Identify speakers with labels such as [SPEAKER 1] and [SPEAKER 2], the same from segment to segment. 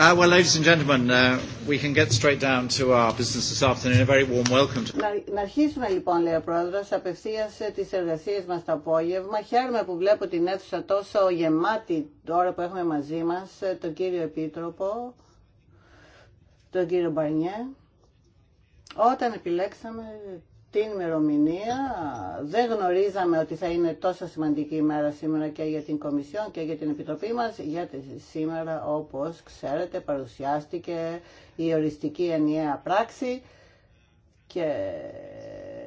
[SPEAKER 1] Uh, well, ladies and gentlemen, uh, we can get straight down to our business this afternoon. A very warm welcome.
[SPEAKER 2] Να αρχίσουμε λοιπόν, λέει ο Πρόεδρος, απευθείας ε, τις εργασίες μας το απόγευμα. Χαίρομαι που βλέπω την αίθουσα τόσο γεμάτη τώρα που έχουμε μαζί μας ε, τον κύριο Επίτροπο, τον κύριο Μπαρνιέ. Όταν επιλέξαμε την ημερομηνία. Δεν γνωρίζαμε ότι θα είναι τόσο σημαντική ημέρα σήμερα και για την Κομισιόν και για την Επιτροπή μας, γιατί σήμερα, όπως ξέρετε, παρουσιάστηκε η οριστική ενιαία πράξη και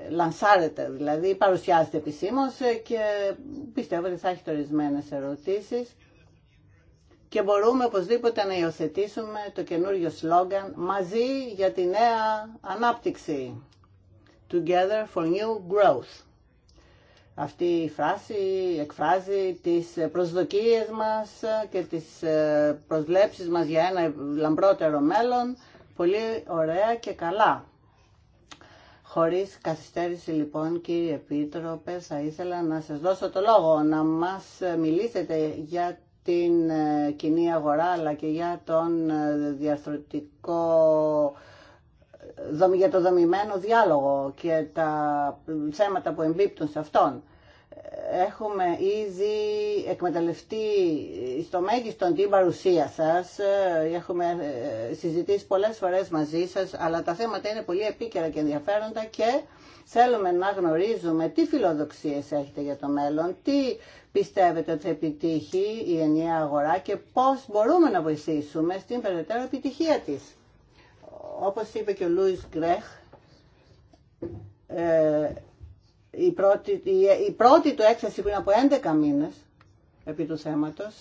[SPEAKER 2] λανσάρεται, δηλαδή παρουσιάζεται επισήμως και πιστεύω ότι θα έχει ορισμένες ερωτήσεις και μπορούμε οπωσδήποτε να υιοθετήσουμε το καινούριο σλόγγαν μαζί για τη νέα ανάπτυξη. Together for New Growth. Αυτή η φράση εκφράζει τις προσδοκίες μας και τις ε, προσλέψεις μας για ένα λαμπρότερο μέλλον πολύ ωραία και καλά. Χωρίς καθυστέρηση λοιπόν κύριε Επίτροπε θα ήθελα να σας δώσω το λόγο να μας μιλήσετε για την ε, κοινή αγορά αλλά και για τον ε, διαρθρωτικό για το δομημένο διάλογο και τα θέματα που εμπίπτουν σε αυτόν. Έχουμε ήδη εκμεταλλευτεί στο μέγιστο την παρουσία σας, έχουμε ε, συζητήσει πολλές φορές μαζί σας, αλλά τα θέματα είναι πολύ επίκαιρα και ενδιαφέροντα και θέλουμε να γνωρίζουμε τι φιλοδοξίες έχετε για το μέλλον, τι πιστεύετε ότι θα επιτύχει η ενιαία αγορά και πώς μπορούμε να βοηθήσουμε στην περαιτέρω επιτυχία της. Όπως είπε και ο Λούις Γκρέχ, ε, η πρώτη, η πρώτη του έκθεση πριν από 11 μήνες επί του θέματος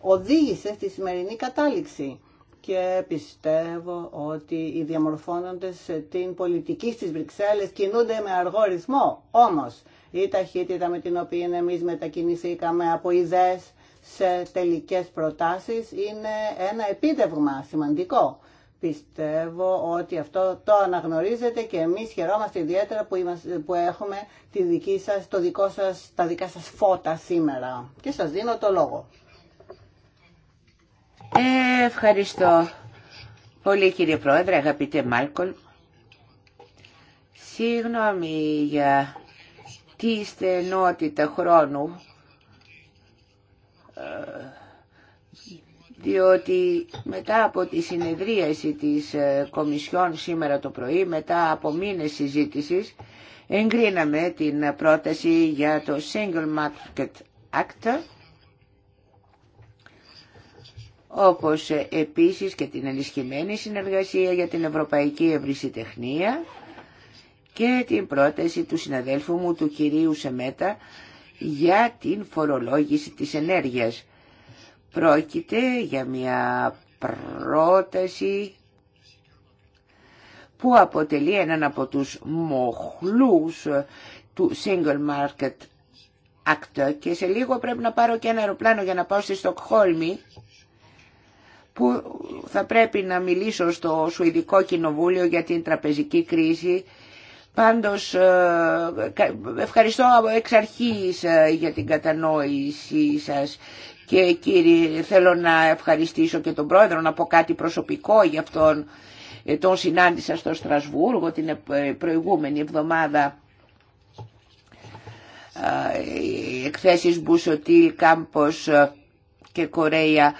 [SPEAKER 2] οδήγησε στη σημερινή κατάληξη και πιστεύω ότι οι διαμορφώνοντες την πολιτική στις Βρυξέλλες κινούνται με αργό ρυθμό. Όμως η ταχύτητα με την οποία εμείς μετακινηθήκαμε από ιδέες σε τελικές προτάσεις είναι ένα επίτευγμα σημαντικό. Πιστεύω ότι αυτό το αναγνωρίζετε και εμείς χαιρόμαστε ιδιαίτερα που, είμαστε, που έχουμε τη δική σας, το δικό σας, τα δικά σας φώτα σήμερα. Και σας δίνω το λόγο.
[SPEAKER 3] Ε, ευχαριστώ πολύ κύριε Πρόεδρε, αγαπητέ Μάλκολ. Συγγνώμη για τη στενότητα χρόνου ε, διότι μετά από τη συνεδρίαση της ε, Κομισιόν σήμερα το πρωί, μετά από μήνες συζήτησης, εγκρίναμε την πρόταση για το Single Market Act, όπως επίσης και την ενισχυμένη συνεργασία για την Ευρωπαϊκή Ευρυσιτεχνία και την πρόταση του συναδέλφου μου του κυρίου Σεμέτα για την φορολόγηση της ενέργειας. Πρόκειται για μια πρόταση που αποτελεί έναν από τους μοχλούς του Single Market Act και σε λίγο πρέπει να πάρω και ένα αεροπλάνο για να πάω στη Στοκχόλμη που θα πρέπει να μιλήσω στο Σουηδικό Κοινοβούλιο για την τραπεζική κρίση. Πάντως ε, ευχαριστώ εξ αρχής ε, για την κατανόησή σας και κύριε, θέλω να ευχαριστήσω και τον πρόεδρο να πω κάτι προσωπικό για αυτόν. Ε, τον συνάντησα στο Στρασβούργο την ε, προηγούμενη εβδομάδα. Οι εκθέσεις Μπουσοτή, Κάμπος ε, και Κορέια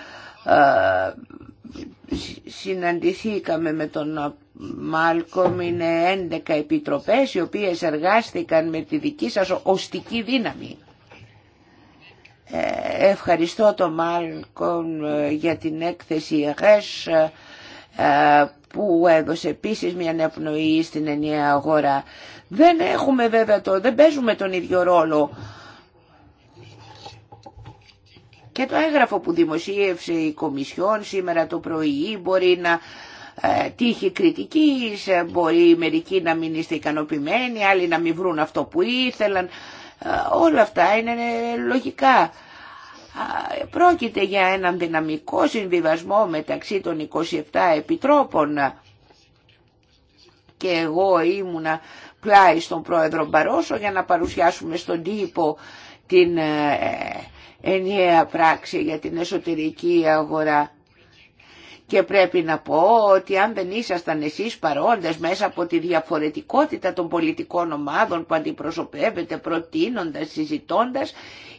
[SPEAKER 3] συναντηθήκαμε με τον Μάλκομ είναι 11 επιτροπές οι οποίες εργάστηκαν με τη δική σας οστική δύναμη ε, ευχαριστώ τον Μάλκον ε, για την έκθεση ΕΓΕΣ ε, που έδωσε επίσης μια πνοή στην ενιαία αγορά. Δεν έχουμε βέβαια το, δεν παίζουμε τον ίδιο ρόλο. Και το έγγραφο που δημοσίευσε η Κομισιόν σήμερα το πρωί μπορεί να τύχει κριτικής, μπορεί μερικοί να μην είστε ικανοποιημένοι, άλλοι να μην βρουν αυτό που ήθελαν. Ε, όλα αυτά είναι λογικά. Πρόκειται για έναν δυναμικό συμβιβασμό μεταξύ των 27 επιτρόπων και εγώ ήμουνα πλάι στον πρόεδρο Μπαρόσο για να παρουσιάσουμε στον τύπο την ε, ε, ενιαία πράξη για την εσωτερική αγορά. Και πρέπει να πω ότι αν δεν ήσασταν εσείς παρόντες μέσα από τη διαφορετικότητα των πολιτικών ομάδων που αντιπροσωπεύετε, προτείνοντας, συζητώντας,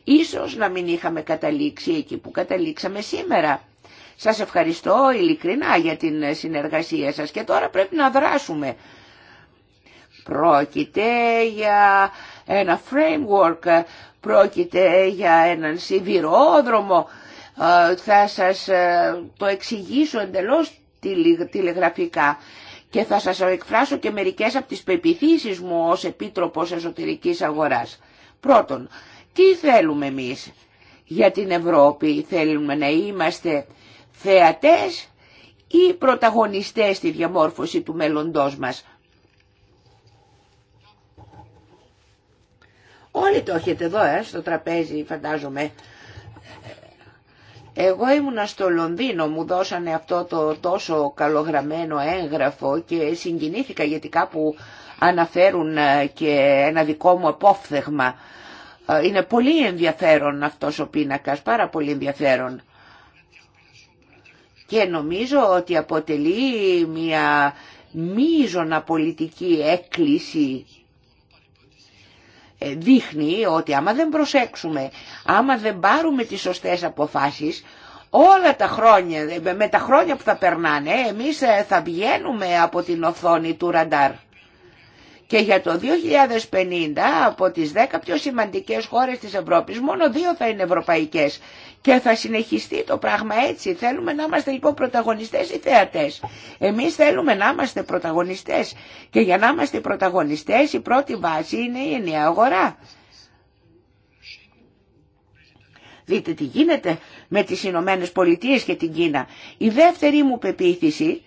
[SPEAKER 3] ίσως να μην είχαμε καταλήξει εκεί που καταλήξαμε σήμερα. Σας ευχαριστώ ειλικρινά για την συνεργασία σας και τώρα πρέπει να δράσουμε. Πρόκειται για ένα framework, πρόκειται για έναν σιδηρόδρομο ε, θα σας ε, το εξηγήσω εντελώς τηλεγραφικά και θα σας εκφράσω και μερικές από τις πεπιθήσεις μου ως Επίτροπος Εσωτερικής Αγοράς. Πρώτον, τι θέλουμε εμείς για την Ευρώπη, θέλουμε να είμαστε θεατές ή πρωταγωνιστές στη διαμόρφωση του μέλλοντός μας. Όλοι το έχετε εδώ, ε, στο τραπέζι φαντάζομαι, εγώ ήμουνα στο Λονδίνο, μου δώσανε αυτό το τόσο καλογραμμένο έγγραφο και συγκινήθηκα γιατί κάπου αναφέρουν ε, και ένα δικό μου απόφθεγμα. Ε, είναι πολύ ενδιαφέρον αυτός ο πίνακας, πάρα πολύ ενδιαφέρον. Και νομίζω ότι αποτελεί μια μείζωνα πολιτική έκκληση ε, δείχνει ότι άμα δεν προσέξουμε, άμα δεν πάρουμε τις σωστές αποφάσεις, όλα τα χρόνια, με τα χρόνια που θα περνάνε, εμείς ε, θα βγαίνουμε από την οθόνη του ραντάρ. Και για το 2050 από τις 10 πιο σημαντικές χώρες της Ευρώπης μόνο δύο θα είναι ευρωπαϊκές. Και θα συνεχιστεί το πράγμα έτσι. Θέλουμε να είμαστε λοιπόν πρωταγωνιστές ή θεατές. Εμείς θέλουμε να είμαστε πρωταγωνιστές. Και για να είμαστε πρωταγωνιστές η πρώτη βάση είναι η ενιαία αγορά. Δείτε τι γίνεται με τις Ηνωμένε Πολιτείες και την Κίνα. Η δεύτερη μου πεποίθηση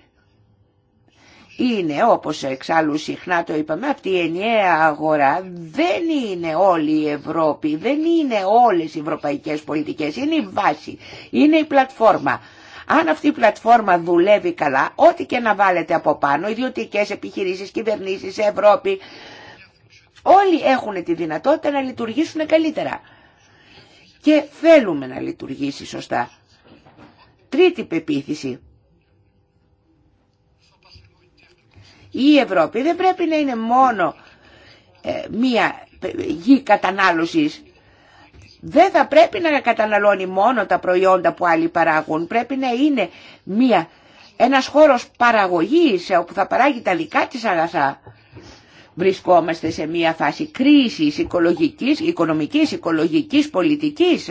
[SPEAKER 3] είναι όπως εξάλλου συχνά το είπαμε αυτή η ενιαία αγορά δεν είναι όλη η Ευρώπη, δεν είναι όλες οι ευρωπαϊκές πολιτικές, είναι η βάση, είναι η πλατφόρμα. Αν αυτή η πλατφόρμα δουλεύει καλά, ό,τι και να βάλετε από πάνω, ιδιωτικές επιχειρήσεις, κυβερνήσεις, Ευρώπη, όλοι έχουν τη δυνατότητα να λειτουργήσουν καλύτερα. Και θέλουμε να λειτουργήσει σωστά. Τρίτη πεποίθηση Η Ευρώπη δεν πρέπει να είναι μόνο ε, μία γη κατανάλωσης. Δεν θα πρέπει να καταναλώνει μόνο τα προϊόντα που άλλοι παράγουν. Πρέπει να είναι μία, ένας χώρος παραγωγής ε, όπου θα παράγει τα δικά της αγαθά. Βρισκόμαστε σε μία φάση κρίσης οικολογικής, οικονομικής, οικολογικής, πολιτικής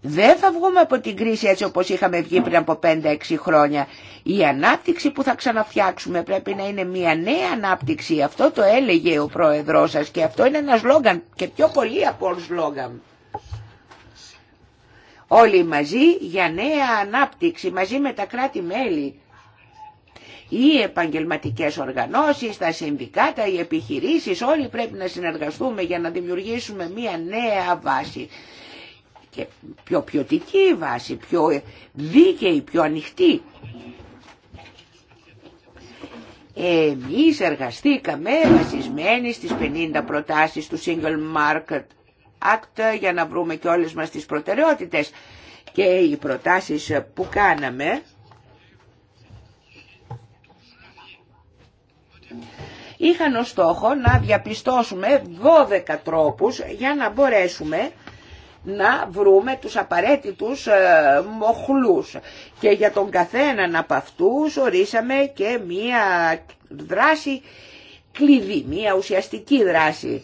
[SPEAKER 3] δεν θα βγούμε από την κρίση έτσι όπως είχαμε βγει πριν από 5-6 χρόνια. Η ανάπτυξη που θα ξαναφτιάξουμε πρέπει να είναι μια νέα ανάπτυξη. Αυτό το έλεγε ο πρόεδρός σας και αυτό είναι ένα σλόγγαν και πιο πολύ από όλους σλόγγαν. Όλοι μαζί για νέα ανάπτυξη, μαζί με τα κράτη-μέλη. Οι επαγγελματικές οργανώσεις, τα συνδικάτα, οι επιχειρήσεις, όλοι πρέπει να συνεργαστούμε για να δημιουργήσουμε μια νέα βάση και πιο ποιοτική βάση, πιο δίκαιη, πιο ανοιχτή. Εμείς εργαστήκαμε βασισμένοι στις 50 προτάσεις του Single Market Act για να βρούμε και όλες μας τις προτεραιότητες και οι προτάσεις που κάναμε είχαν ως στόχο να διαπιστώσουμε 12 τρόπους για να μπορέσουμε να βρούμε τους απαραίτητους ε, μοχλούς. Και για τον καθέναν από αυτούς ορίσαμε και μία δράση κλειδί, μία ουσιαστική δράση.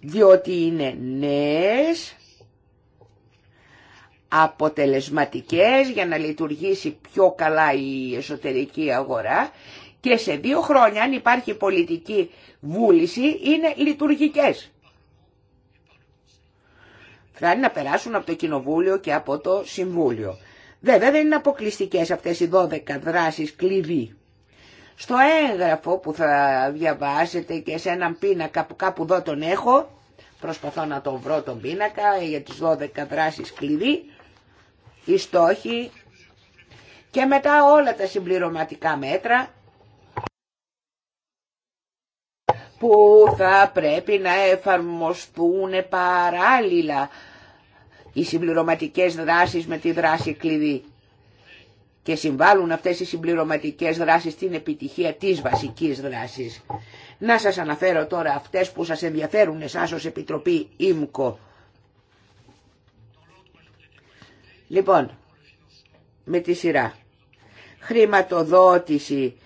[SPEAKER 3] Διότι είναι νέες, αποτελεσματικές για να λειτουργήσει πιο καλά η εσωτερική αγορά και σε δύο χρόνια αν υπάρχει πολιτική βούληση είναι λειτουργικές. Φτάνει να περάσουν από το Κοινοβούλιο και από το Συμβούλιο. Βέβαια δεν είναι αποκλειστικές αυτές οι 12 δράσεις κλειδί. Στο έγγραφο που θα διαβάσετε και σε έναν πίνακα που κάπου εδώ τον έχω, προσπαθώ να τον βρω τον πίνακα για τις 12 δράσεις κλειδί, οι στόχοι και μετά όλα τα συμπληρωματικά μέτρα που θα πρέπει να εφαρμοστούν παράλληλα οι συμπληρωματικές δράσεις με τη δράση κλειδί και συμβάλλουν αυτές οι συμπληρωματικές δράσεις στην επιτυχία της βασικής δράσης. Να σας αναφέρω τώρα αυτές που σας ενδιαφέρουν εσάς ως Επιτροπή ΙΜΚΟ. Λοιπόν, με τη σειρά. Χρηματοδότηση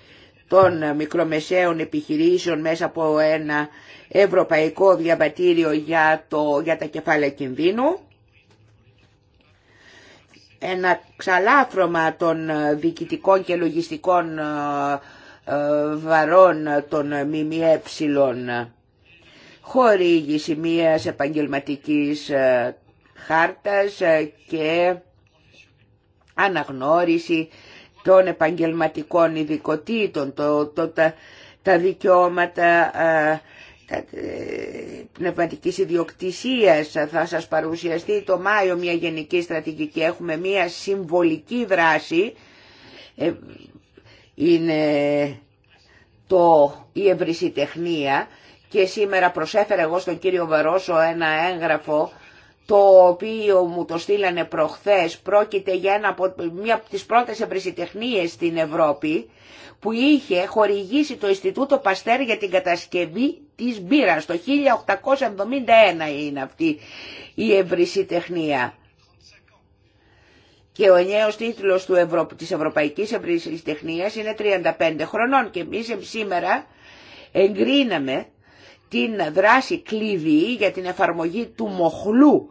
[SPEAKER 3] των μικρομεσαίων επιχειρήσεων μέσα από ένα ευρωπαϊκό διαβατήριο για, το, για τα κεφάλαια κινδύνου. Ένα ξαλάφρωμα των διοικητικών και λογιστικών ε, ε, βαρών των ΜΜΕ χορήγηση μιας επαγγελματικής ε, χάρτας και αναγνώριση των επαγγελματικών ειδικοτήτων, το, το, τα, τα δικαιώματα α, τα, ε, πνευματικής ιδιοκτησίας. Θα σας παρουσιαστεί το Μάιο μια γενική στρατηγική. Έχουμε μια συμβολική δράση. Ε, είναι το, η ευρυσιτεχνία και σήμερα προσέφερα εγώ στον κύριο Βαρόσο ένα έγγραφο το οποίο μου το στείλανε προχθές πρόκειται για μια από τις πρώτες εμπρισιτεχνίες στην Ευρώπη που είχε χορηγήσει το Ινστιτούτο Παστέρ για την κατασκευή της μπύρας. Το 1871 είναι αυτή η εμπρισιτεχνία. Και ο νέος τίτλος του Ευρω... της Ευρωπαϊκής Εμπρισιτεχνίας είναι 35 χρονών και εμείς σήμερα εγκρίναμε την δράση κλειδί για την εφαρμογή του μοχλού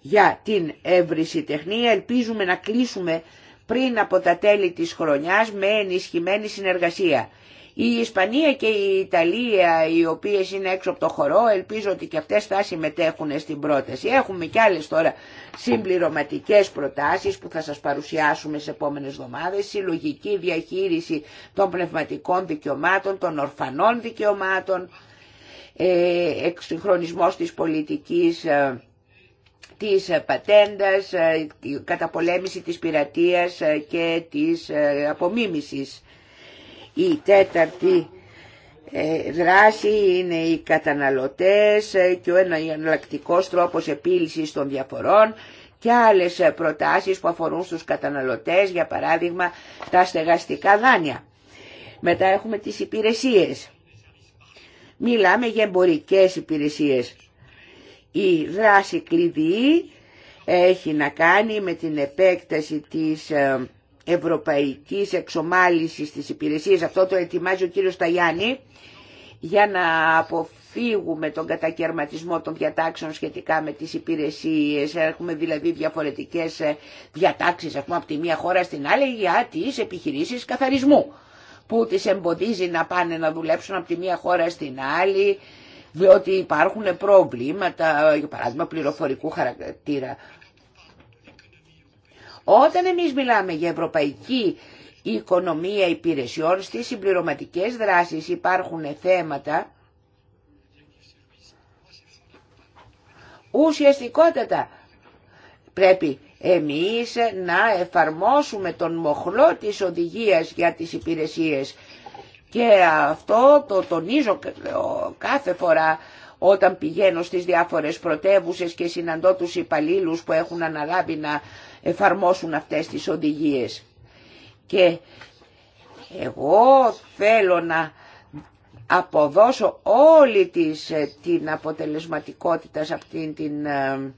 [SPEAKER 3] για την εύρηση τεχνία. Ελπίζουμε να κλείσουμε πριν από τα τέλη της χρονιάς με ενισχυμένη συνεργασία. Η Ισπανία και η Ιταλία οι οποίες είναι έξω από το χορό ελπίζω ότι και αυτές θα συμμετέχουν στην πρόταση. Έχουμε και άλλες τώρα συμπληρωματικές προτάσεις που θα σας παρουσιάσουμε σε επόμενες εβδομάδες. Συλλογική διαχείριση των πνευματικών δικαιωμάτων, των ορφανών δικαιωμάτων, ε, εξυγχρονισμός της πολιτικής ε, της ε, πατέντας, ε, η καταπολέμηση της πειρατείας ε, και της απομίμησης. Η τέταρτη δράση είναι οι καταναλωτές και ο εναλλακτικό τρόπος επίλυσης των διαφορών και άλλες προτάσεις που αφορούν στους καταναλωτές, για παράδειγμα τα στεγαστικά δάνεια. Μετά έχουμε τις υπηρεσίες. Μιλάμε για εμπορικές υπηρεσίες. Η δράση κλειδί έχει να κάνει με την επέκταση της ε, ευρωπαϊκής εξομάλυσης της υπηρεσίας. Αυτό το ετοιμάζει ο κύριος Ταγιάννη για να αποφύγουμε τον κατακαιρματισμό των διατάξεων σχετικά με τις υπηρεσίες. Έχουμε δηλαδή διαφορετικές ε, διατάξεις πούμε, από τη μία χώρα στην άλλη για τις επιχειρήσεις καθαρισμού που τις εμποδίζει να πάνε να δουλέψουν από τη μία χώρα στην άλλη διότι υπάρχουν προβλήματα, για παράδειγμα πληροφορικού χαρακτήρα. Όταν εμείς μιλάμε για ευρωπαϊκή οικονομία υπηρεσιών, στις συμπληρωματικές δράσεις υπάρχουν θέματα ουσιαστικότατα. Πρέπει εμείς να εφαρμόσουμε τον μοχλό της οδηγίας για τις υπηρεσίες και αυτό το τονίζω κάθε φορά όταν πηγαίνω στις διάφορες πρωτεύουσες και συναντώ τους υπαλλήλου που έχουν αναλάβει να εφαρμόσουν αυτές τις οδηγίες. Και εγώ θέλω να αποδώσω όλη της, ε, την αποτελεσματικότητα σε αυτήν την ε,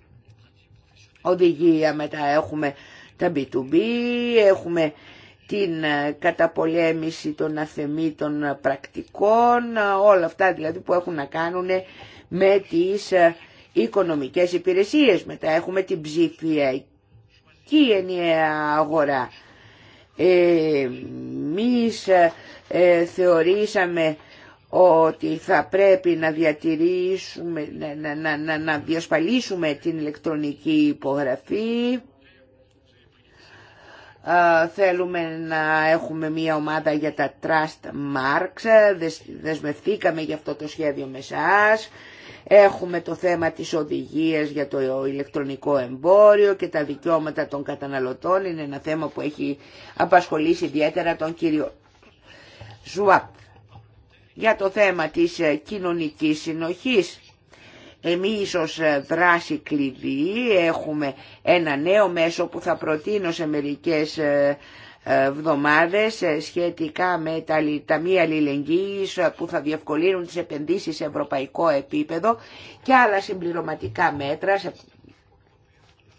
[SPEAKER 3] οδηγία. Μετά έχουμε τα B2B, έχουμε την ε, καταπολέμηση των αθεμήτων πρακτικών, ε, όλα αυτά δηλαδή που έχουν να κάνουν με τις ε, οικονομικές υπηρεσίες. Μετά έχουμε την ψηφιακή ενιαία αγορά. Εμείς θεωρήσαμε ότι θα πρέπει να διατηρήσουμε, να, να, να, να διασφαλίσουμε την ηλεκτρονική υπογραφή θέλουμε να έχουμε μία ομάδα για τα Trust Marks, δεσμευθήκαμε για αυτό το σχέδιο με εσάς. Έχουμε το θέμα της οδηγίας για το ηλεκτρονικό εμπόριο και τα δικαιώματα των καταναλωτών. Είναι ένα θέμα που έχει απασχολήσει ιδιαίτερα τον κύριο Ζουάπ. Για το θέμα της ε, κοινωνικής συνοχής εμείς ως ε, δράση κλειδί έχουμε ένα νέο μέσο που θα προτείνω σε μερικές ε, ε, εβδομάδες σχετικά με τα ταμεία αλληλεγγύης που θα διευκολύνουν τις επενδύσεις σε ευρωπαϊκό επίπεδο και άλλα συμπληρωματικά μέτρα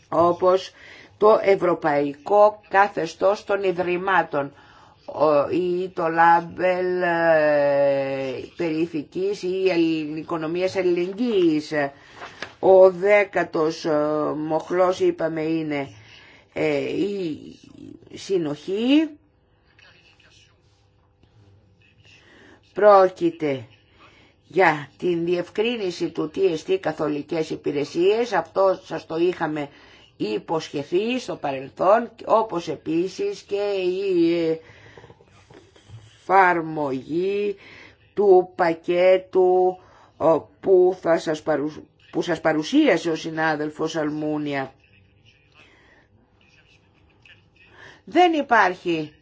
[SPEAKER 3] όπως το ευρωπαϊκό καθεστώς των Ιδρυμάτων ή το λάμπελ ε, περιηθικής ή οικονομίας αλληλεγγύης. Ο δέκατος ε, μοχλός είπαμε είναι ε, η συνοχή. Πρόκειται για την διευκρίνηση του τι καθολικές υπηρεσίες. Αυτό σας το είχαμε υποσχεθεί στο παρελθόν, όπως επίσης και η εφαρμογή του πακέτου ε, που, θα σας, που σας παρουσίασε ο συνάδελφος Αλμούνια. Δεν υπάρχει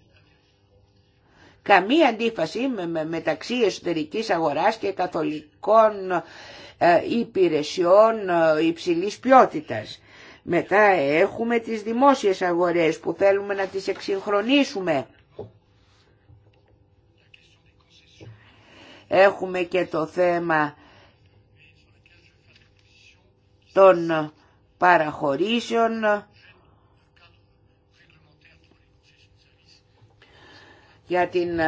[SPEAKER 3] καμία αντίφαση μεταξύ εσωτερικής αγοράς και καθολικών ε, υπηρεσιών ε, υψηλής ποιότητας. Μετά έχουμε τις δημόσιες αγορές που θέλουμε να τις εξυγχρονίσουμε Έχουμε και το θέμα των παραχωρήσεων για την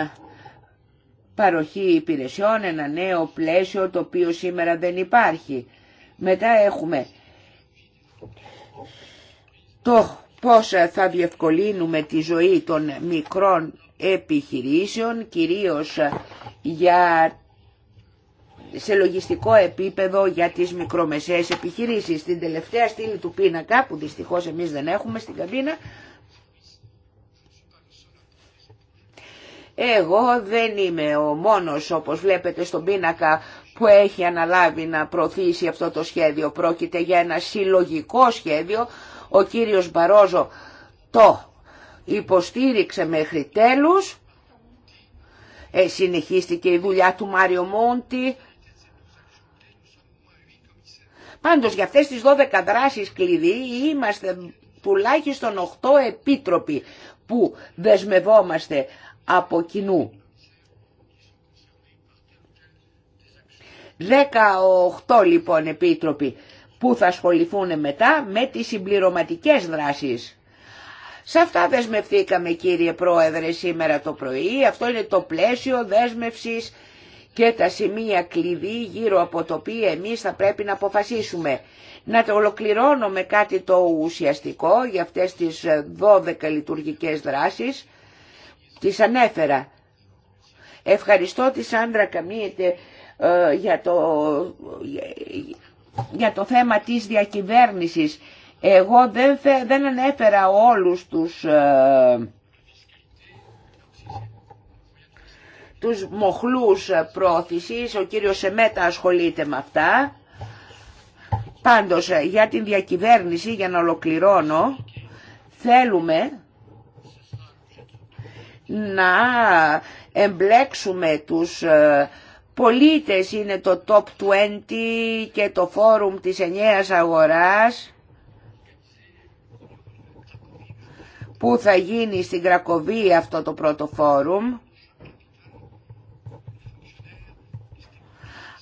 [SPEAKER 3] παροχή υπηρεσιών, ένα νέο πλαίσιο το οποίο σήμερα δεν υπάρχει. Μετά έχουμε το πώς θα διευκολύνουμε τη ζωή των μικρών επιχειρήσεων, κυρίως για σε λογιστικό επίπεδο για τις μικρομεσαίες επιχειρήσεις. Στην τελευταία στήλη του πίνακα, που δυστυχώς εμείς δεν έχουμε στην καμπίνα, εγώ δεν είμαι ο μόνος, όπως βλέπετε στον πίνακα, που έχει αναλάβει να προωθήσει αυτό το σχέδιο. Πρόκειται για ένα συλλογικό σχέδιο. Ο κύριος Μπαρόζο το υποστήριξε μέχρι τέλους. Ε, συνεχίστηκε η δουλειά του Μάριο Μόντι. Πάντως για αυτές τις 12 δράσεις κλειδί είμαστε τουλάχιστον 8 επίτροποι που δεσμευόμαστε από κοινού. 18 λοιπόν επίτροποι που θα ασχοληθούν μετά με τις συμπληρωματικές δράσεις. Σε αυτά δεσμευτήκαμε κύριε Πρόεδρε σήμερα το πρωί. Αυτό είναι το πλαίσιο δέσμευσης και τα σημεία κλειδί γύρω από το οποίο εμείς θα πρέπει να αποφασίσουμε. Να το ολοκληρώνω με κάτι το ουσιαστικό για αυτές τις 12 λειτουργικές δράσεις. Τις ανέφερα. Ευχαριστώ τη Σάντρα Καμίετε ε, για, το, για το θέμα της διακυβέρνησης εγώ δεν, δεν ανέφερα όλους τους, ε, τους μοχλούς πρόθεσης, ο κύριος Σεμέτα ασχολείται με αυτά. Πάντως ε, για την διακυβέρνηση, για να ολοκληρώνω, θέλουμε να εμπλέξουμε τους ε, πολίτες, είναι το Top 20 και το Φόρουμ της Ενιαίας Αγοράς, που θα γίνει στην Κρακοβία αυτό το πρώτο φόρουμ.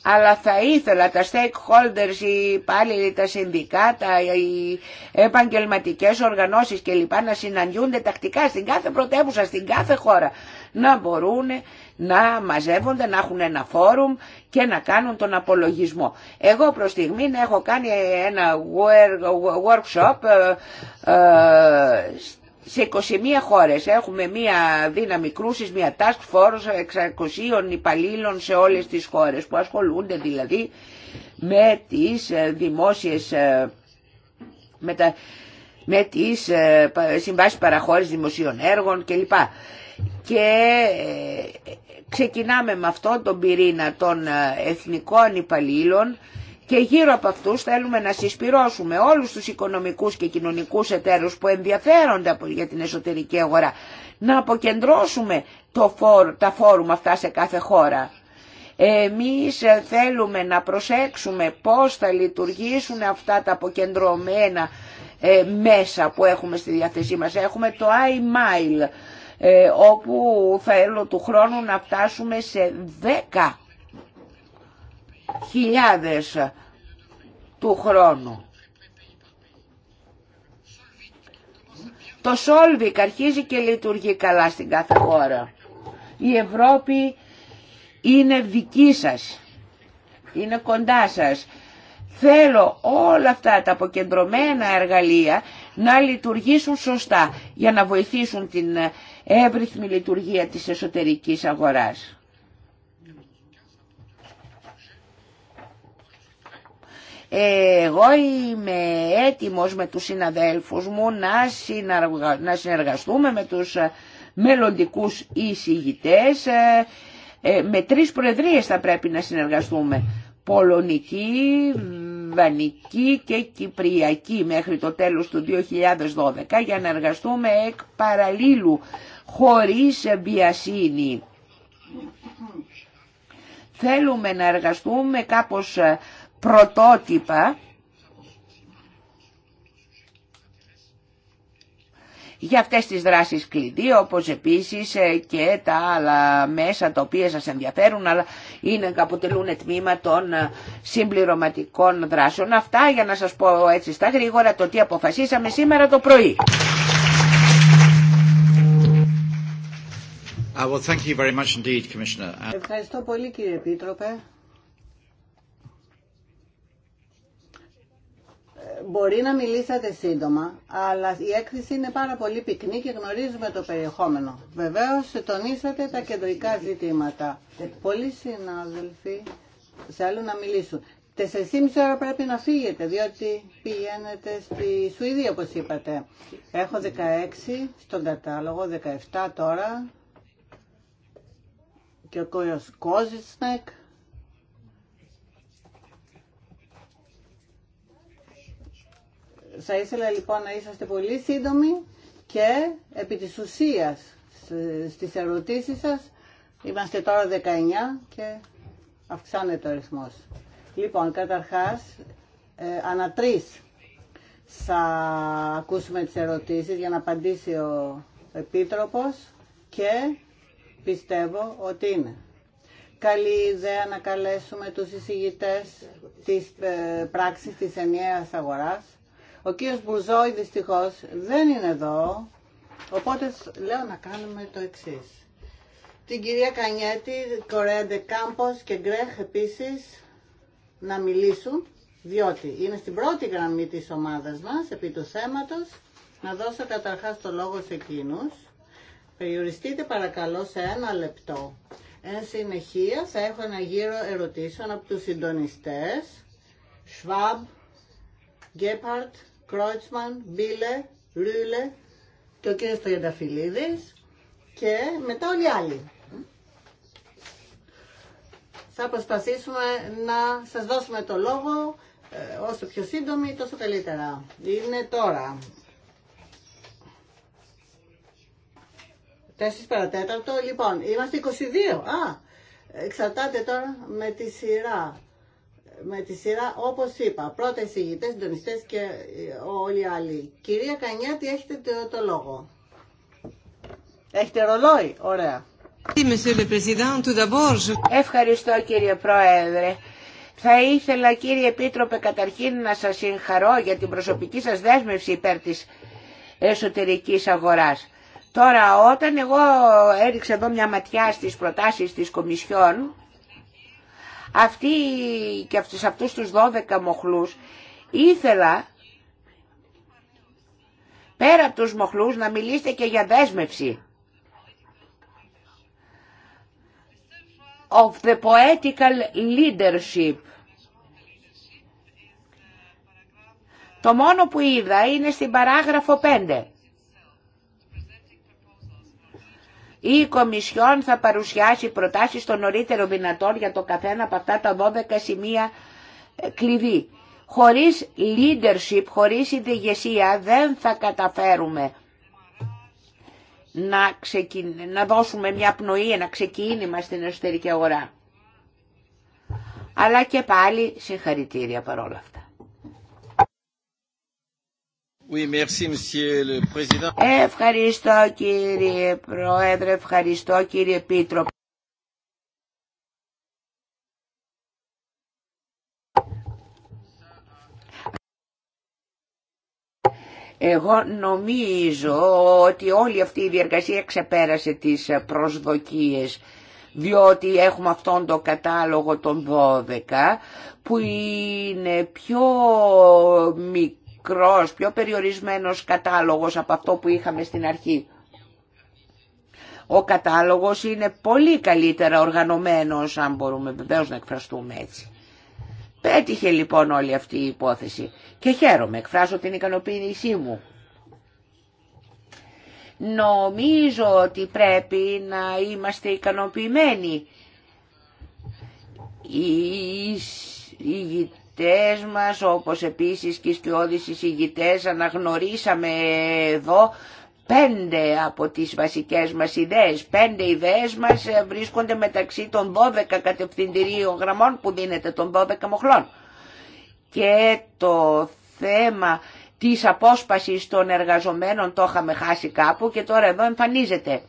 [SPEAKER 3] αλλά θα ήθελα τα stakeholders, οι υπάλληλοι, τα συνδικάτα, οι επαγγελματικές οργανώσεις κλπ. να συναντιούνται τακτικά στην κάθε πρωτεύουσα, στην κάθε χώρα, να μπορούν να μαζεύονται, να έχουν ένα φόρουμ και να κάνουν τον απολογισμό. Εγώ προς στιγμή έχω κάνει ένα workshop ε, ε, σε 21 χώρες. Έχουμε μία δύναμη κρούσης, μία task force 600 υπαλλήλων σε όλες τις χώρες που ασχολούνται δηλαδή με τις ε, δημόσιες ε, με, τα, με τις ε, συμβάσεις παραχώρησης δημοσίων έργων κλπ. Και ξεκινάμε με αυτό τον πυρήνα των εθνικών υπαλλήλων και γύρω από αυτού θέλουμε να συσπυρώσουμε όλους τους οικονομικούς και κοινωνικούς εταίρους που ενδιαφέρονται για την εσωτερική αγορά, να αποκεντρώσουμε το τα φόρουμ αυτά σε κάθε χώρα. Εμείς θέλουμε να προσέξουμε πώς θα λειτουργήσουν αυτά τα αποκεντρωμένα ε, μέσα που έχουμε στη διάθεσή μας. Έχουμε το iMile, ε, όπου θέλω του χρόνου να φτάσουμε σε 10 χιλιάδες του χρόνου. Το Σόλβικ αρχίζει και λειτουργεί καλά στην κάθε χώρα. Η Ευρώπη είναι δική σας, είναι κοντά σας. Θέλω όλα αυτά τα αποκεντρωμένα εργαλεία να λειτουργήσουν σωστά για να βοηθήσουν την εύρυθμη λειτουργία της εσωτερικής αγοράς. εγώ είμαι έτοιμος με τους συναδέλφους μου να συνεργαστούμε με τους ε, μελλοντικούς εισηγητές. Ε, ε, με τρεις προεδρίες θα πρέπει να συνεργαστούμε. Πολωνική, Βανική και Κυπριακή μέχρι το τέλος του 2012 για να εργαστούμε εκ παραλίλου χωρίς βιασύνη. Θέλουμε να εργαστούμε κάπως πρωτότυπα για αυτές τις δράσεις κλειδί, όπως επίσης ε, και τα άλλα μέσα τα οποία σας ενδιαφέρουν, αλλά είναι, αποτελούν τμήμα των ε, συμπληρωματικών δράσεων. Αυτά για να σας πω έτσι στα γρήγορα το τι αποφασίσαμε σήμερα το πρωί.
[SPEAKER 1] Uh,
[SPEAKER 2] Ευχαριστώ πολύ κύριε Επίτροπε. μπορεί να μιλήσατε σύντομα, αλλά η έκθεση είναι πάρα πολύ πυκνή και γνωρίζουμε το περιεχόμενο. Βεβαίω, τονίσατε τα κεντρικά ζητήματα. Πολλοί συνάδελφοι θέλουν να μιλήσουν. Τεσσερισήμιση ώρα πρέπει να φύγετε, διότι πηγαίνετε στη Σουηδία, όπω είπατε. Έχω 16 στον κατάλογο, 17 τώρα. Και ο κ. Κόζιτσνεκ. Θα ήθελα λοιπόν να είσαστε πολύ σύντομοι και επί της ουσίας στις ερωτήσεις σας. Είμαστε τώρα 19 και αυξάνεται ο ρυθμός. Λοιπόν, καταρχάς, ε, ανά τρεις θα ακούσουμε τις ερωτήσεις για να απαντήσει ο Επίτροπος και πιστεύω ότι είναι. Καλή ιδέα να καλέσουμε τους εισηγητές της ε, πράξης της ενιαίας αγοράς ο κύριος Μπουζόη δυστυχώς δεν είναι εδώ, οπότε λέω να κάνουμε το εξής. Την κυρία Κανιέτη, Κορέντε Κάμπος και Γκρέχ επίσης να μιλήσουν, διότι είναι στην πρώτη γραμμή της ομάδας μας επί του θέματος. Να δώσω καταρχάς το λόγο σε εκείνους. Περιοριστείτε παρακαλώ σε ένα λεπτό. Εν συνεχεία θα έχω ένα γύρο ερωτήσεων από τους συντονιστές. Σβάμπ, Γκέπαρτ. Κρότσμαν, Μπίλε, Ρούλε και ο κύριος Τριανταφυλλίδης και μετά όλοι οι άλλοι. Θα προσπαθήσουμε να σας δώσουμε το λόγο ε, όσο πιο σύντομη τόσο καλύτερα. Είναι τώρα. Τέσσερις παρατέταρτο. Λοιπόν, είμαστε 22. Α, εξαρτάται τώρα με τη σειρά με τη σειρά όπως είπα. Πρώτα οι συντονιστέ και ε, όλοι οι άλλοι. Κυρία Κανιάτη, έχετε το, το λόγο. Έχετε
[SPEAKER 3] ρολόι, ωραία. Ευχαριστώ κύριε Πρόεδρε. Θα ήθελα κύριε Επίτροπε καταρχήν να σας συγχαρώ για την προσωπική σας δέσμευση υπέρ της εσωτερικής αγοράς. Τώρα όταν εγώ έριξα εδώ μια ματιά στις προτάσεις της Κομισιόν αυτοί και σε αυτούς τους 12 μοχλούς ήθελα πέρα από τους μοχλούς να μιλήσετε και για δέσμευση. Of the poetical leadership. Το μόνο που είδα είναι στην παράγραφο 5. η Κομισιόν θα παρουσιάσει προτάσεις στον νωρίτερο δυνατών για το καθένα από αυτά τα 12 σημεία ε, κλειδί. Χωρίς leadership, χωρίς ηγεσία δεν θα καταφέρουμε να, να δώσουμε μια πνοή, ένα ξεκίνημα στην εσωτερική αγορά. Αλλά και πάλι συγχαρητήρια παρόλα αυτά. Ευχαριστώ κύριε Πρόεδρε, ευχαριστώ κύριε Πίτρο. Εγώ νομίζω ότι όλη αυτή η διεργασία ξεπέρασε τις προσδοκίες διότι έχουμε αυτόν τον κατάλογο των 12 που είναι πιο μικρό μικρός, πιο περιορισμένος κατάλογος από αυτό που είχαμε στην αρχή. Ο κατάλογος είναι πολύ καλύτερα οργανωμένος, αν μπορούμε βεβαίως να εκφραστούμε έτσι. Πέτυχε λοιπόν όλη αυτή η υπόθεση και χαίρομαι, εκφράζω την ικανοποίησή μου. Νομίζω ότι πρέπει να είμαστε ικανοποιημένοι. Η εισηγητές μας, όπως επίσης και οι σκιώδεις εισηγητές, αναγνωρίσαμε εδώ πέντε από τις βασικές μας ιδέες. Πέντε ιδέες μας βρίσκονται μεταξύ των 12 κατευθυντηρίων γραμμών που δίνεται των 12 μοχλών. Και το θέμα της απόσπασης των εργαζομένων το είχαμε χάσει κάπου και τώρα εδώ εμφανίζεται.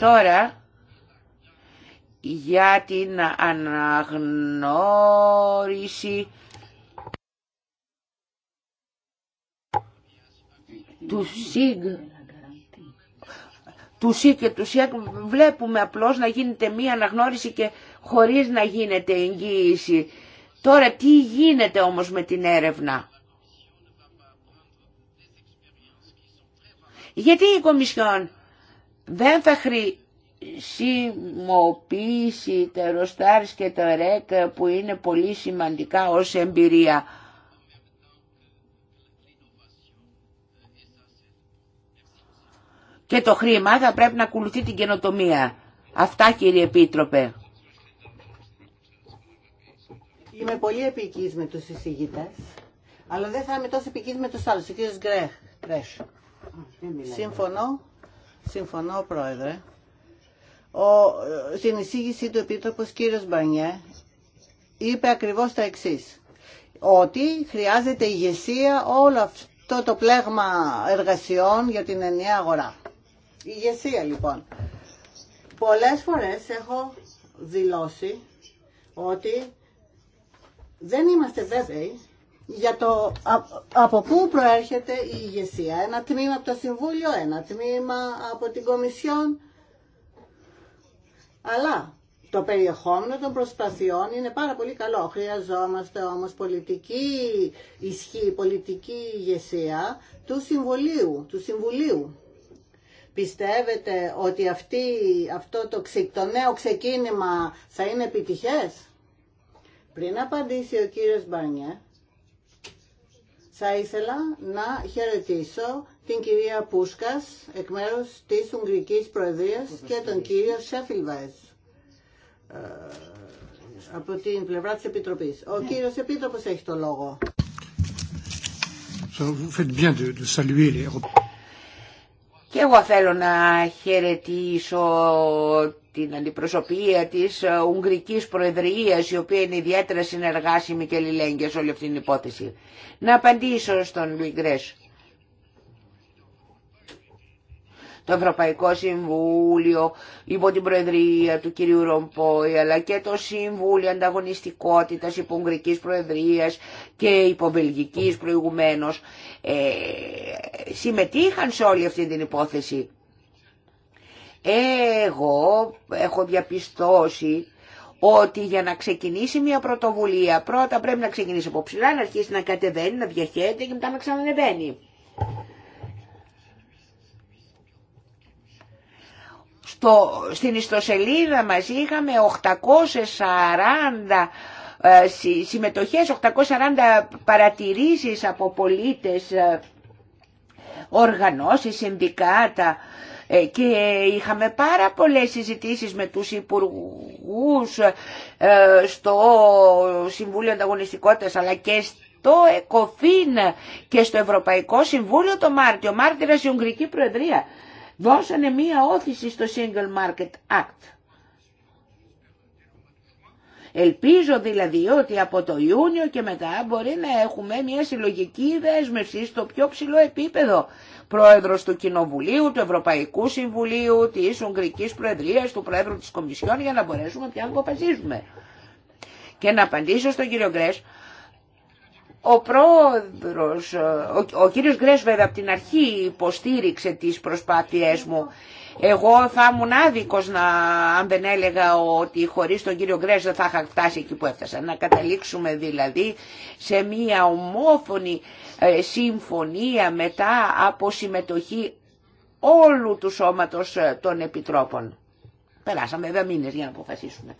[SPEAKER 3] Τώρα, για την αναγνώριση
[SPEAKER 4] του ΣΥΓ
[SPEAKER 3] του ΣΥ και του ΣΥΑΚ βλέπουμε απλώς να γίνεται μία αναγνώριση και χωρίς να γίνεται εγγύηση. Τώρα τι γίνεται όμως με την έρευνα. Γιατί η Κομισιόν δεν θα χρησιμοποιήσει τα Ροστάρις και τα ΡΕΚ που είναι πολύ σημαντικά ως εμπειρία. Και το χρήμα θα πρέπει να ακολουθεί την καινοτομία. Αυτά κύριε Επίτροπε.
[SPEAKER 2] Είμαι πολύ επικής με τους εισηγητές, αλλά δεν θα είμαι τόσο επικής με τους άλλους. Ο Συμφωνώ, Πρόεδρε. Ο, στην εισήγησή του Επίτροπος κύριος Μπανιέ είπε ακριβώς τα εξής. Ότι χρειάζεται ηγεσία όλο αυτό το πλέγμα εργασιών για την ενιαία αγορά. Ηγεσία λοιπόν. Πολλές φορές έχω δηλώσει ότι δεν είμαστε βέβαιοι για το από πού προέρχεται η ηγεσία. Ένα τμήμα από το Συμβούλιο, ένα τμήμα από την Κομισιόν. Αλλά το περιεχόμενο των προσπαθειών είναι πάρα πολύ καλό. Χρειαζόμαστε όμως πολιτική ισχύ, πολιτική ηγεσία του Συμβουλίου. Του Συμβουλίου. Πιστεύετε ότι αυτή, αυτό το, το νέο ξεκίνημα θα είναι επιτυχές? Πριν απαντήσει ο κύριος Μπαρνιέ, θα ήθελα να χαιρετήσω την κυρία Πούσκας εκ μέρους της Ουγγρικής Προεδρίας και τον κύριο Σεφίλβαες ε, από την πλευρά της Επιτροπής. Ο ναι. κύριος Επίτροπος έχει το λόγο.
[SPEAKER 3] Και εγώ θέλω να χαιρετήσω την αντιπροσωπεία της Ουγγρικής Προεδρίας, η οποία είναι ιδιαίτερα συνεργάσιμη και αλληλέγγυα σε όλη αυτή την υπόθεση. Να απαντήσω στον Λουιγκρέσο. το Ευρωπαϊκό Συμβούλιο υπό την Προεδρία του κυρίου Ρομπόη αλλά και το Συμβούλιο Ανταγωνιστικότητας υπό Ουγγρικής Προεδρίας και υπό Βελγικής προηγουμένως ε, συμμετείχαν σε όλη αυτή την υπόθεση. Εγώ έχω διαπιστώσει ότι για να ξεκινήσει μια πρωτοβουλία πρώτα πρέπει να ξεκινήσει από ψηλά, να αρχίσει να κατεβαίνει, να διαχέεται και μετά να ξανανεβαίνει. στην ιστοσελίδα μας είχαμε 840 ε, συμμετοχές, 840 παρατηρήσεις από πολίτες, ε, οργανώσεις, συνδικάτα ε, και είχαμε πάρα πολλές συζητήσεις με τους υπουργούς στο Συμβούλιο Ανταγωνιστικότητας αλλά και στο ΕΚΟΦΗΝ και στο Ευρωπαϊκό Συμβούλιο το Μάρτιο, μάρτυρα η Ουγγρική Προεδρία δώσανε μία όθηση στο Single Market Act. Ελπίζω δηλαδή ότι από το Ιούνιο και μετά μπορεί να έχουμε μια συλλογική δέσμευση στο πιο ψηλό επίπεδο. Πρόεδρος του Κοινοβουλίου, του Ευρωπαϊκού Συμβουλίου, της Ουγγρικής Προεδρίας, του Πρόεδρου της Κομισιόν για να μπορέσουμε πια να αποφασίζουμε. Και να απαντήσω στον κύριο Γκρέσ ο πρόεδρος, ο, ο κύριος από την αρχή υποστήριξε τις προσπάθειές μου. Εγώ θα ήμουν άδικος να, αν δεν έλεγα ότι χωρίς τον κύριο Γκρέσ θα είχα φτάσει εκεί που έφτασα. Να καταλήξουμε δηλαδή σε μια ομόφωνη ε, συμφωνία μετά από συμμετοχή όλου του σώματος ε, των επιτρόπων. Περάσαμε βέβαια μήνες για να αποφασίσουμε.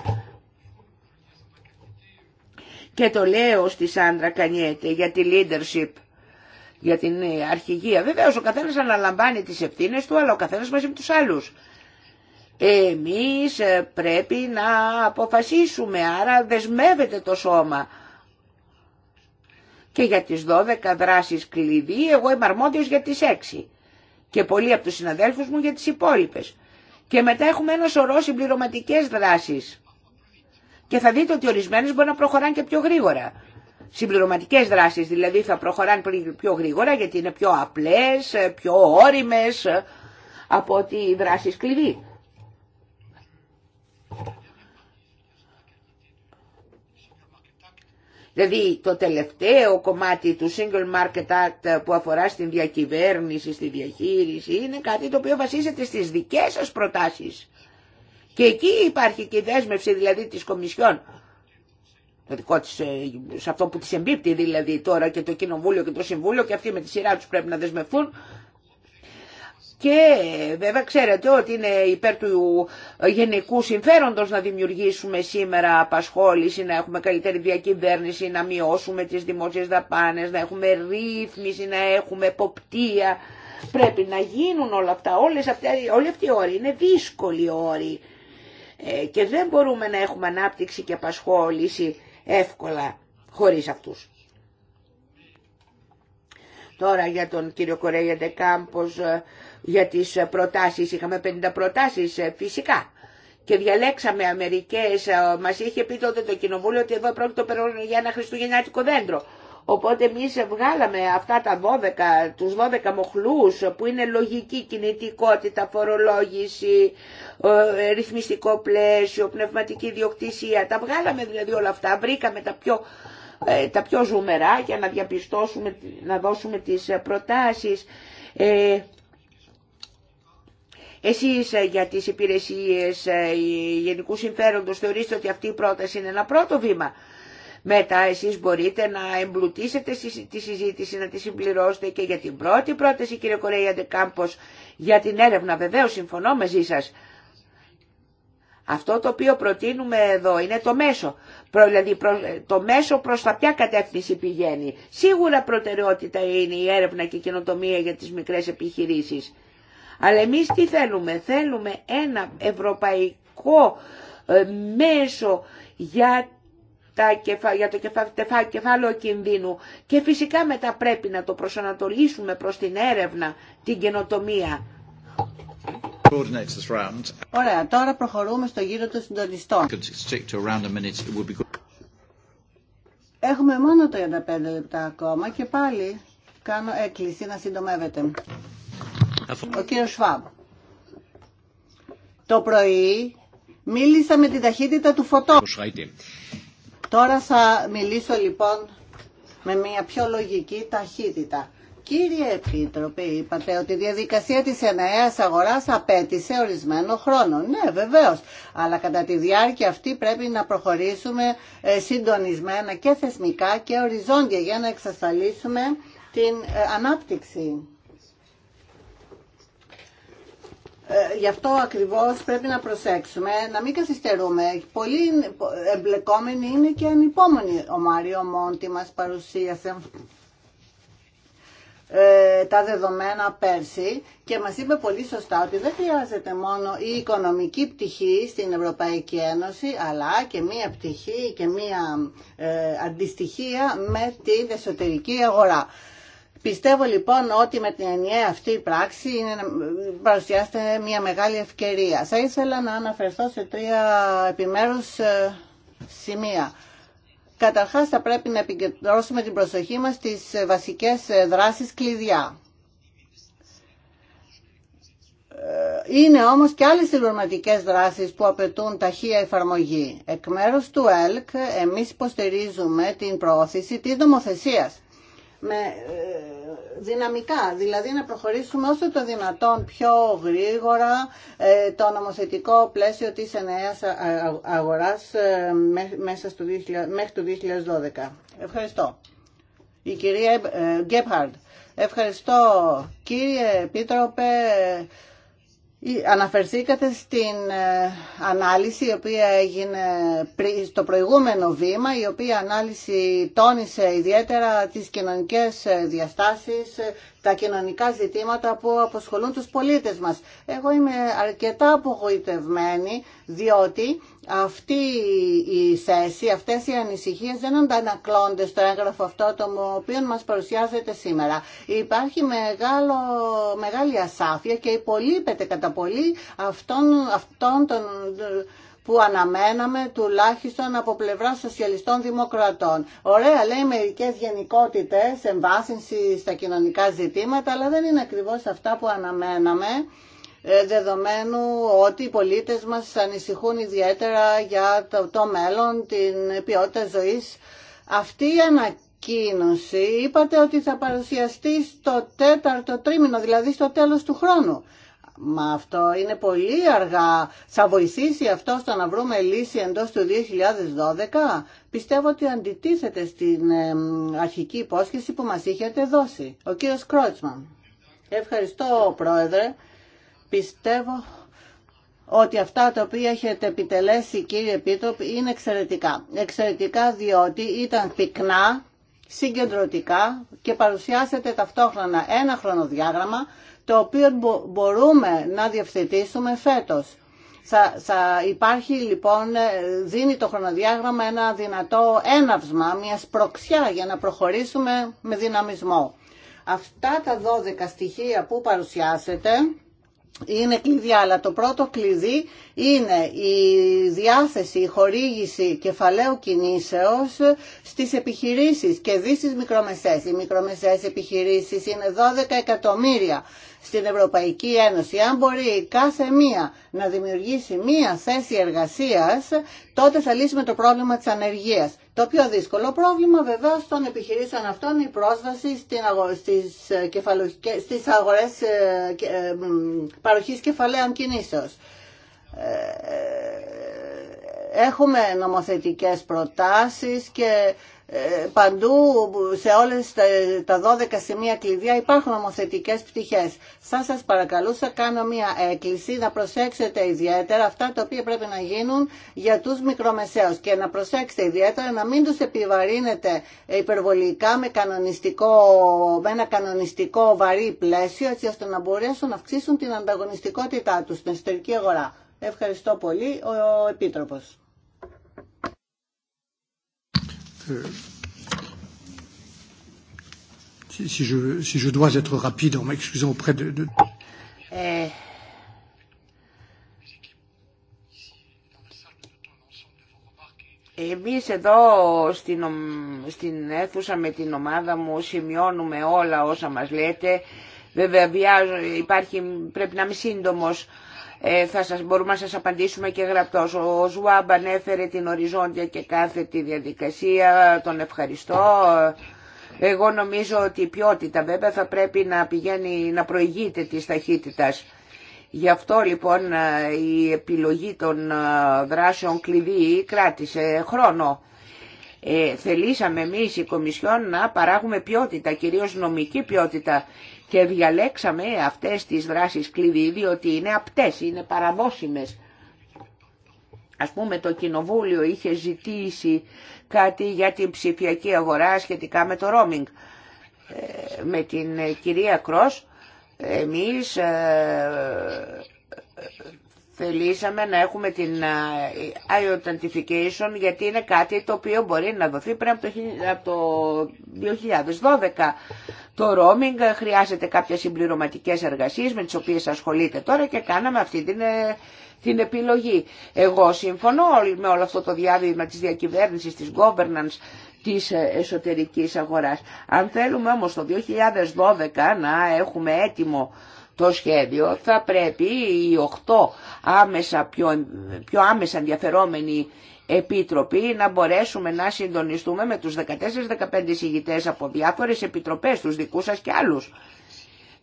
[SPEAKER 3] Και το λέω στη Σάντρα Κανιέτε για τη leadership, για την αρχηγία. Βεβαίως ο καθένας αναλαμβάνει τις ευθύνες του, αλλά ο καθένας μαζί με τους άλλους. Εμείς ε, πρέπει να αποφασίσουμε, άρα δεσμεύεται το σώμα. Και για τις 12 δράσεις κλειδί, εγώ είμαι αρμόδιος για τις 6. Και πολλοί από τους συναδέλφους μου για τις υπόλοιπες. Και μετά έχουμε ένα σωρό συμπληρωματικές δράσεις και θα δείτε ότι ορισμένε μπορεί να προχωράνε και πιο γρήγορα. Συμπληρωματικέ δράσεις δηλαδή θα προχωράνε πιο γρήγορα γιατί είναι πιο απλές, πιο όριμε από ότι οι δράσεις κλειδί. Δηλαδή το τελευταίο κομμάτι του Single Market Act που αφορά στην διακυβέρνηση, στη διαχείριση είναι κάτι το οποίο βασίζεται στις δικές σας προτάσεις. Και εκεί υπάρχει και η δέσμευση δηλαδή της Κομισιόν, το δικό της, ε, σε αυτό που της εμπίπτει δηλαδή τώρα και το Κοινοβούλιο και το Συμβούλιο και αυτοί με τη σειρά τους πρέπει να δεσμευτούν και βέβαια ξέρετε ότι είναι υπέρ του γενικού συμφέροντος να δημιουργήσουμε σήμερα απασχόληση, να έχουμε καλύτερη διακυβέρνηση, να μειώσουμε τις δημόσιες δαπάνες, να έχουμε ρύθμιση, να έχουμε εποπτεία. Πρέπει να γίνουν όλα αυτά, όλες αυτές, όλοι αυτοί οι όροι είναι δύσκολοι όροι. Ε, και δεν μπορούμε να έχουμε ανάπτυξη και απασχόληση εύκολα χωρίς αυτούς. Τώρα για τον κύριο Κορέγια Ντεκάμπος, ε, για τις προτάσεις, είχαμε 50 προτάσεις ε, φυσικά και διαλέξαμε Αμερικές, μας είχε πει τότε το κοινοβούλιο ότι εδώ πρόκειται για ένα χριστουγεννιάτικο δέντρο. Οπότε εμεί βγάλαμε αυτά τα 12, τους 12 μοχλούς που είναι λογική κινητικότητα, φορολόγηση, ε, ρυθμιστικό πλαίσιο, πνευματική διοκτησία. Τα βγάλαμε δηλαδή όλα αυτά, βρήκαμε τα πιο, ε, τα πιο ζούμερα για να διαπιστώσουμε, να δώσουμε τις προτάσεις. Ε, εσείς ε, για τις υπηρεσίες γενικού συμφέροντος θεωρείτε ότι αυτή η πρόταση είναι ένα πρώτο βήμα. Μετά εσείς μπορείτε να εμπλουτίσετε τη συζήτηση, να τη συμπληρώσετε και για την πρώτη πρόταση κύριε Κορέια Ντεκάμπος για την έρευνα. βεβαίω συμφωνώ μαζί σας. Αυτό το οποίο προτείνουμε εδώ είναι το μέσο. δηλαδή το μέσο προς τα ποια κατεύθυνση πηγαίνει. Σίγουρα προτεραιότητα είναι η έρευνα και η καινοτομία για τις μικρές επιχειρήσεις. Αλλά εμείς τι θέλουμε. Θέλουμε ένα ευρωπαϊκό ε, μέσο για τα, για το κεφάλαιο κινδύνου και φυσικά μετά πρέπει να το προσανατολίσουμε προς την έρευνα, την καινοτομία. Ωραία, τώρα προχωρούμε στο γύρο των συντονιστών.
[SPEAKER 2] Έχουμε μόνο το 35 λεπτά ακόμα και πάλι κάνω έκκληση να συντομεύετε. Ο κύριο Σφάμπ. Το πρωί μίλησα με την ταχύτητα του φωτό. Τώρα θα μιλήσω λοιπόν με μια πιο λογική ταχύτητα. Κύριε Επίτροπε, είπατε ότι η διαδικασία της εναέας αγοράς απέτησε ορισμένο χρόνο. Ναι, βεβαίως. Αλλά κατά τη διάρκεια αυτή πρέπει να προχωρήσουμε ε, συντονισμένα και θεσμικά και οριζόντια για να εξασφαλίσουμε την ε, ανάπτυξη. Ε, γι' αυτό ακριβώς πρέπει να προσέξουμε, να μην καθυστερούμε. Πολύ εμπλεκόμενοι είναι και ανυπόμονοι. Ο Μάριο Μόντι μας παρουσίασε ε, τα δεδομένα πέρσι και μας είπε πολύ σωστά ότι δεν χρειάζεται μόνο η οικονομική πτυχή στην Ευρωπαϊκή Ένωση αλλά και μία πτυχή και μία ε, αντιστοιχία με την εσωτερική αγορά. Πιστεύω λοιπόν ότι με την ενιαία αυτή η πράξη παρουσιάζεται μια μεγάλη ευκαιρία. Θα ήθελα να αναφερθώ σε τρία επιμέρους ε, σημεία. Καταρχάς θα πρέπει να επικεντρώσουμε την προσοχή μας στις ε, βασικές ε, δράσεις κλειδιά. Είναι όμως και άλλες συμπληρωματικές δράσεις που απαιτούν ταχεία εφαρμογή. Εκ μέρους του ΕΛΚ εμείς υποστηρίζουμε την προώθηση της δομοθεσίας με ε, δυναμικά, δηλαδή να προχωρήσουμε όσο το δυνατόν πιο γρήγορα ε, το νομοθετικό πλαίσιο της ενέας αγοράς ε, μέσα στο 2000, μέχρι το 2012. Ευχαριστώ. Η κυρία Γκέπχαρντ. Ευχαριστώ κύριε πίτροπε. Αναφερθήκατε στην ε, ανάλυση η οποία έγινε στο προηγούμενο βήμα, η οποία ανάλυση τόνισε ιδιαίτερα τις κοινωνικές ε, διαστάσεις ε, τα κοινωνικά ζητήματα που αποσχολούν τους πολίτες μας. Εγώ είμαι αρκετά απογοητευμένη διότι αυτή η θέση, αυτές οι ανησυχίες δεν αντανακλώνται στο έγγραφο αυτό το οποίο μας παρουσιάζεται σήμερα. Υπάρχει μεγάλο, μεγάλη ασάφεια και υπολείπεται κατά πολύ αυτών, αυτών των που αναμέναμε τουλάχιστον από πλευρά σοσιαλιστών δημοκρατών. Ωραία λέει μερικέ γενικότητε, εμβάθυνση στα κοινωνικά ζητήματα, αλλά δεν είναι ακριβώς αυτά που αναμέναμε ε, δεδομένου ότι οι πολίτες μας ανησυχούν ιδιαίτερα για το, το μέλλον, την ποιότητα ζωής. Αυτή η ανακοίνωση είπατε ότι θα παρουσιαστεί στο τέταρτο τρίμηνο, δηλαδή στο τέλος του χρόνου. Μα αυτό είναι πολύ αργά. Θα βοηθήσει αυτό στο να βρούμε λύση εντός του 2012. Πιστεύω ότι αντιτίθεται στην αρχική υπόσχεση που μας είχετε δώσει. Ο κύριος Κρότσμαν. Ευχαριστώ πρόεδρε. Πιστεύω ότι αυτά τα οποία έχετε επιτελέσει κύριε Πίτροπ είναι εξαιρετικά. Εξαιρετικά διότι ήταν πυκνά, συγκεντρωτικά και παρουσιάσετε ταυτόχρονα ένα χρονοδιάγραμμα το οποίο μπορούμε να διευθετήσουμε φέτος. Θα, θα υπάρχει λοιπόν, ε, δίνει το χρονοδιάγραμμα ένα δυνατό έναυσμα, μια σπροξιά για να προχωρήσουμε με δυναμισμό. Αυτά τα 12 στοιχεία που παρουσιάσετε είναι κλειδιά, αλλά το πρώτο κλειδί είναι η διάθεση, η χορήγηση κεφαλαίου κινήσεως στις επιχειρήσεις και δι μικρομεσές. Οι μικρομεσές επιχειρήσεις είναι 12 εκατομμύρια στην Ευρωπαϊκή Ένωση. Αν μπορεί κάθε μία να δημιουργήσει μία θέση εργασίας, τότε θα λύσουμε το πρόβλημα της ανεργίας. Το πιο δύσκολο πρόβλημα βεβαίω των επιχειρήσεων αυτών είναι η πρόσβαση στις, ε, στις αγορές ε, ε, παροχής κεφαλαίων κινήσεως έχουμε νομοθετικές προτάσεις και ε, παντού σε όλες τα 12 σημεία κλειδιά υπάρχουν ομοθετικές πτυχές. Θα σας παρακαλούσα κάνω μια έκκληση να προσέξετε ιδιαίτερα αυτά τα οποία πρέπει να γίνουν για τους μικρομεσαίους και να προσέξετε ιδιαίτερα να μην τους επιβαρύνετε υπερβολικά με, κανονιστικό, με ένα κανονιστικό βαρύ πλαίσιο έτσι ώστε να μπορέσουν να αυξήσουν την ανταγωνιστικότητά τους στην εσωτερική αγορά. Ευχαριστώ πολύ ο Επίτροπος.
[SPEAKER 1] Εμεί euh,
[SPEAKER 3] eh. εμείς εδώ στην, στην αίθουσα με την ομάδα μου σημειώνουμε όλα όσα μας λέτε. Βέβαια υπάρχει, πρέπει να είμαι σύντομος ε, θα σας, μπορούμε να σας απαντήσουμε και γραπτός. Ο Ζουάμπ ανέφερε την οριζόντια και κάθε τη διαδικασία, τον ευχαριστώ. Εγώ νομίζω ότι η ποιότητα βέβαια θα πρέπει να πηγαίνει, να προηγείται της ταχύτητας. Γι' αυτό λοιπόν η επιλογή των ε, δράσεων κλειδί κράτησε χρόνο. Ε, θελήσαμε εμείς η Κομισιόν να παράγουμε ποιότητα, κυρίως νομική ποιότητα και διαλέξαμε αυτές τις δράσεις κλειδί ότι είναι απτές, είναι παραδόσιμες. Ας πούμε το Κοινοβούλιο είχε ζητήσει κάτι για την ψηφιακή αγορά σχετικά με το roaming. Ε, με την ε, κυρία Κρός εμείς ε, θελήσαμε να έχουμε την I-Authentification ε, ε, γιατί είναι κάτι το οποίο μπορεί να δοθεί πριν από το 2012. Το roaming ε, χρειάζεται κάποια συμπληρωματικές εργασίες με τις οποίες ασχολείται τώρα και κάναμε αυτή την, επιλογή. Εγώ συμφωνώ με όλο αυτό το διάβημα της διακυβέρνησης, της governance, της εσωτερικής αγοράς. Αν θέλουμε όμως το 2012 να έχουμε έτοιμο το σχέδιο θα πρέπει οι 8 άμεσα, πιο, πιο άμεσα ενδιαφερόμενοι επίτροποι να μπορέσουμε να συντονιστούμε με τους 14-15 συγητές από διάφορες επιτροπές, τους δικούς σας και άλλους.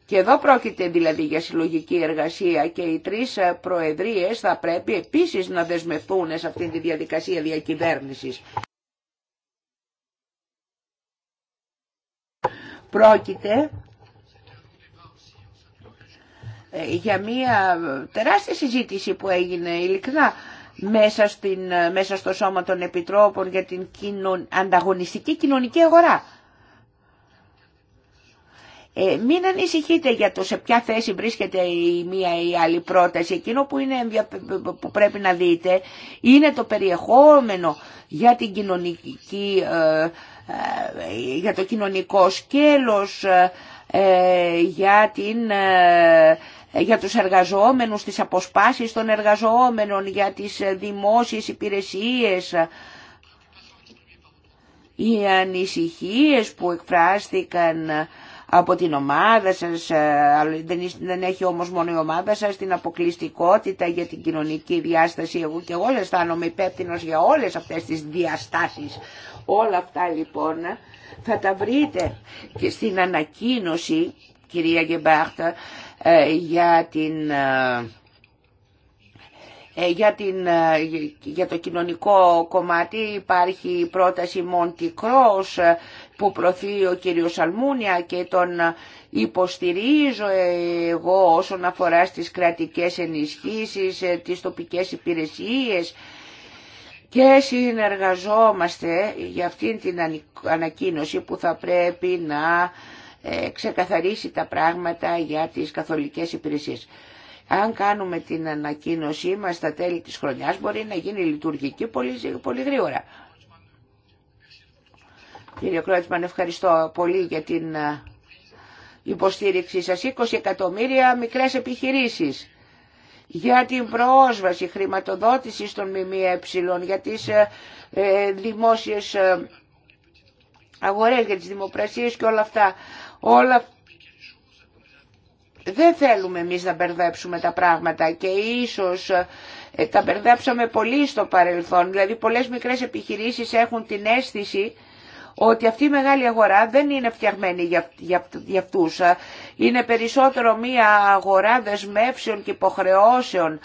[SPEAKER 3] Και εδώ πρόκειται δηλαδή για συλλογική εργασία και οι τρεις προεδρίες θα πρέπει επίσης να δεσμευτούν σε αυτή τη διαδικασία διακυβέρνησης.
[SPEAKER 1] Πρόκειται
[SPEAKER 3] για μια τεράστια συζήτηση που έγινε ειλικρινά μέσα, στην, μέσα στο Σώμα των Επιτρόπων για την ανταγωνιστική κοινωνική αγορά. Ε, μην ανησυχείτε για το σε ποια θέση βρίσκεται η μία ή η άλλη πρόταση. Εκείνο που, είναι, που πρέπει να δείτε είναι το περιεχόμενο για, την κοινωνική, ε, ε, για το κοινωνικό σκέλος, ε, για την ε, για τους εργαζόμενους, τις αποσπάσεις των εργαζόμενων, για τις ε, δημόσιες υπηρεσίες, οι ανησυχίες που εκφράστηκαν από την ομάδα σας, ε, δεν έχει όμως μόνο η ομάδα σας την αποκλειστικότητα για την κοινωνική διάσταση. Εγώ και εγώ αισθάνομαι υπεύθυνο για όλες αυτές τις διαστάσεις. Όλα αυτά λοιπόν θα τα βρείτε και στην ανακοίνωση, κυρία Γεμπάχτα, ε, για την ε, ε, για, την, για το κοινωνικό κομμάτι υπάρχει η πρόταση Monty Cross που προθεί ο κύριος Σαλμούνια και τον υποστηρίζω εγώ όσον αφορά στις κρατικές ενισχύσεις, τις τοπικές υπηρεσίες και συνεργαζόμαστε για αυτήν την ανακοίνωση που θα πρέπει να ε, ξεκαθαρίσει τα πράγματα για τις καθολικές υπηρεσίες. Αν κάνουμε την ανακοίνωσή μας στα τέλη της χρονιάς μπορεί να γίνει λειτουργική πολύ, πολύ γρήγορα. Κύριε Κρότσμαν, ευχαριστώ πολύ για την ε, υποστήριξή σας. 20 εκατομμύρια μικρές επιχειρήσεις για την πρόσβαση χρηματοδότηση των ΜΜΕ, για τις ε, δημόσιες αγορές, για τις δημοπρασίες και όλα αυτά. Όλα δεν θέλουμε εμείς να μπερδέψουμε τα πράγματα και ίσως ε, τα μπερδέψαμε πολύ στο παρελθόν. Δηλαδή πολλές μικρές επιχειρήσεις έχουν την αίσθηση ότι αυτή η μεγάλη αγορά δεν είναι φτιαγμένη για, για, για αυτούς. Ε. Είναι περισσότερο μία αγορά δεσμεύσεων και υποχρεώσεων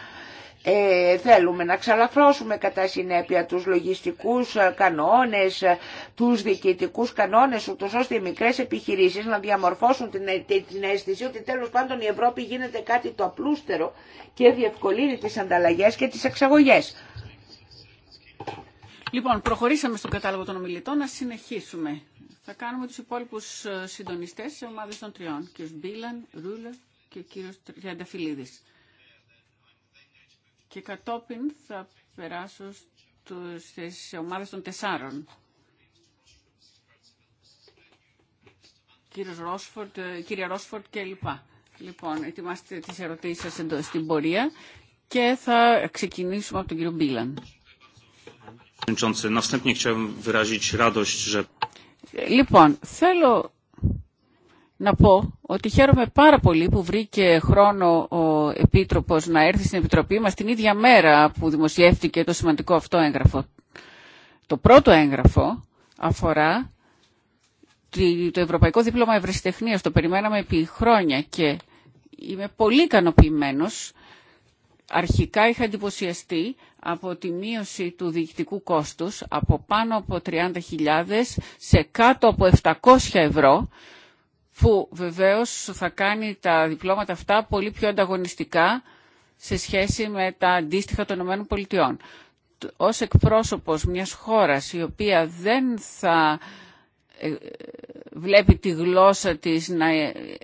[SPEAKER 3] ε, θέλουμε να ξαλαφρώσουμε κατά συνέπεια τους λογιστικούς ε, κανόνες, ε, τους διοικητικούς κανόνες, ούτως ώστε οι μικρές επιχειρήσεις να διαμορφώσουν την, ε, την αίσθηση ότι τέλος πάντων η Ευρώπη γίνεται κάτι το απλούστερο και διευκολύνει τις ανταλλαγές και τις εξαγωγές.
[SPEAKER 4] Λοιπόν, προχωρήσαμε στον κατάλογο των ομιλητών, να συνεχίσουμε. Θα κάνουμε τους υπόλοιπους συντονιστές σε ομάδες των τριών, κύριος Μπίλαν, Ρούλα και ο κύριος Τριανταφυλλίδης και κατόπιν θα περάσω στις ομάδες των τεσσάρων. Κύριος Ρόσφορτ, ε, κύριε Ρόσφορτ και λοιπά. Λοιπόν, ετοιμάστε τις ερωτήσεις σας εντός στην πορεία και θα ξεκινήσουμε από τον κύριο Μπίλαν. Λοιπόν, θέλω να πω ότι χαίρομαι πάρα πολύ που βρήκε χρόνο ο Επίτροπος να έρθει στην Επιτροπή μας την ίδια μέρα που δημοσιεύτηκε το σημαντικό αυτό έγγραφο. Το πρώτο έγγραφο αφορά το Ευρωπαϊκό Δίπλωμα Ευρεσιτεχνίας. Το περιμέναμε επί χρόνια και είμαι πολύ ικανοποιημένο. Αρχικά είχα εντυπωσιαστεί από τη μείωση του διοικητικού κόστους από πάνω από 30.000 σε κάτω από 700 ευρώ που βεβαίως θα κάνει τα διπλώματα αυτά πολύ πιο ανταγωνιστικά σε σχέση με τα αντίστοιχα των ΗΠΑ. Ως εκπρόσωπος μιας χώρας η οποία δεν θα ε, βλέπει τη γλώσσα της να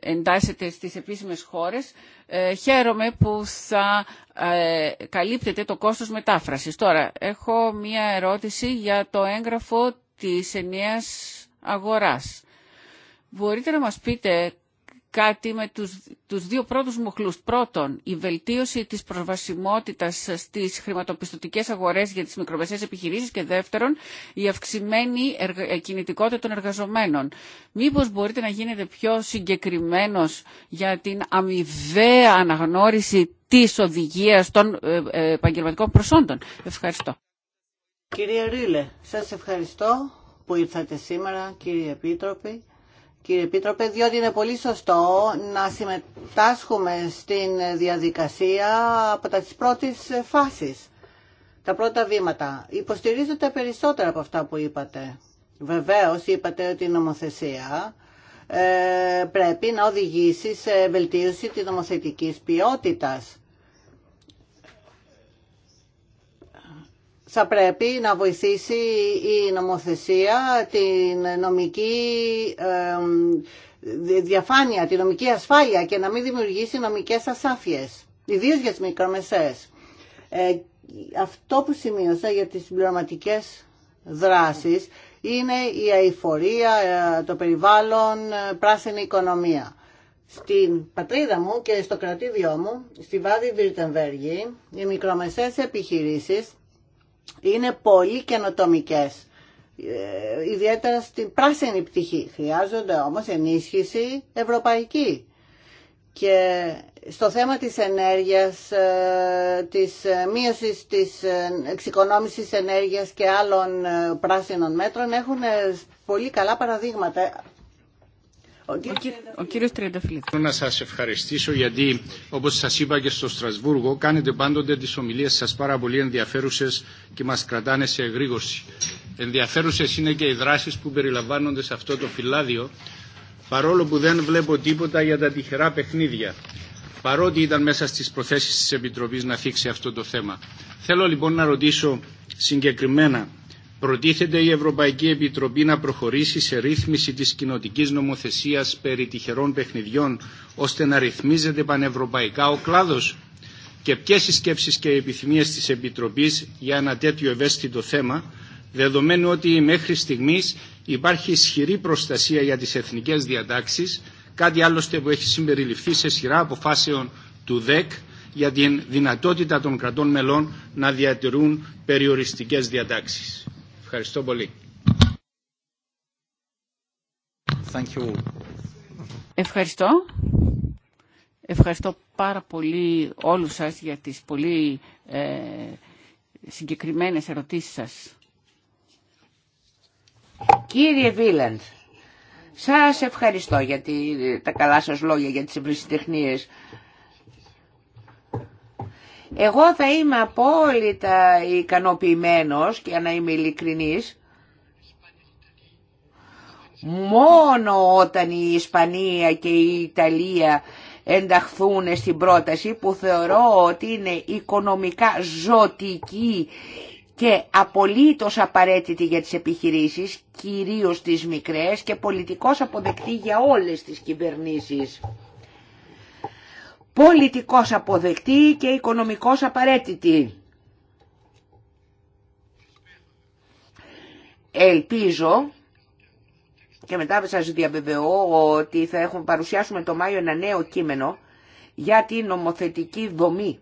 [SPEAKER 4] εντάσσεται στις επίσημες χώρες, ε, χαίρομαι που θα ε, καλύπτεται το κόστος μετάφρασης. Τώρα, έχω μία ερώτηση για το έγγραφο της ενιαίας αγοράς. Μπορείτε να μας πείτε κάτι με τους, τους δύο πρώτους μοχλούς. Πρώτον, η βελτίωση της προσβασιμότητας στις χρηματοπιστωτικές αγορές για τις μικρομεσαίες επιχειρήσεις και δεύτερον, η αυξημένη ε, κινητικότητα των εργαζομένων. Μήπως μπορείτε να γίνετε πιο συγκεκριμένος για την αμοιβαία αναγνώριση της οδηγίας των ε, ε, επαγγελματικών προσόντων. Ευχαριστώ.
[SPEAKER 2] Κύριε Ρίλε, σας ευχαριστώ που ήρθατε σήμερα, κύριε Επίτροπη κύριε Επίτροπε, διότι είναι πολύ σωστό να συμμετάσχουμε στην διαδικασία από τις πρώτες φάσεις, τα πρώτα βήματα. Υποστηρίζονται περισσότερα από αυτά που είπατε. Βεβαίως είπατε ότι η νομοθεσία ε, πρέπει να οδηγήσει σε βελτίωση της νομοθετικής ποιότητας θα πρέπει να βοηθήσει η νομοθεσία την νομική διαφάνεια, την νομική ασφάλεια και να μην δημιουργήσει νομικές ασάφειες, ιδίω για τις μικρομεσαίες. Ε, αυτό που σημείωσα για τις συμπληρωματικέ δράσεις είναι η αηφορία, ε, το περιβάλλον, ε, πράσινη οικονομία. Στην πατρίδα μου και στο κρατήδιό μου, στη Βάδη Βιρτεμβέργη, οι μικρομεσαίες επιχειρήσεις είναι πολύ καινοτομικέ. Ε, ιδιαίτερα στην πράσινη πτυχή. Χρειάζονται όμως ενίσχυση ευρωπαϊκή. Και στο θέμα της ενέργειας, ε, της ε, μείωσης της εξοικονόμησης ενέργειας και άλλων πράσινων μέτρων έχουν πολύ καλά παραδείγματα.
[SPEAKER 1] Ο κύριος Τριανταφυλλίδης. Θέλω να σας ευχαριστήσω γιατί όπως σας είπα και στο Στρασβούργο κάνετε πάντοτε τις ομιλίες σας πάρα πολύ ενδιαφέρουσες και μας κρατάνε σε εγρήγορση. Ενδιαφέρουσες είναι και οι δράσεις που περιλαμβάνονται σε αυτό το φυλάδιο παρόλο που δεν βλέπω τίποτα για τα τυχερά παιχνίδια παρότι ήταν μέσα στις προθέσεις της Επιτροπής να θίξει αυτό το θέμα. Θέλω λοιπόν να ρωτήσω συγκεκριμένα προτίθεται η Ευρωπαϊκή Επιτροπή να προχωρήσει σε ρύθμιση της κοινοτική νομοθεσίας περί τυχερών παιχνιδιών ώστε να ρυθμίζεται πανευρωπαϊκά ο κλάδος και ποιες οι σκέψεις και οι επιθυμίες της Επιτροπής για ένα τέτοιο ευαίσθητο θέμα δεδομένου ότι μέχρι στιγμής υπάρχει ισχυρή προστασία για τις εθνικές διατάξεις κάτι άλλωστε που έχει συμπεριληφθεί σε σειρά αποφάσεων του ΔΕΚ για την δυνατότητα των κρατών μελών να διατηρούν περιοριστικές διατάξεις. Ευχαριστώ πολύ. Thank
[SPEAKER 4] Ευχαριστώ. Ευχαριστώ πάρα πολύ όλους σας για τις πολύ ε, συγκεκριμένες ερωτήσεις σας. Κύριε Βίλαντ, σας ευχαριστώ για
[SPEAKER 3] τα καλά σας λόγια για τις ευρυσιτεχνίες. Εγώ θα είμαι απόλυτα ικανοποιημένος και να είμαι ειλικρινής μόνο όταν η Ισπανία και η Ιταλία ενταχθούν στην πρόταση που θεωρώ ότι είναι οικονομικά ζωτική και απολύτως απαραίτητη για τις επιχειρήσεις, κυρίως τις μικρές και πολιτικώς αποδεκτή για όλες τις κυβερνήσεις πολιτικός αποδεκτή και οικονομικός απαραίτητη. Ελπίζω και μετά σας διαβεβαιώ ότι θα έχουμε, παρουσιάσουμε το Μάιο ένα νέο κείμενο για την νομοθετική δομή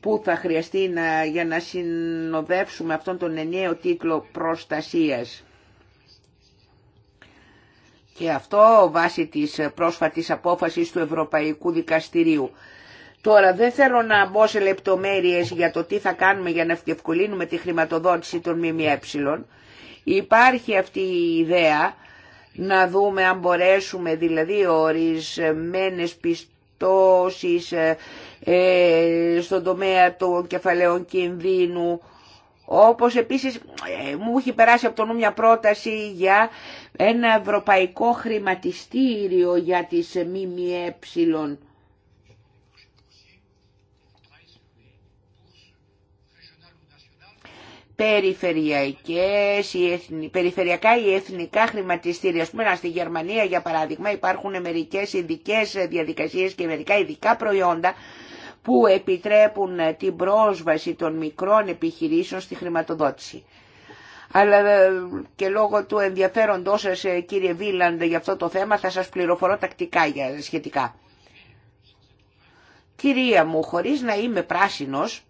[SPEAKER 3] που θα χρειαστεί να, για να συνοδεύσουμε αυτόν τον ενιαίο τίτλο προστασίας. Και αυτό βάσει της πρόσφατης απόφασης του Ευρωπαϊκού Δικαστηρίου. Τώρα δεν θέλω να μπω σε λεπτομέρειες για το τι θα κάνουμε για να ευκολύνουμε τη χρηματοδότηση των ΜΜΕ. Υπάρχει αυτή η ιδέα να δούμε αν μπορέσουμε δηλαδή ορισμένες πιστώσεις ε, ε, στον τομέα των κεφαλαίων κινδύνου όπως επίσης ε, μου έχει περάσει από το νου μια πρόταση για ένα ευρωπαϊκό χρηματιστήριο για τις ΜΜΕ περιφερειακές, περιφερειακά ή εθνικά χρηματιστήρια. Ας πούμε, στη Γερμανία, για παράδειγμα, υπάρχουν μερικές ειδικέ διαδικασίες και μερικά ειδικά προϊόντα που επιτρέπουν ε, την πρόσβαση των μικρών επιχειρήσεων στη χρηματοδότηση. Αλλά ε, και λόγω του ενδιαφέροντός σας, ε, κύριε Βίλαντ, για αυτό το θέμα θα σας πληροφορώ τακτικά σχετικά. Κυρία μου, χωρίς να είμαι πράσινος,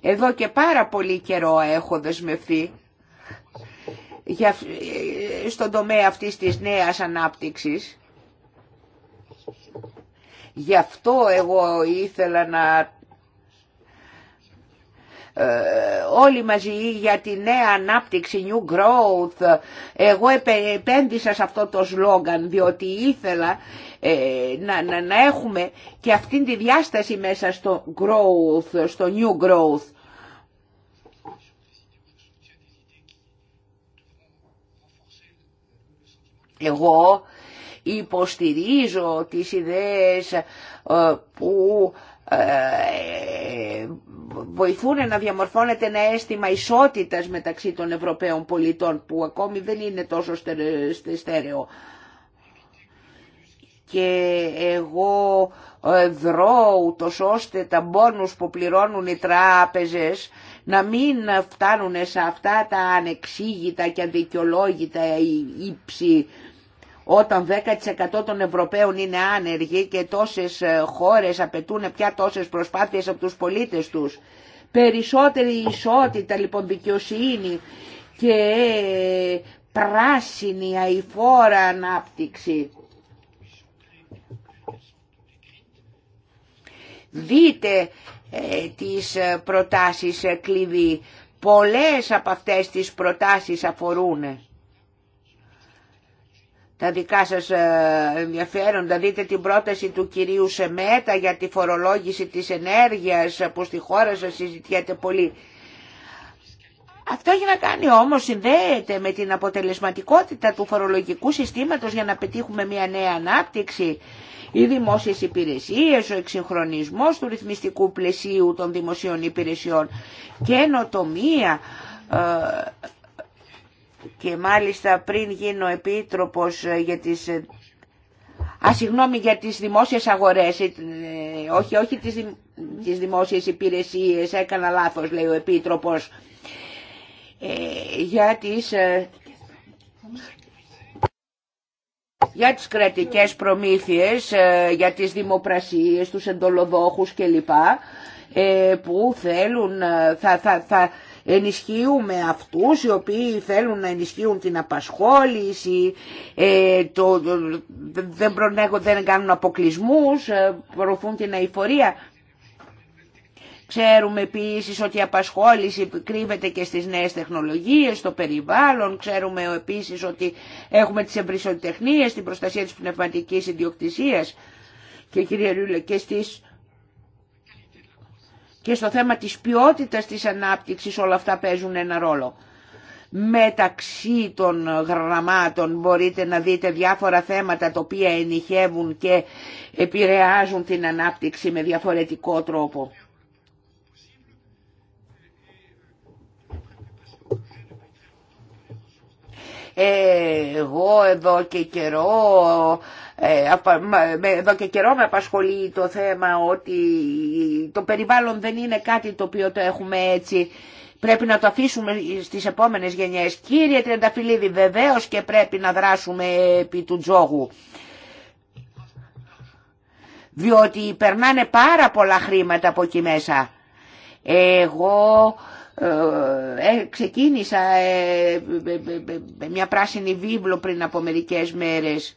[SPEAKER 3] εδώ και πάρα πολύ καιρό έχω δεσμευτεί για, στον τομέα αυτής της νέας ανάπτυξης. Γι' αυτό εγώ ήθελα να ε, όλοι μαζί για τη νέα ανάπτυξη, new growth. Εγώ επένδυσα σε αυτό το σλόγγαν διότι ήθελα ε, να, έχουμε και αυτή τη διάσταση μέσα στο growth, στο new growth. Εγώ υποστηρίζω τις ιδέες ε, που βοηθούν να διαμορφώνεται ένα αίσθημα ισότητας μεταξύ των Ευρωπαίων πολιτών που ακόμη δεν είναι τόσο στέρεο. Και εγώ ε, δρώ ούτως ώστε τα μπόνους που πληρώνουν οι τράπεζες να μην φτάνουν σε αυτά τα ανεξήγητα και αδικαιολόγητα ε, ύψη όταν 10% των Ευρωπαίων είναι άνεργοι και τόσες ε, χώρες απαιτούν πια τόσες προσπάθειες από τους πολίτες τους. Περισσότερη ισότητα λοιπόν δικαιοσύνη και ε, πράσινη αηφόρα ανάπτυξη. Δείτε ε, τις ε, προτάσεις κλειδί. Πολλές από αυτές τις προτάσεις αφορούν τα δικά σας ε, ενδιαφέροντα. Δείτε την πρόταση του κυρίου Σεμέτα για τη φορολόγηση της ενέργειας που στη χώρα σας συζητιέται πολύ. Αυτό έχει να κάνει όμως συνδέεται με την αποτελεσματικότητα του φορολογικού συστήματος για να πετύχουμε μια νέα ανάπτυξη. Οι δημόσιες υπηρεσίες, ο εξυγχρονισμός του ρυθμιστικού πλαισίου των δημοσίων υπηρεσιών, και ε, και μάλιστα πριν γίνω επίτροπος ε, για τις... Ε, α, συγγνώμη, για τις δημόσιες αγορές, ε, όχι, όχι τις, τις δημόσιες υπηρεσίες, έκανα λάθος, λέει ο επίτροπος, για τις... για τις κρατικές προμήθειες, για τις δημοπρασίες, τους εντολοδόχους κλπ. που θέλουν, θα, ενισχύουμε αυτούς οι οποίοι θέλουν να ενισχύουν την απασχόληση, ε, το, δεν, κάνουν αποκλεισμούς, ε, προωθούν την αηφορία. Ξέρουμε επίση ότι η απασχόληση κρύβεται και στις νέες τεχνολογίες, στο περιβάλλον. Ξέρουμε επίση ότι έχουμε τις εμπρισσοτεχνίε, την προστασία της πνευματικής ιδιοκτησία και και και στο θέμα της ποιότητας της ανάπτυξης όλα αυτά παίζουν ένα ρόλο. Μεταξύ των γραμμάτων μπορείτε να δείτε διάφορα θέματα τα οποία ενηχεύουν και επηρεάζουν την ανάπτυξη με διαφορετικό τρόπο. εγώ εδώ και καιρό... Ε, εδώ και καιρό με απασχολεί το θέμα ότι το περιβάλλον δεν είναι κάτι το οποίο το έχουμε έτσι πρέπει να το αφήσουμε στις επόμενες γενιές. Κύριε Τρενταφυλλίδη, βεβαίως και πρέπει να δράσουμε επί του τζόγου. Διότι περνάνε πάρα πολλά χρήματα από εκεί μέσα. Εγώ ε, ε, ξεκίνησα ε, μια πράσινη βίβλο πριν από μερικές μέρες.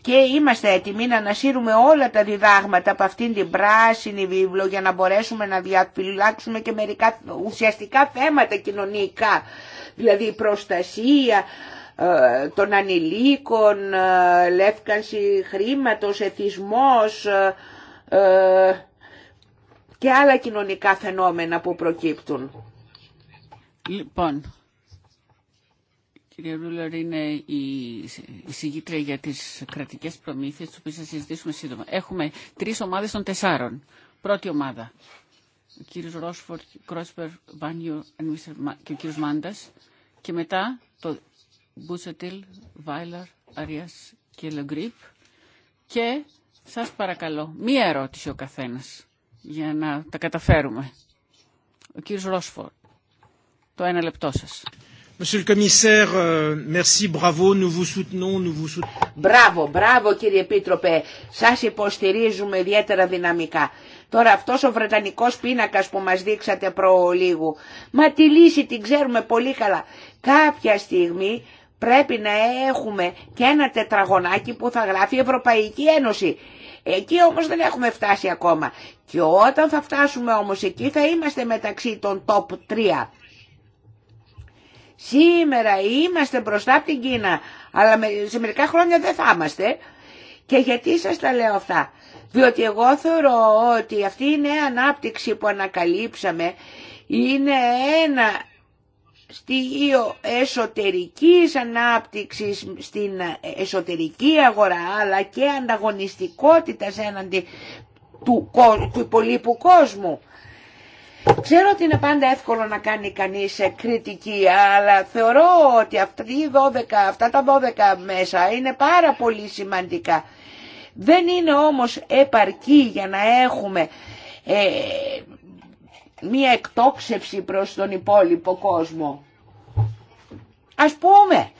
[SPEAKER 3] Και είμαστε έτοιμοι να ανασύρουμε όλα τα διδάγματα από αυτήν την πράσινη βίβλο για να μπορέσουμε να διαφυλάξουμε και μερικά ουσιαστικά θέματα κοινωνικά, δηλαδή η προστασία ε, των ανηλίκων, ε, λεύκανση χρήματος, εθισμός, ε, και άλλα κοινωνικά
[SPEAKER 4] φαινόμενα που προκύπτουν. Λοιπόν, κυρία Ρούλερ είναι η συγγήτρια για τις κρατικές προμήθειες, τις οποίες θα συζητήσουμε σύντομα. Έχουμε τρεις ομάδες των τεσσάρων. Πρώτη ομάδα, ο κύριος Ρόσφορτ, Κρόσπερ, Βάνιου και ο κύριος Μάντας. Και μετά το Μπούσετιλ, Βάιλαρ, Αριάς και Λεγκρίπ. Και σας παρακαλώ, μία ερώτηση ο καθένας για να τα καταφέρουμε. Ο κύριος Ρόσφορ, το ένα λεπτό σας. Μπράβο, μπράβο κύριε Επίτροπε,
[SPEAKER 3] σας υποστηρίζουμε ιδιαίτερα δυναμικά. Τώρα αυτός ο Βρετανικός πίνακας που μας δείξατε προ λίγο, μα τη λύση την ξέρουμε πολύ καλά. Κάποια στιγμή πρέπει να έχουμε και ένα τετραγωνάκι που θα γράφει Ευρωπαϊκή Ένωση Εκεί όμως δεν έχουμε φτάσει ακόμα. Και όταν θα φτάσουμε όμως εκεί θα είμαστε μεταξύ των top 3. Σήμερα είμαστε μπροστά από την Κίνα, αλλά σε μερικά χρόνια δεν θα είμαστε. Και γιατί σας τα λέω αυτά. Διότι εγώ θεωρώ ότι αυτή η νέα ανάπτυξη που ανακαλύψαμε είναι ένα στη εσωτερικής ανάπτυξης στην εσωτερική αγορά αλλά και ανταγωνιστικότητας έναντι του, του υπολείπου κόσμου. Ξέρω ότι είναι πάντα εύκολο να κάνει κανείς κριτική, αλλά θεωρώ ότι 12, αυτά τα 12 μέσα είναι πάρα πολύ σημαντικά. Δεν είναι όμως επαρκή για να έχουμε ε, μία εκτόξευση προς τον υπόλοιπο κόσμο. Ας πούμε,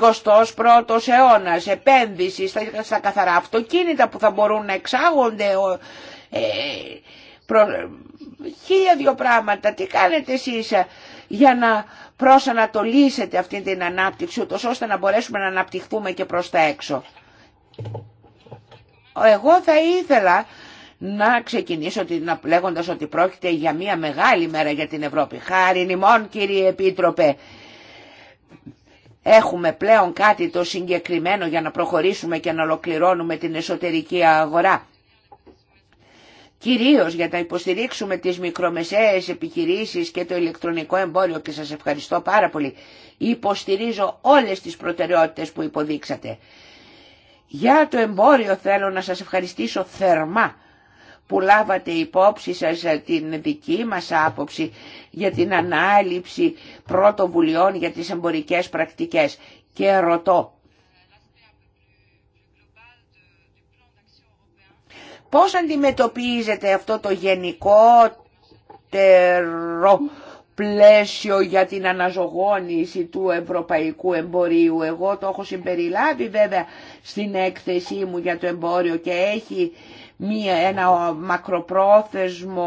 [SPEAKER 3] 21ος αιώνας επένδυση στα, στα καθαρά αυτοκίνητα που θα μπορούν να εξάγονται, ε, χίλια δυο πράγματα, τι κάνετε εσείς ε, για να προσανατολίσετε αυτή την ανάπτυξη, ούτως ώστε να μπορέσουμε να αναπτυχθούμε και προς τα έξω. Εγώ θα ήθελα να ξεκινήσω λέγοντας ότι πρόκειται για μια μεγάλη μέρα για την Ευρώπη. Χάρη νημών κύριε Επίτροπε. Έχουμε πλέον κάτι το συγκεκριμένο για να προχωρήσουμε και να ολοκληρώνουμε την εσωτερική αγορά. Κυρίως για να υποστηρίξουμε τις μικρομεσαίες επιχειρήσεις και το ηλεκτρονικό εμπόριο και σας ευχαριστώ πάρα πολύ. Υποστηρίζω όλες τις προτεραιότητες που υποδείξατε. Για το εμπόριο θέλω να σας ευχαριστήσω θερμά που λάβατε υπόψη σας ε, την δική μας άποψη για την ανάληψη πρωτοβουλειών για τις εμπορικές πρακτικές. Και ρωτώ, πώς αντιμετωπίζετε αυτό το γενικότερο πλαίσιο για την αναζωγόνηση του ευρωπαϊκού εμπορίου. Εγώ το έχω συμπεριλάβει βέβαια στην έκθεσή μου για το εμπόριο και έχει μία, ένα μακροπρόθεσμο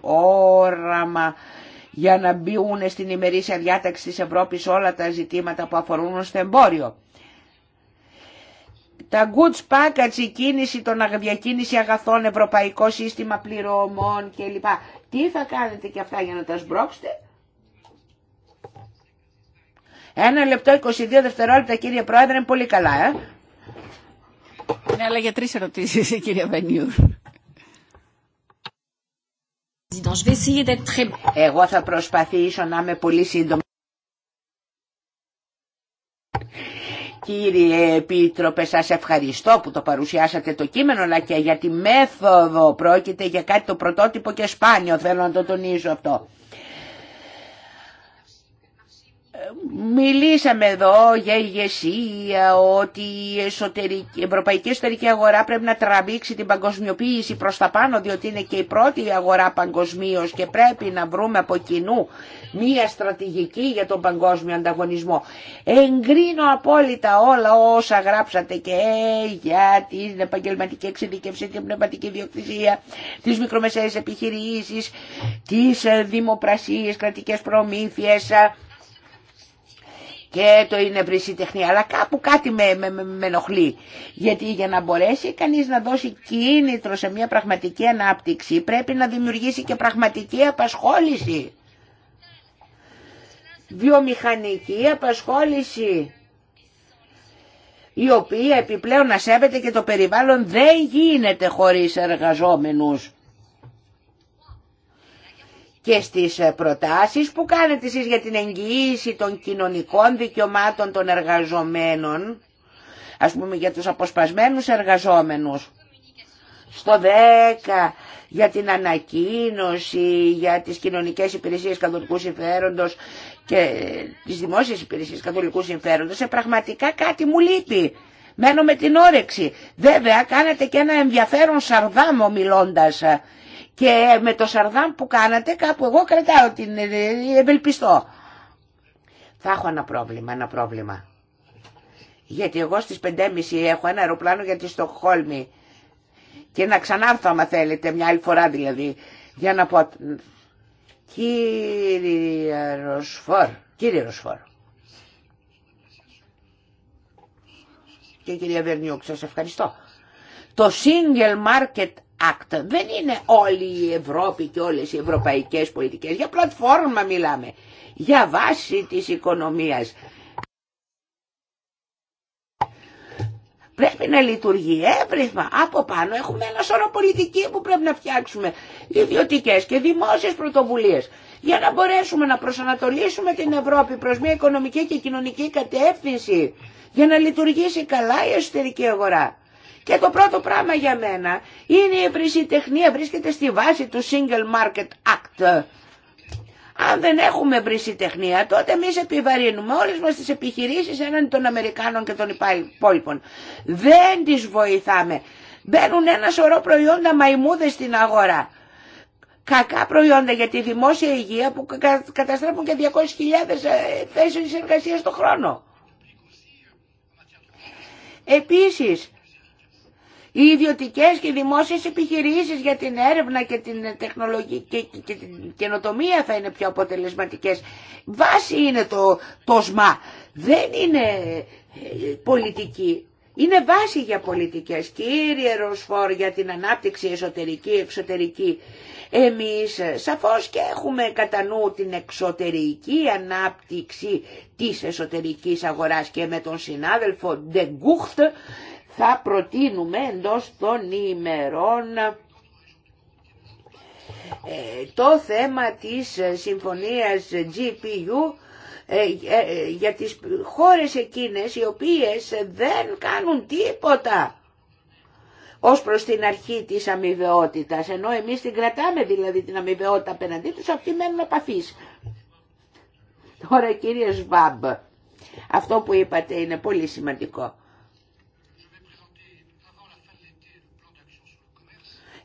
[SPEAKER 3] όραμα για να μπουν στην ημερήσια διάταξη της Ευρώπης όλα τα ζητήματα που αφορούν στο εμπόριο. Τα goods package, η κίνηση, των διακίνηση αγαθών, ευρωπαϊκό σύστημα πληρωμών κλπ. Τι θα κάνετε και αυτά για να τα σμπρώξετε. Ένα λεπτό 22 δευτερόλεπτα κύριε Πρόεδρε πολύ καλά. Ε? Ναι, αλλά για τρεις ερωτήσεις, κύριε Βενιούρ. Εγώ θα προσπαθήσω να είμαι πολύ σύντομη. Κύριε Επίτροπε, σας ευχαριστώ που το παρουσιάσατε το κείμενο, αλλά και για τη μέθοδο πρόκειται για κάτι το πρωτότυπο και σπάνιο, θέλω να το τονίσω αυτό. Μιλήσαμε εδώ για ηγεσία, ότι η, εσωτερική, ευρωπαϊκή εσωτερική αγορά πρέπει να τραβήξει την παγκοσμιοποίηση προς τα πάνω, διότι είναι και η πρώτη αγορά παγκοσμίω και πρέπει να βρούμε από κοινού μία στρατηγική για τον παγκόσμιο ανταγωνισμό. Εγκρίνω απόλυτα όλα όσα γράψατε και για την επαγγελματική εξειδικευσή, την πνευματική διοκτησία, τις μικρομεσαίες επιχειρήσεις, τις ε, δημοπρασίες, κρατικές προμήθειες, ε, και το είναι βρυσή τεχνία. Αλλά κάπου κάτι με, με, ενοχλεί. Γιατί για να μπορέσει κανείς να δώσει κίνητρο σε μια πραγματική ανάπτυξη πρέπει να δημιουργήσει και πραγματική απασχόληση. Βιομηχανική απασχόληση η οποία επιπλέον να σέβεται και το περιβάλλον δεν γίνεται χωρίς εργαζόμενους και στις ε, προτάσεις που κάνετε εσείς για την εγγυήση των κοινωνικών δικαιωμάτων των εργαζομένων, ας πούμε για τους αποσπασμένους εργαζόμενους, στο 10 για την ανακοίνωση, για τις κοινωνικές υπηρεσίες καθολικού συμφέροντος και ε, τις δημόσιες υπηρεσίες καθολικού συμφέροντος, σε πραγματικά κάτι μου λείπει. Μένω με την όρεξη. Βέβαια, κάνετε και ένα ενδιαφέρον σαρδάμο μιλώντας ε, και με το σαρδάμ που κάνατε κάπου εγώ κρατάω την ε, ε, ευελπιστώ. Θα έχω ένα πρόβλημα, ένα πρόβλημα. Γιατί εγώ στις 5.30 έχω ένα αεροπλάνο για τη Στοχόλμη Και να ξανάρθω άμα θέλετε, μια άλλη φορά δηλαδή, για να πω... Κύριε Ροσφόρ, κύριε Ροσφόρ. Και κυρία Βερνιούκ, σας ευχαριστώ. Το Single Market δεν είναι όλη η Ευρώπη και όλες οι ευρωπαϊκές πολιτικές. Για πλατφόρμα μιλάμε. Για βάση της οικονομίας. Πρέπει να λειτουργεί εύρυθμα. Από πάνω έχουμε ένα σώρο πολιτική που πρέπει να φτιάξουμε. Ιδιωτικέ και δημόσιες πρωτοβουλίες. Για να μπορέσουμε να προσανατολίσουμε την Ευρώπη προς μια οικονομική και κοινωνική κατεύθυνση. Για να λειτουργήσει καλά η εσωτερική αγορά. Και το πρώτο πράγμα για μένα είναι η ευρυσιτεχνία βρίσκεται στη βάση του Single Market Act. Αν δεν έχουμε ευρυσιτεχνία τότε εμεί επιβαρύνουμε όλες μας τις επιχειρήσεις έναντι των Αμερικάνων και των υπόλοιπων. Δεν τις βοηθάμε. Μπαίνουν ένα σωρό προϊόντα μαϊμούδες στην αγορά. Κακά προϊόντα για τη δημόσια υγεία που καταστρέφουν και 200.000 ε, θέσεις εργασίας το χρόνο. Επίσης, οι ιδιωτικές και δημόσιες επιχειρήσεις για την έρευνα και την τεχνολογική και, την καινοτομία θα είναι πιο αποτελεσματικές. Βάση είναι το, το ΣΜΑ. Δεν είναι ε, πολιτική. Είναι βάση για πολιτικές. Κύριε Ροσφόρ για την ανάπτυξη εσωτερική, εξωτερική. Εμείς ε, σαφώς και έχουμε κατά νου την εξωτερική ανάπτυξη της εσωτερικής αγοράς και με τον συνάδελφο Ντεγκούχτ θα προτείνουμε εντό των ημερών ε, το θέμα της συμφωνίας GPU ε, ε, για τις χώρες εκείνες οι οποίες δεν κάνουν τίποτα ως προς την αρχή της αμοιβαιότητας, ενώ εμείς την κρατάμε δηλαδή την αμοιβαιότητα απέναντί τους, αυτοί μένουν απαθείς. Τώρα κύριε Σβάμπ, αυτό που είπατε είναι πολύ σημαντικό.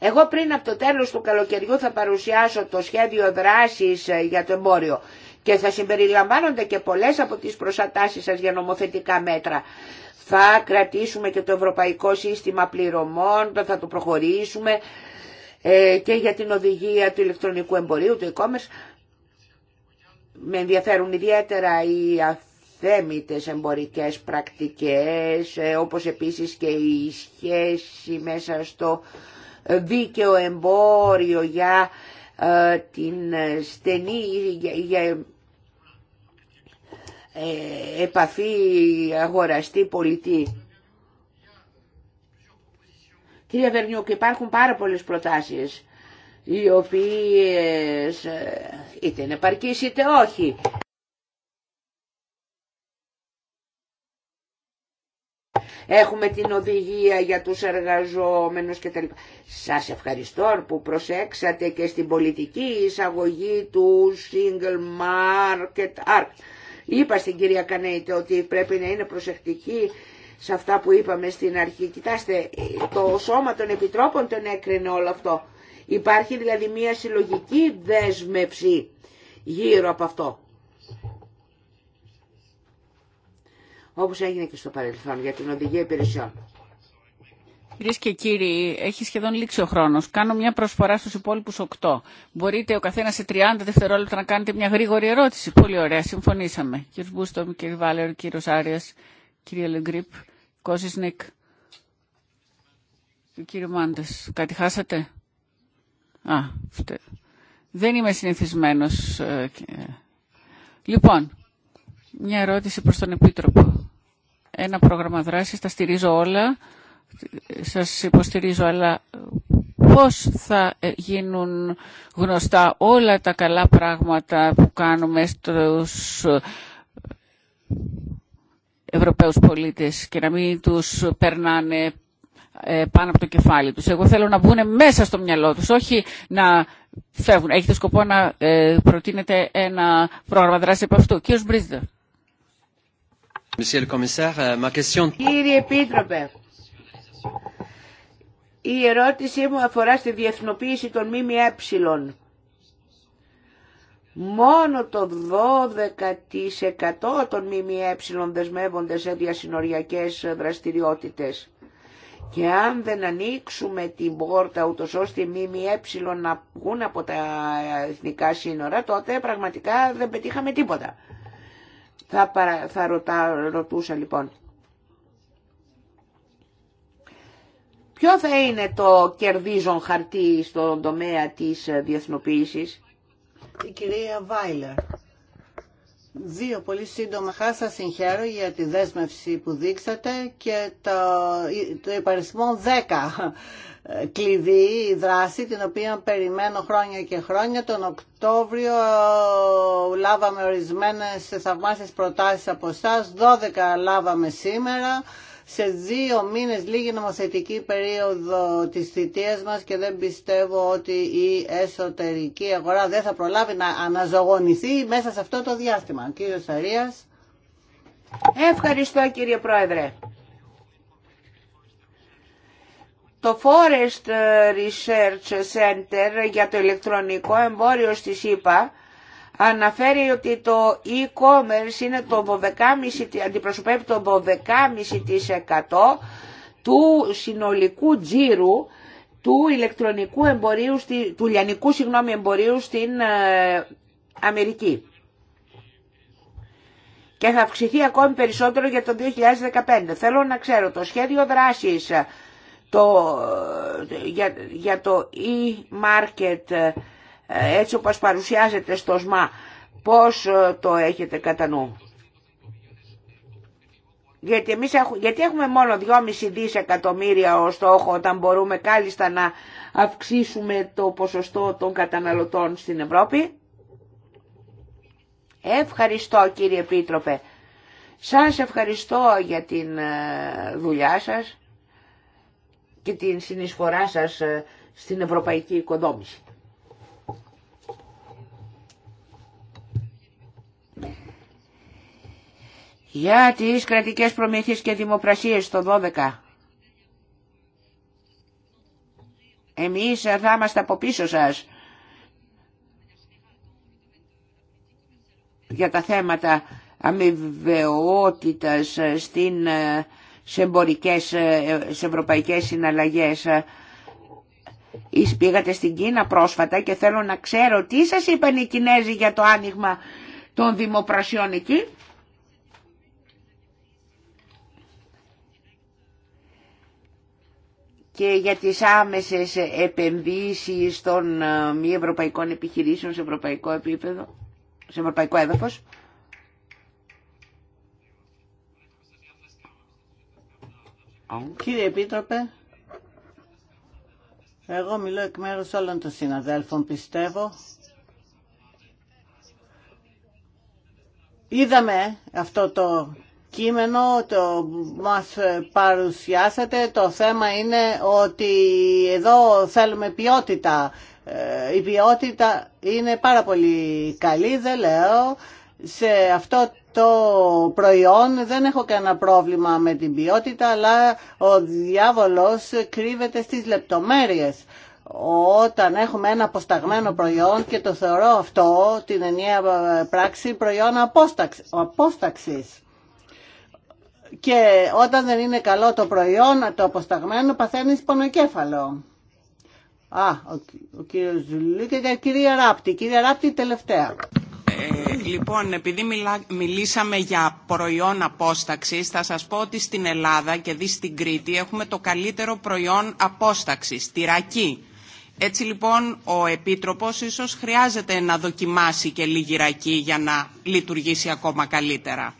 [SPEAKER 3] Εγώ πριν από το τέλος του καλοκαιριού θα παρουσιάσω το σχέδιο δράσης ε, για το εμπόριο και θα συμπεριλαμβάνονται και πολλές από τις προσατάσεις σας για νομοθετικά μέτρα. Θα κρατήσουμε και το ευρωπαϊκό σύστημα πληρωμών, θα το προχωρήσουμε ε, και για την οδηγία του ηλεκτρονικού εμπορίου, του e-commerce. Με ενδιαφέρουν ιδιαίτερα οι αθέμητες εμπορικές πρακτικές, ε, όπως επίσης και η σχέση μέσα στο δίκαιο εμπόριο, για ε, την στενή για, ε, επαφή αγοραστή-πολιτή. Κύριε Βερνιούκ, υπάρχουν πάρα πολλές προτάσεις οι οποίες ε, είτε είναι παρκής είτε όχι έχουμε την οδηγία για τους εργαζόμενους λοιπά. Σας ευχαριστώ που προσέξατε και στην πολιτική εισαγωγή του Single Market Art. Είπα στην κυρία Κανέιτε ότι πρέπει να είναι προσεκτική σε αυτά που είπαμε στην αρχή. Κοιτάστε, το σώμα των επιτρόπων τον έκρινε όλο αυτό. Υπάρχει δηλαδή μια συλλογική δέσμευση γύρω από αυτό. όπως έγινε και στο παρελθόν για την οδηγία υπηρεσιών.
[SPEAKER 4] Κυρίε και κύριοι, έχει σχεδόν λήξει ο χρόνο. Κάνω μια προσφορά στου υπόλοιπου 8. Μπορείτε ο καθένα σε 30 δευτερόλεπτα να κάνετε μια γρήγορη ερώτηση. Πολύ ωραία, συμφωνήσαμε. Κύριε Μπούστομ, κύριε Βάλερ, κύριο Άρια, κύριε Λεγκρίπ, Κώση Νίκ. Κύριε Μάντε, κάτι χάσατε. Α, φταίει. Δεν είμαι συνηθισμένο. Ε, λοιπόν, μια ερώτηση προ τον Επίτροπο ένα πρόγραμμα δράσης, τα στηρίζω όλα, σας υποστηρίζω, αλλά πώς θα ε, γίνουν γνωστά όλα τα καλά πράγματα που κάνουμε στους ε, Ευρωπαίους πολίτες και να μην τους περνάνε ε, πάνω από το κεφάλι τους. Εγώ θέλω να μπουν μέσα στο μυαλό τους, όχι να φεύγουν. Έχετε σκοπό να προτείνετε ένα πρόγραμμα δράση από αυτού. Κύριος Μπρίζδερ.
[SPEAKER 1] Euh,
[SPEAKER 4] Κύριε Επίτροπε,
[SPEAKER 3] η ερώτησή μου αφορά στη διεθνοποίηση των ΜΜΕ. Μόνο το 12% των ΜΜΕ δεσμεύονται σε διασυνοριακές δραστηριότητες. Και αν δεν ανοίξουμε την πόρτα ούτως ώστε οι ΜΜΕ να βγουν από τα εθνικά σύνορα, τότε πραγματικά δεν πετύχαμε τίποτα. Θα, παρα, ρωτούσα λοιπόν. Ποιο θα είναι το κερδίζον χαρτί στον τομέα της ε, διεθνοποίησης.
[SPEAKER 2] Η κυρία Βάιλερ. Δύο πολύ σύντομα χάσα συγχαίρω για τη δέσμευση που δείξατε και το, το 10 κλειδί, η δράση την οποία περιμένω χρόνια και χρόνια. Τον Οκτώβριο ε, λάβαμε ορισμένες θαυμάσιες προτάσεις από εσά, 12 λάβαμε σήμερα. Σε δύο μήνες λίγη νομοθετική περίοδο της θητείας μας και δεν πιστεύω ότι η εσωτερική αγορά δεν θα προλάβει να αναζωογονηθεί μέσα σε αυτό το διάστημα. Κύριο Σαρίας.
[SPEAKER 3] Ευχαριστώ κύριε Πρόεδρε. Το Forest Research Center για το ηλεκτρονικό εμπόριο στη ΣΥΠΑ αναφέρει ότι το e-commerce είναι το αντιπροσωπεύει το 12,5% του συνολικού τζίρου του ηλεκτρονικού εμπορίου, του λιανικού συγγνώμη, εμπορίου στην ε, Αμερική. Και θα αυξηθεί ακόμη περισσότερο για το 2015. Θέλω να ξέρω το σχέδιο δράσης το, για, το e-market ε, έτσι όπως παρουσιάζεται στο ΣΜΑ πώς ε, το έχετε κατά νου. Γιατί, εμείς έχουμε, γιατί έχουμε μόνο 2,5 δισεκατομμύρια ως στόχο όταν μπορούμε κάλλιστα να αυξήσουμε το ποσοστό των καταναλωτών στην Ευρώπη. Ευχαριστώ κύριε Επίτροπε. Σας ευχαριστώ για την ε, δουλειά σας και την συνεισφορά σας ε, στην ευρωπαϊκή οικοδόμηση. Για τις κρατικές προμήθειες και δημοπρασίες το 12. Εμείς θα είμαστε από πίσω σας για τα θέματα αμοιβαιότητας ε, στην ε, σε, εμπορικές, ε, σε ευρωπαϊκές συναλλαγές. Ε, πήγατε στην Κίνα πρόσφατα και θέλω να ξέρω τι σας είπαν οι Κινέζοι για το άνοιγμα των δημοπρασιών εκεί. και για τις άμεσες επενδύσεις των ε, μη ευρωπαϊκών επιχειρήσεων σε ευρωπαϊκό επίπεδο, σε ευρωπαϊκό έδαφος. Κύριε Επίτροπε,
[SPEAKER 2] εγώ μιλώ εκ μέρους όλων των συναδέλφων, πιστεύω. Είδαμε αυτό το κείμενο, το μας παρουσιάσατε. Το θέμα είναι ότι εδώ θέλουμε ποιότητα. Ε, η ποιότητα είναι πάρα πολύ καλή, δεν λέω. Σε αυτό το προϊόν δεν έχω κανένα πρόβλημα με την ποιότητα αλλά ο διάβολος κρύβεται στις λεπτομέρειες όταν έχουμε ένα αποσταγμένο προϊόν και το θεωρώ αυτό την ενιαία πράξη προϊόν απόσταξης και όταν δεν είναι καλό το προϊόν το αποσταγμένο παθαίνεις πονοκέφαλο Α, ο, ο κύριος και η κυρία Ράπτη. Κυρία Ράπτη τελευταία.
[SPEAKER 5] Ε, λοιπόν, επειδή μιλήσαμε για προϊόν απόσταξης, θα σα πω ότι στην Ελλάδα και δει στην Κρήτη έχουμε το καλύτερο προϊόν απόσταξης, ρακή. Έτσι λοιπόν ο Επίτροπος ίσως χρειάζεται να δοκιμάσει και λίγη ρακή για να λειτουργήσει ακόμα καλύτερα.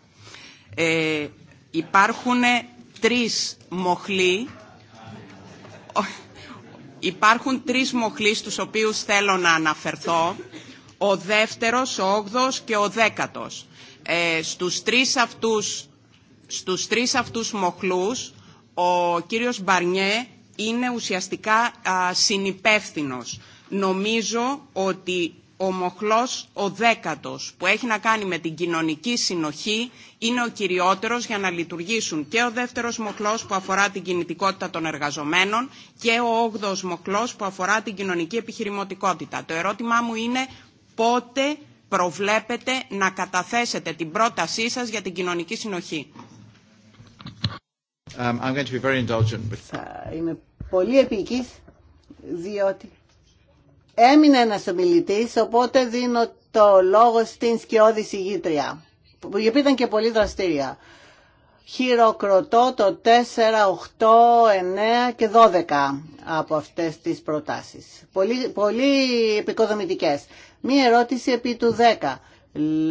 [SPEAKER 5] Ε, υπάρχουν τρεις μοχλοί Υπάρχουν τρεις μοχλοί στους οποίους θέλω να αναφερθώ ο δεύτερος, ο όγδος και ο δέκατος. Ε, στους, τρεις αυτούς, στους τρεις αυτούς μοχλούς ο κύριος Μπαρνιέ είναι ουσιαστικά α, συνυπεύθυνος. Νομίζω ότι ο μοχλός ο δέκατος που έχει να κάνει με την κοινωνική συνοχή είναι ο κυριότερος για να λειτουργήσουν και ο δεύτερος μοχλός που αφορά την κινητικότητα των εργαζομένων και ο όγδος μοχλός που αφορά την κοινωνική επιχειρηματικότητα. Το ερώτημά μου είναι πότε προβλέπετε να καταθέσετε την πρότασή σας για την κοινωνική συνοχή.
[SPEAKER 1] Um, I'm going to be very indulgent Θα είμαι
[SPEAKER 2] πολύ επίκης, διότι έμεινε ένας ομιλητής, οπότε δίνω το λόγο στην σκιώδη συγγήτρια, που ήταν και πολύ δραστήρια. Χειροκροτώ το 4, 8, 9 και 12 από αυτές τις προτάσεις. Πολύ, πολύ επικοδομητικές. Μία ερώτηση επί του 10.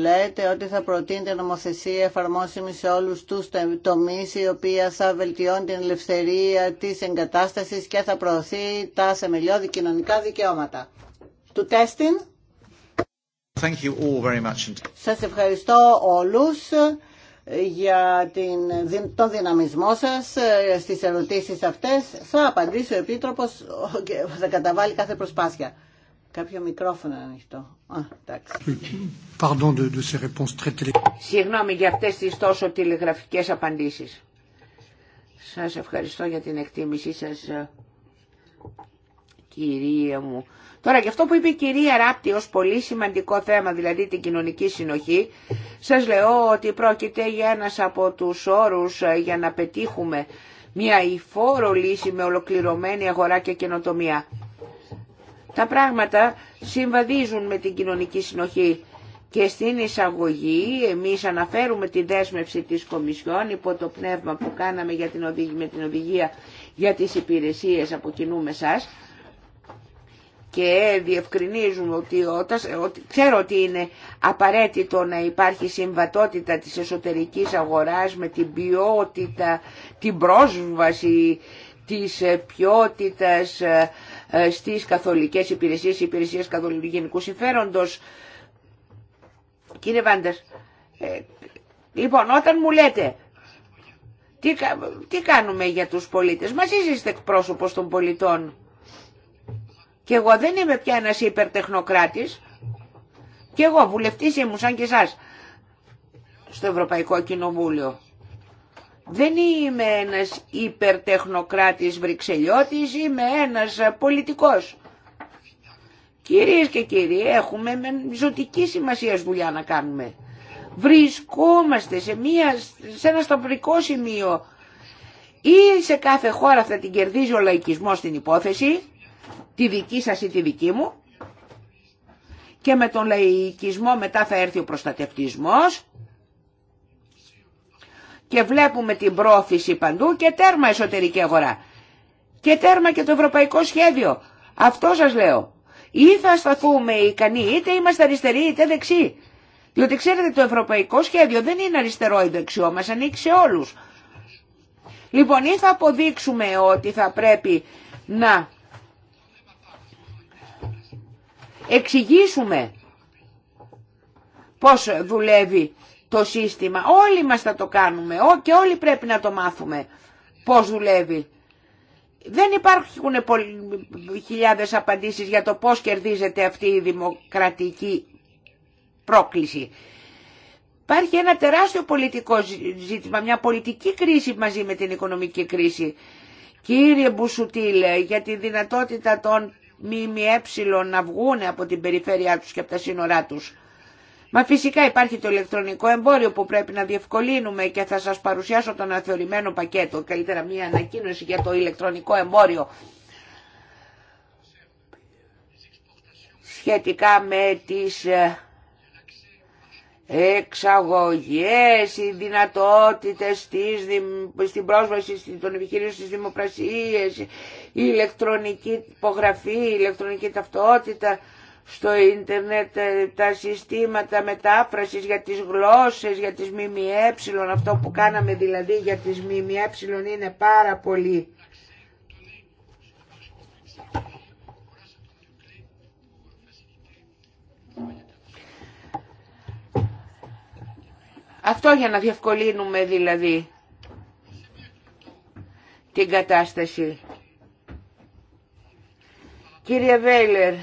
[SPEAKER 2] Λέτε ότι θα προτείνετε νομοθεσία εφαρμόσιμη σε όλους τους τομείς η οποία θα βελτιώνει την ελευθερία της εγκατάστασης και θα προωθεί τα σεμελιώδη κοινωνικά δικαιώματα. Του τέστην. Σας ευχαριστώ όλους ε, για την, τον δυναμισμό σας ε, στις ερωτήσεις αυτές. Θα απαντήσει ο Επίτροπος και θα καταβάλει κάθε προσπάθεια. Κάποιο μικρόφωνο ανοιχτό.
[SPEAKER 3] Α, Συγγνώμη για αυτέ τι τόσο τηλεγραφικέ απαντήσει. Σα ευχαριστώ για την εκτίμησή σα, ε, κυρία μου. Τώρα, και αυτό που είπε η κυρία Ράπτη ως πολύ σημαντικό θέμα, δηλαδή την κοινωνική συνοχή, σας λέω ότι πρόκειται για ένας από τους όρους ε, για να πετύχουμε μια υφόρο λύση με ολοκληρωμένη αγορά και καινοτομία τα πράγματα συμβαδίζουν με την κοινωνική συνοχή. Και στην εισαγωγή εμείς αναφέρουμε τη δέσμευση της Κομισιόν υπό το πνεύμα που κάναμε για την οδηγία, με την οδηγία για τις υπηρεσίες από κοινού με σας και διευκρινίζουμε ότι, ότι ξέρω ότι είναι απαραίτητο να υπάρχει συμβατότητα της εσωτερικής αγοράς με την ποιότητα, την πρόσβαση της ποιότητας ε, ε, στις καθολικές υπηρεσίες, υπηρεσίες καθολικού γενικού συμφέροντος. Κύριε Βάντερ, ε, λοιπόν, όταν μου λέτε τι, τι κάνουμε για τους πολίτες, μας είστε εκπρόσωπος των πολιτών. Και εγώ δεν είμαι πια ένας υπερτεχνοκράτης. Και εγώ βουλευτής ήμουν σαν και εσάς στο Ευρωπαϊκό Κοινοβούλιο. Δεν είμαι ένας υπερτεχνοκράτης βρυξελιώτης, είμαι ένας πολιτικός. Κυρίες και κύριοι, έχουμε με ζωτική σημασία δουλειά να κάνουμε. Βρισκόμαστε σε, μια, σε ένα σταυρικό σημείο ή σε κάθε χώρα θα την κερδίζει ο λαϊκισμός στην υπόθεση, τη δική σας ή τη δική μου, και με τον λαϊκισμό μετά θα έρθει ο προστατευτισμός και βλέπουμε την πρόθεση παντού και τέρμα εσωτερική αγορά. Και τέρμα και το ευρωπαϊκό σχέδιο. Αυτό σας λέω. Ή θα σταθούμε ικανοί, είτε είμαστε αριστεροί είτε δεξί. Διότι ξέρετε το ευρωπαϊκό σχέδιο δεν είναι αριστερό ή δεξιό, μας ανοίξει σε όλους. Λοιπόν, ή θα αποδείξουμε ότι θα πρέπει να εξηγήσουμε πώς δουλεύει το σύστημα. Όλοι μας θα το κάνουμε και όλοι πρέπει να το μάθουμε πώς δουλεύει. Δεν υπάρχουν χιλιάδες απαντήσεις για το πώς κερδίζεται αυτή η δημοκρατική πρόκληση. Υπάρχει ένα τεράστιο πολιτικό ζήτημα, μια πολιτική κρίση μαζί με την οικονομική κρίση. Κύριε Μπουσουτήλε, για τη δυνατότητα των ΜΜΕ να βγούνε από την περιφέρειά τους και από τα σύνορά τους. Μα φυσικά υπάρχει το ηλεκτρονικό εμπόριο που πρέπει να διευκολύνουμε και θα σας παρουσιάσω τον αναθεωρημένο πακέτο, καλύτερα μια ανακοίνωση για το ηλεκτρονικό εμπόριο σχετικά με τις ε, εξαγωγές, οι δυνατότητες της, στην πρόσβαση των επιχειρήσεων στις δημοπρασίες, η ηλεκτρονική υπογραφή, η ηλεκτρονική ταυτότητα, στο ίντερνετ, ε, τα συστήματα μετάφρασης για τις γλώσσες, για τις ΜΜΕ, αυτό που κάναμε δηλαδή για τις ΜΜΕ είναι πάρα πολύ Αυτό για να διευκολύνουμε δηλαδή την κατάσταση. Κύριε Βέιλερ,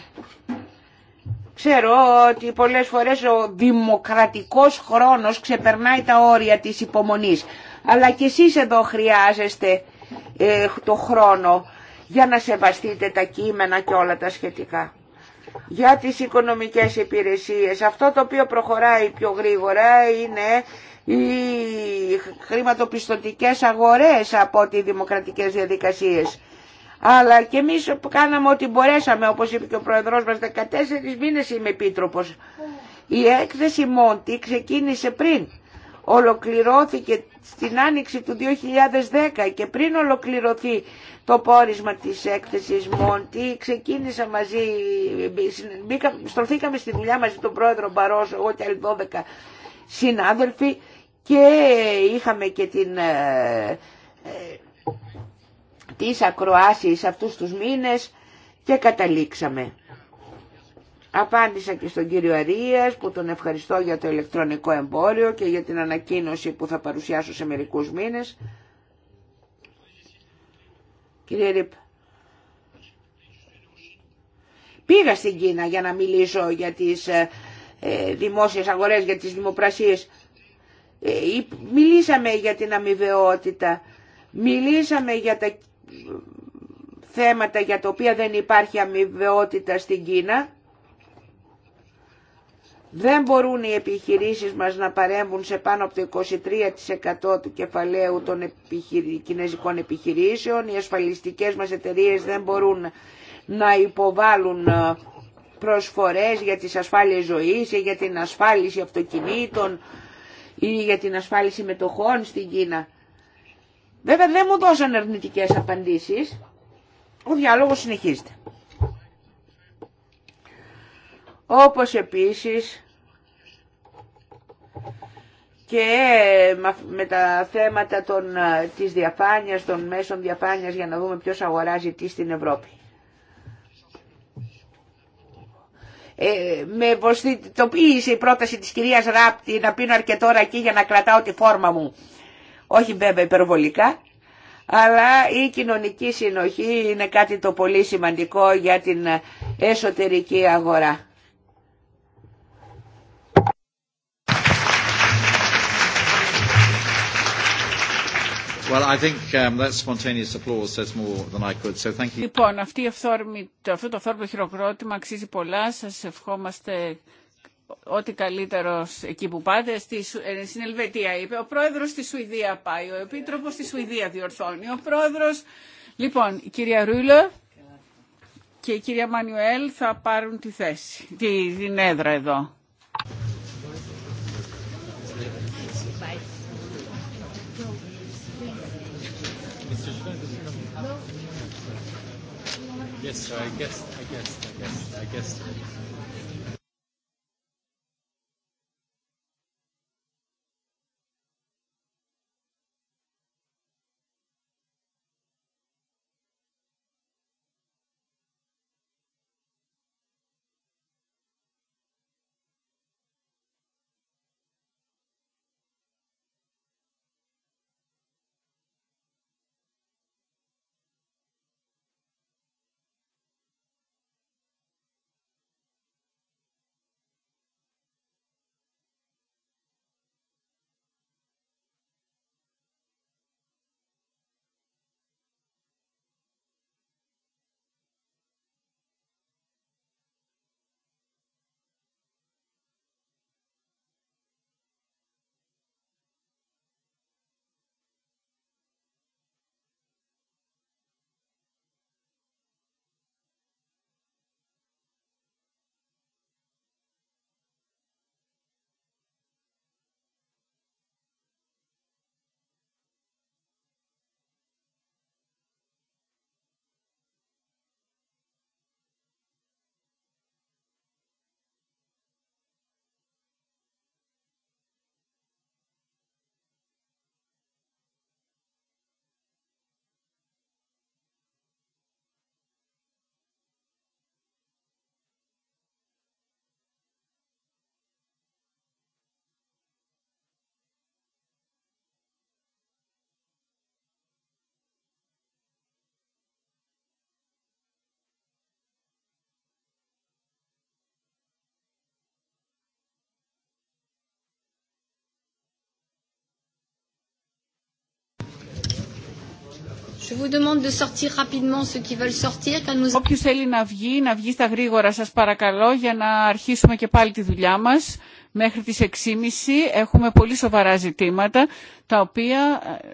[SPEAKER 3] Ξέρω ότι πολλές φορές ο δημοκρατικός χρόνος ξεπερνάει τα όρια της υπομονής. Αλλά κι εσείς εδώ χρειάζεστε ε, το χρόνο για να σεβαστείτε τα κείμενα και όλα τα σχετικά. Για τις οικονομικές υπηρεσίες, αυτό το οποίο προχωράει πιο γρήγορα είναι οι χρηματοπιστωτικές αγορές από τις δημοκρατικές διαδικασίες. Αλλά και εμείς κάναμε ό,τι μπορέσαμε, όπως είπε και ο Πρόεδρος μας, 14 μήνες είμαι επίτροπος. Η έκθεση Μόντι ξεκίνησε πριν. Ολοκληρώθηκε στην άνοιξη του 2010 και πριν ολοκληρωθεί το πόρισμα της έκθεσης Μόντι ξεκίνησα μαζί, μπήκα, στρωθήκαμε στη δουλειά μαζί τον πρόεδρο Μπαρός, εγώ και άλλοι 12 συνάδελφοι και είχαμε και την ε, ε, τις ακροάσεις αυτούς τους μήνες και καταλήξαμε. Απάντησα και στον κύριο Αρίας που τον ευχαριστώ για το ηλεκτρονικό εμπόριο και για την ανακοίνωση που θα παρουσιάσω σε μερικούς μήνες. Κύριε Ρίπ, πήγα στην Κίνα για να μιλήσω για τις ε, ε δημόσιες αγορές, για τις δημοπρασίες. Ε, μιλήσαμε για την αμοιβαιότητα, μιλήσαμε για τα θέματα για τα οποία δεν υπάρχει αμοιβαιότητα στην Κίνα. Δεν μπορούν οι επιχειρήσεις μας να παρέμβουν σε πάνω από το 23% του κεφαλαίου των επιχειρη... κινέζικων επιχειρήσεων. Οι ασφαλιστικές μας εταιρείες δεν μπορούν να υποβάλουν ε, προσφορές για τις ασφάλειες ζωής ή για την ασφάλιση αυτοκινήτων ή για την ασφάλιση μετοχών στην Κίνα. Βέβαια δεν μου δώσαν αρνητικές απαντήσεις. Ο διάλογος συνεχίζεται. Όπως επίσης και με τα θέματα των, της διαφάνειας, των μέσων διαφάνειας για να δούμε ποιος αγοράζει τι στην Ευρώπη. Ε, με βοσθητοποίησε η πρόταση της κυρίας Ράπτη να πίνω αρκετό ρακί για να κρατάω τη φόρμα μου όχι βέβαια υπερβολικά, αλλά η κοινωνική συνοχή είναι κάτι το πολύ σημαντικό για την εσωτερική αγορά.
[SPEAKER 4] Λοιπόν, αυτή αυτό το αυθόρμητο χειροκρότημα αξίζει πολλά. Σας ευχόμαστε ό,τι καλύτερο εκεί που πάτε, στη, ε, στην Ελβετία είπε, ο πρόεδρος στη Σουηδία πάει, ο επίτροπος στη Σουηδία διορθώνει, ο πρόεδρο. Λοιπόν, η κυρία Ρούλε και η κυρία Μανιουέλ θα πάρουν τη θέση, τη, την έδρα εδώ.
[SPEAKER 1] Yes, I guess, I guess, I guess, I guess.
[SPEAKER 4] Je Όποιος θέλει να βγει, να βγει στα γρήγορα σας παρακαλώ για να αρχίσουμε και πάλι τη δουλειά μας. Μέχρι τις 6.30 έχουμε πολύ σοβαρά ζητήματα τα οποία ε,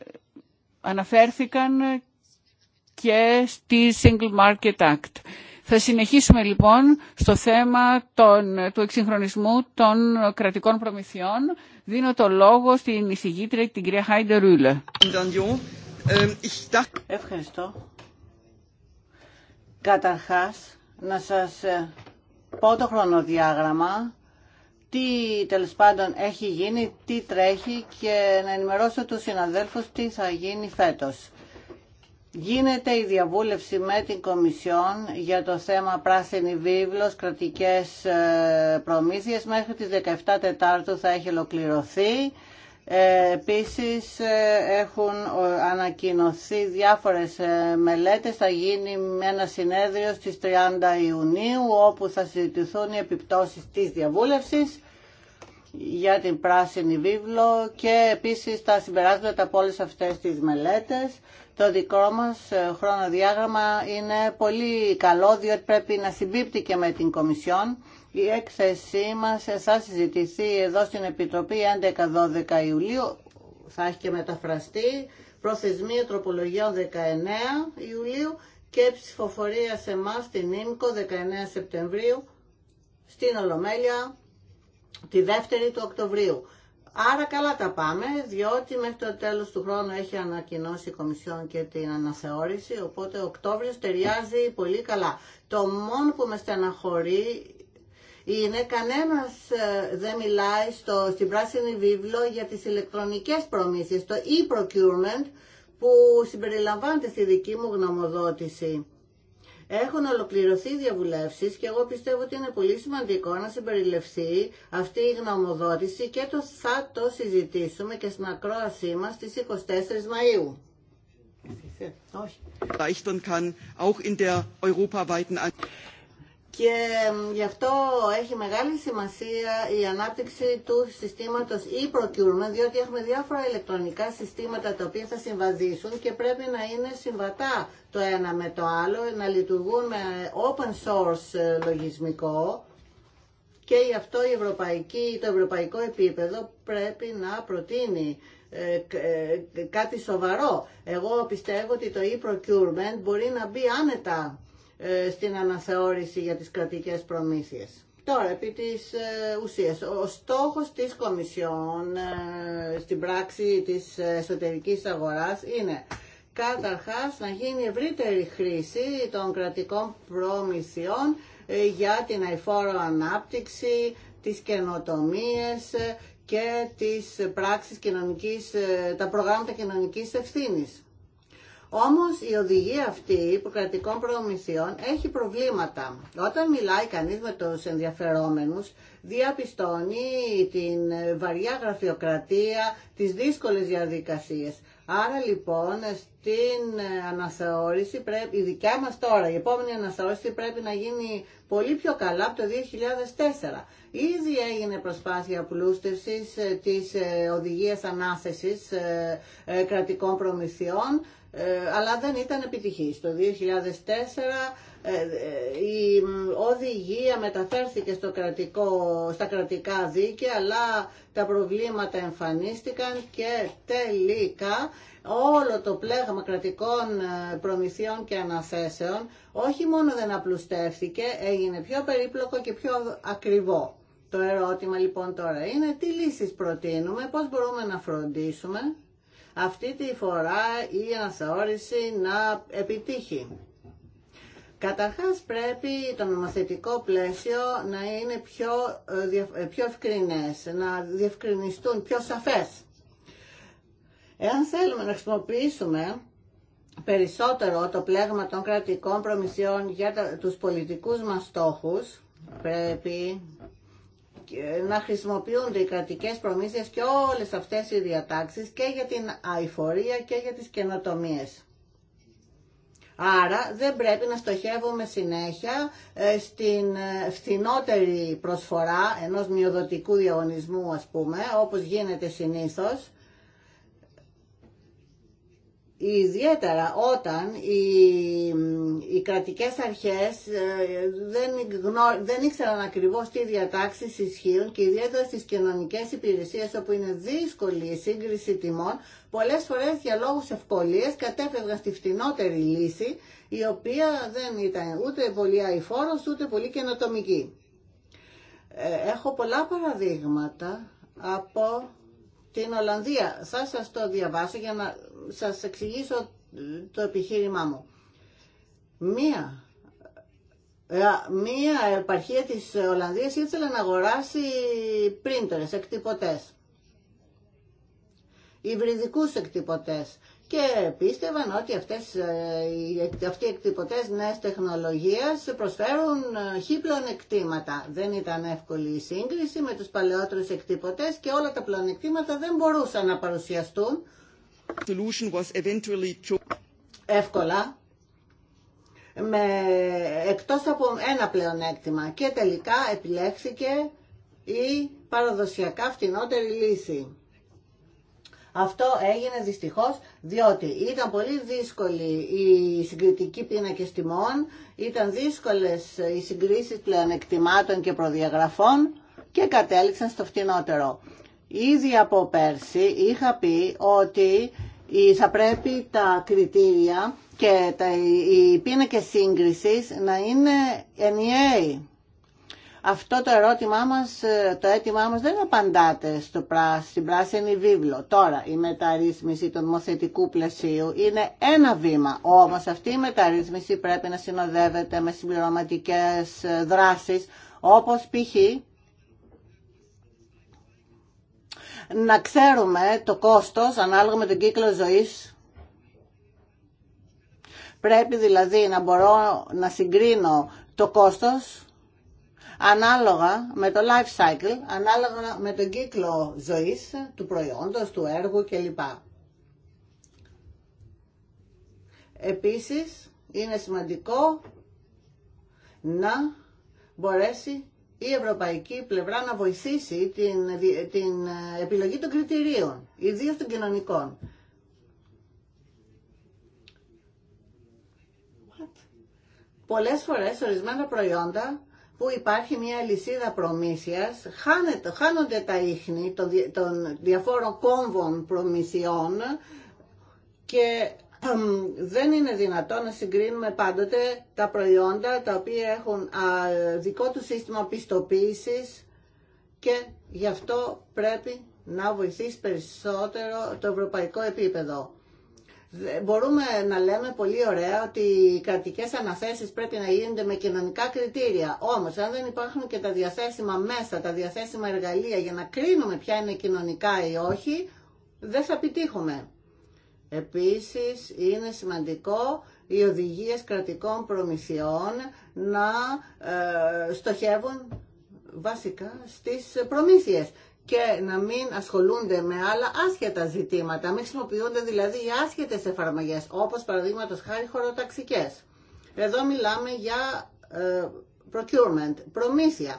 [SPEAKER 4] αναφέρθηκαν και στη Single Market Act. Θα συνεχίσουμε λοιπόν στο θέμα του εξυγχρονισμού των κρατικών προμηθειών. Δίνω το λόγο στην εισηγήτρια την κυρία Χάιντε Ρούλε. Ευχαριστώ.
[SPEAKER 2] Καταρχάς, να σας ε, πω το χρονοδιάγραμμα, τι τέλο πάντων έχει γίνει, τι τρέχει και να ενημερώσω τους συναδέλφους τι θα γίνει φέτος. Γίνεται η διαβούλευση με την Κομισιόν για το θέμα πράσινη βίβλος, κρατικές ε, προμήθειες. Μέχρι τις 17 Τετάρτου θα έχει ολοκληρωθεί. Ε, επίσης ε, έχουν ε, ανακοινωθεί διάφορες μελέτες, θα γίνει ένα συνέδριο στις 30 Ιουνίου όπου θα συζητηθούν οι επιπτώσεις της διαβούλευσης για την πράσινη βίβλο και επίσης θα συμπεράσματα από όλες αυτές τις μελέτες. Το δικό μας χρονοδιάγραμμα είναι πολύ καλό διότι πρέπει να συμπίπτει και με την Κομισιόν. Η έκθεσή μας θα συζητηθεί εδώ στην Επιτροπή 11-12 Ιουλίου, θα έχει και μεταφραστεί, προθεσμία τροπολογιών 19 Ιουλίου και ψηφοφορία σε εμά στην ΙΜΚΟ 19 Σεπτεμβρίου στην Ολομέλεια τη 2η του Οκτωβρίου. Άρα καλά τα πάμε, διότι μέχρι το τέλος του χρόνου έχει ανακοινώσει η Κομισιόν και την αναθεώρηση, οπότε οκτώβριο ταιριάζει πολύ καλά. Το μόνο που με στεναχωρεί είναι κανένας ε, δεν μιλάει στο, στην πράσινη βίβλο για τις ηλεκτρονικές προμήθειες, το e-procurement που συμπεριλαμβάνεται στη δική μου γνωμοδότηση. Έχουν ολοκληρωθεί διαβουλεύσεις και εγώ πιστεύω ότι είναι πολύ σημαντικό να συμπεριλευθεί αυτή η γνωμοδότηση και το θα το συζητήσουμε και στην ακρόασή μας στις 24 Μαΐου. Όχι και γι' αυτό έχει μεγάλη σημασία η ανάπτυξη του συστήματος e-procurement, διότι έχουμε διάφορα ηλεκτρονικά συστήματα τα οποία θα συμβαδίσουν και πρέπει να είναι συμβατά το ένα με το άλλο, να λειτουργούν με open source ε, λογισμικό και γι' αυτό η ευρωπαϊκή, το ευρωπαϊκό επίπεδο πρέπει να προτείνει ε, ε, κάτι σοβαρό. Εγώ πιστεύω ότι το e-procurement μπορεί να μπει άνετα ε, στην αναθεώρηση για τις κρατικές προμήθειες. Τώρα, επί της ε, ουσίας, ο στόχος της Κομισιόν ε, στην πράξη της εσωτερικής αγοράς είναι καταρχάς να γίνει ευρύτερη χρήση των κρατικών προμηθειών για την αηφόρο ανάπτυξη, τις καινοτομίες και τις πράξεις κοινωνικής, τα προγράμματα κοινωνικής ευθύνης. Όμως η οδηγία αυτή υποκρατικών προμηθειών έχει προβλήματα. Όταν μιλάει κανείς με τους ενδιαφερόμενους, διαπιστώνει την βαριά γραφειοκρατία, τις δύσκολες διαδικασίες. Άρα λοιπόν στην αναθεώρηση πρέπει, η δικιά μας τώρα, η επόμενη αναθεώρηση πρέπει να γίνει πολύ πιο καλά από το 2004. Ήδη έγινε προσπάθεια πλούστευσης ε, της ε, οδηγίας ανάθεσης ε, κρατικών προμηθειών ε, αλλά δεν ήταν επιτυχής. Το 2004 η οδηγία μεταφέρθηκε στο κρατικό, στα κρατικά δίκαια, αλλά τα προβλήματα εμφανίστηκαν και τελικά όλο το πλέγμα κρατικών ε, προμηθειών και αναθέσεων όχι μόνο δεν απλουστεύθηκε, έγινε πιο περίπλοκο και πιο ακριβό. Το ερώτημα λοιπόν τώρα είναι τι λύσεις προτείνουμε, πώς μπορούμε να φροντίσουμε αυτή τη φορά η αναθεώρηση να επιτύχει. Καταρχάς πρέπει το νομοθετικό πλαίσιο να είναι πιο, ε, ε, πιο ευκρινές, να διευκρινιστούν πιο σαφές. Εάν θέλουμε να χρησιμοποιήσουμε περισσότερο το πλέγμα των κρατικών προμηθειών για τους πολιτικούς μας στόχους, πρέπει να χρησιμοποιούνται οι κρατικές προμήθειες και όλες αυτές οι διατάξεις και για την αηφορία και για τις καινοτομίες. Άρα δεν πρέπει να στοχεύουμε συνέχεια ε, στην ε, φθηνότερη προσφορά ενός μειοδοτικού διαγωνισμού ας πούμε, όπως γίνεται συνήθως, Ιδιαίτερα όταν οι, οι κρατικές αρχές ε, δεν, δεν ήξεραν ακριβώς τι διατάξεις ισχύουν και ιδιαίτερα στις κοινωνικές υπηρεσίες όπου είναι δύσκολη η σύγκριση τιμών, πολλές φορές για λόγους ευκολίες κατέφευγαν στη φτηνότερη λύση η οποία δεν ήταν ούτε πολύ αηφόρος ούτε πολύ καινοτομική. Ε, έχω πολλά παραδείγματα από την Ολλανδία. Θα σας το διαβάσω για να σας εξηγήσω το επιχείρημά μου. Μία ε, μία επαρχία της Ολλανδίας ήθελε να αγοράσει πρίντερες, εκτυπωτές, υβριδικούς εκτυπωτές και πίστευαν ότι αυτές, ε, αυτοί οι εκτυπωτές νέες τεχνολογίες προσφέρουν ε, χίπλων εκτήματα. Δεν ήταν εύκολη η σύγκριση με τους παλαιότερους εκτυπωτές και όλα τα πλεονεκτήματα δεν μπορούσαν να παρουσιαστούν εύκολα με, εκτός από ένα πλεονέκτημα και τελικά επιλέχθηκε η παραδοσιακά φτηνότερη λύση. Αυτό έγινε δυστυχώς διότι ήταν πολύ δύσκολη η συγκριτική πίνακες τιμών, ήταν δύσκολες οι συγκρίσεις εκτιμάτων και προδιαγραφών και κατέληξαν στο φτηνότερο. Ήδη από πέρσι είχα πει ότι θα πρέπει τα κριτήρια και τα, οι πίνακες σύγκρισης να είναι ενιαίοι αυτό το ερώτημά μας, ε, το αίτημά μας δεν απαντάται στο πράσι, στην πράσινη βίβλο. Τώρα η μεταρρύθμιση του νομοθετικού πλαισίου είναι ένα βήμα, όμως αυτή η μεταρρύθμιση πρέπει να συνοδεύεται με συμπληρωματικές ε, δράσεις, όπως π.χ. να ξέρουμε το κόστος ανάλογα με τον κύκλο ζωής Πρέπει δηλαδή να μπορώ να συγκρίνω το κόστος ανάλογα με το life cycle, ανάλογα με τον κύκλο ζωής του προϊόντος, του έργου κλπ. Επίσης, είναι σημαντικό να μπορέσει η ευρωπαϊκή πλευρά να βοηθήσει την, επιλογή των κριτηρίων, ιδίω των κοινωνικών. Πολλές φορές ορισμένα προϊόντα που υπάρχει μια λυσίδα προμήθειας, χάνονται τα ίχνη των διαφόρων κόμβων προμηθειών και δεν είναι δυνατό να συγκρίνουμε πάντοτε τα προϊόντα τα οποία έχουν δικό του σύστημα πιστοποίησης και γι' αυτό πρέπει να βοηθήσει περισσότερο το ευρωπαϊκό επίπεδο. Μπορούμε να λέμε πολύ ωραία ότι οι κρατικέ αναθέσεις πρέπει να γίνονται με κοινωνικά κριτήρια. Όμως, αν δεν υπάρχουν και τα διαθέσιμα μέσα, τα διαθέσιμα εργαλεία για να κρίνουμε ποια είναι κοινωνικά ή όχι, δεν θα επιτύχουμε. Επίσης, είναι σημαντικό οι οδηγίες κρατικών προμηθειών να ε, στοχεύουν βασικά στις προμήθειες και να μην ασχολούνται με άλλα άσχετα ζητήματα. Μην χρησιμοποιούνται δηλαδή οι άσχετες εφαρμογές, όπως παραδείγματο χάρη χωροταξικές. Εδώ μιλάμε για ε, procurement, προμήθεια.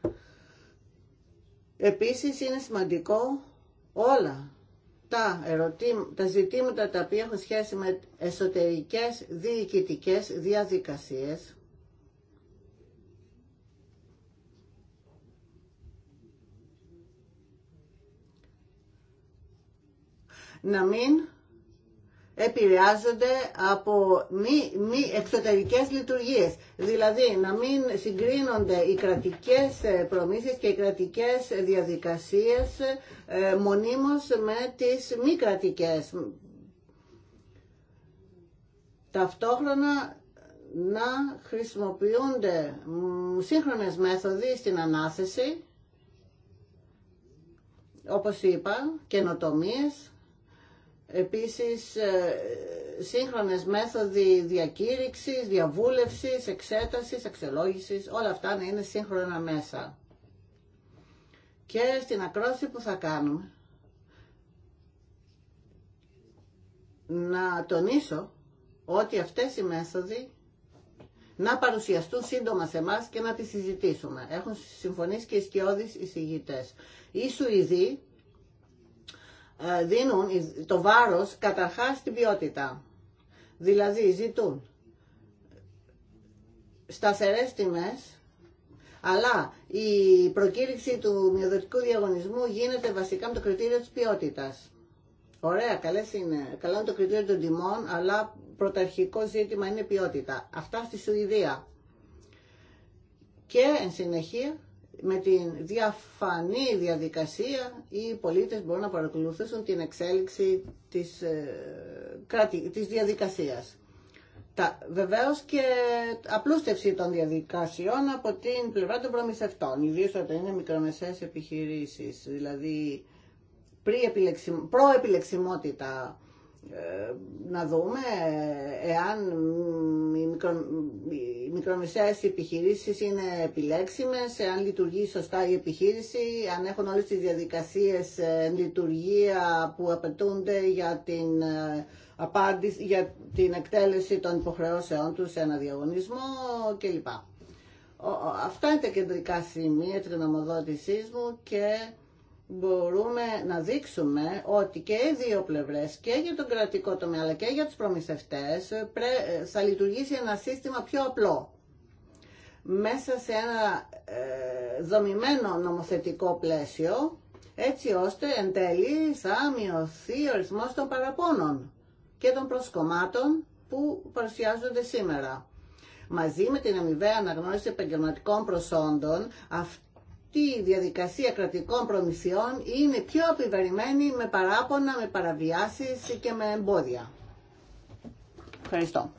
[SPEAKER 2] Ε, επίσης είναι σημαντικό όλα τα, ερωτή, τα ζητήματα τα οποία έχουν σχέση με εσωτερικές διοικητικές διαδικασίες να μην επηρεάζονται από μη, μη εξωτερικές λειτουργίες. Δηλαδή να μην συγκρίνονται οι κρατικές ε, προμήθειες και οι κρατικές διαδικασίες ε, μονίμως με τις μη κρατικές. Ταυτόχρονα να χρησιμοποιούνται σύγχρονες μέθοδοι στην ανάθεση, όπως είπα, καινοτομίες, Επίσης, ε, σύγχρονες μέθοδοι διακήρυξης, διαβούλευσης, εξέτασης, εξελόγησης, όλα αυτά να είναι σύγχρονα μέσα. Και στην ακρόαση που θα κάνουμε, να τονίσω ότι αυτές οι μέθοδοι να παρουσιαστούν σύντομα σε εμά και να τις συζητήσουμε. Έχουν συμφωνήσει και οι σκιώδεις εισηγητές. Οι Σουηδοί ε, δίνουν το βάρος καταρχάς στην ποιότητα. Δηλαδή ζητούν σταθερές τιμές, αλλά η προκήρυξη του μειοδοτικού διαγωνισμού γίνεται βασικά με το κριτήριο της ποιότητας. Ωραία, καλέ είναι. Καλά είναι το κριτήριο των τιμών, αλλά πρωταρχικό ζήτημα είναι ποιότητα. Αυτά στη Σουηδία. Και εν συνεχεία με την διαφανή διαδικασία οι πολίτες μπορούν να παρακολουθήσουν την εξέλιξη της, ε, της διαδικασίας. Τα, βεβαίως και απλούστευση των διαδικασιών από την πλευρά των προμηθευτών, ιδίως όταν είναι μικρομεσαίες επιχειρήσεις, δηλαδή προεπιλεξιμότητα ε, να δούμε ε, εάν οι, μικρομεσαίες επιχειρήσεις είναι επιλέξιμες, εάν λειτουργεί σωστά η επιχείρηση, αν έχουν όλες τις διαδικασίες ε, λειτουργία που απαιτούνται για την απάντηση, για την εκτέλεση των υποχρεώσεών τους σε ένα διαγωνισμό κλπ. Αυτά είναι τα κεντρικά σημεία της γνωμοδότησής μου και μπορούμε να δείξουμε ότι και οι δύο πλευρές και για τον κρατικό τομέα αλλά και για τους προμηθευτές θα λειτουργήσει ένα σύστημα πιο απλό μέσα σε ένα ε, δομημένο νομοθετικό πλαίσιο έτσι ώστε εν τέλει θα μειωθεί ο ρυθμός των παραπώνων και των προσκομμάτων που παρουσιάζονται σήμερα. Μαζί με την αμοιβαία αναγνώριση επαγγελματικών προσόντων, αυτή η διαδικασία κρατικών προμηθειών είναι πιο επιβαρημένη με παράπονα, με παραβιάσεις και με εμπόδια. Ευχαριστώ.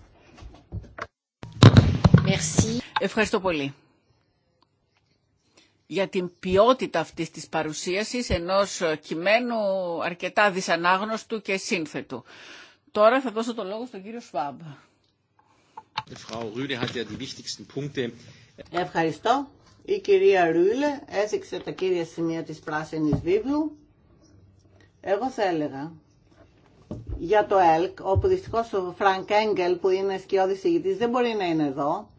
[SPEAKER 4] Ευχαριστώ πολύ για την ποιότητα αυτής της παρουσίασης ενός κειμένου αρκετά δυσανάγνωστου και σύνθετου. Τώρα θα δώσω το λόγο στον κύριο Σβάμπ. Ευχαριστώ. Η κυρία
[SPEAKER 2] Ρούλε έδειξε τα κύρια σημεία της πράσινης βίβλου. Εγώ θα έλεγα για το ΕΛΚ, όπου δυστυχώ ο Φρανκ Έγκελ, που είναι σκιώδης ηγητής δεν μπορεί να είναι εδώ.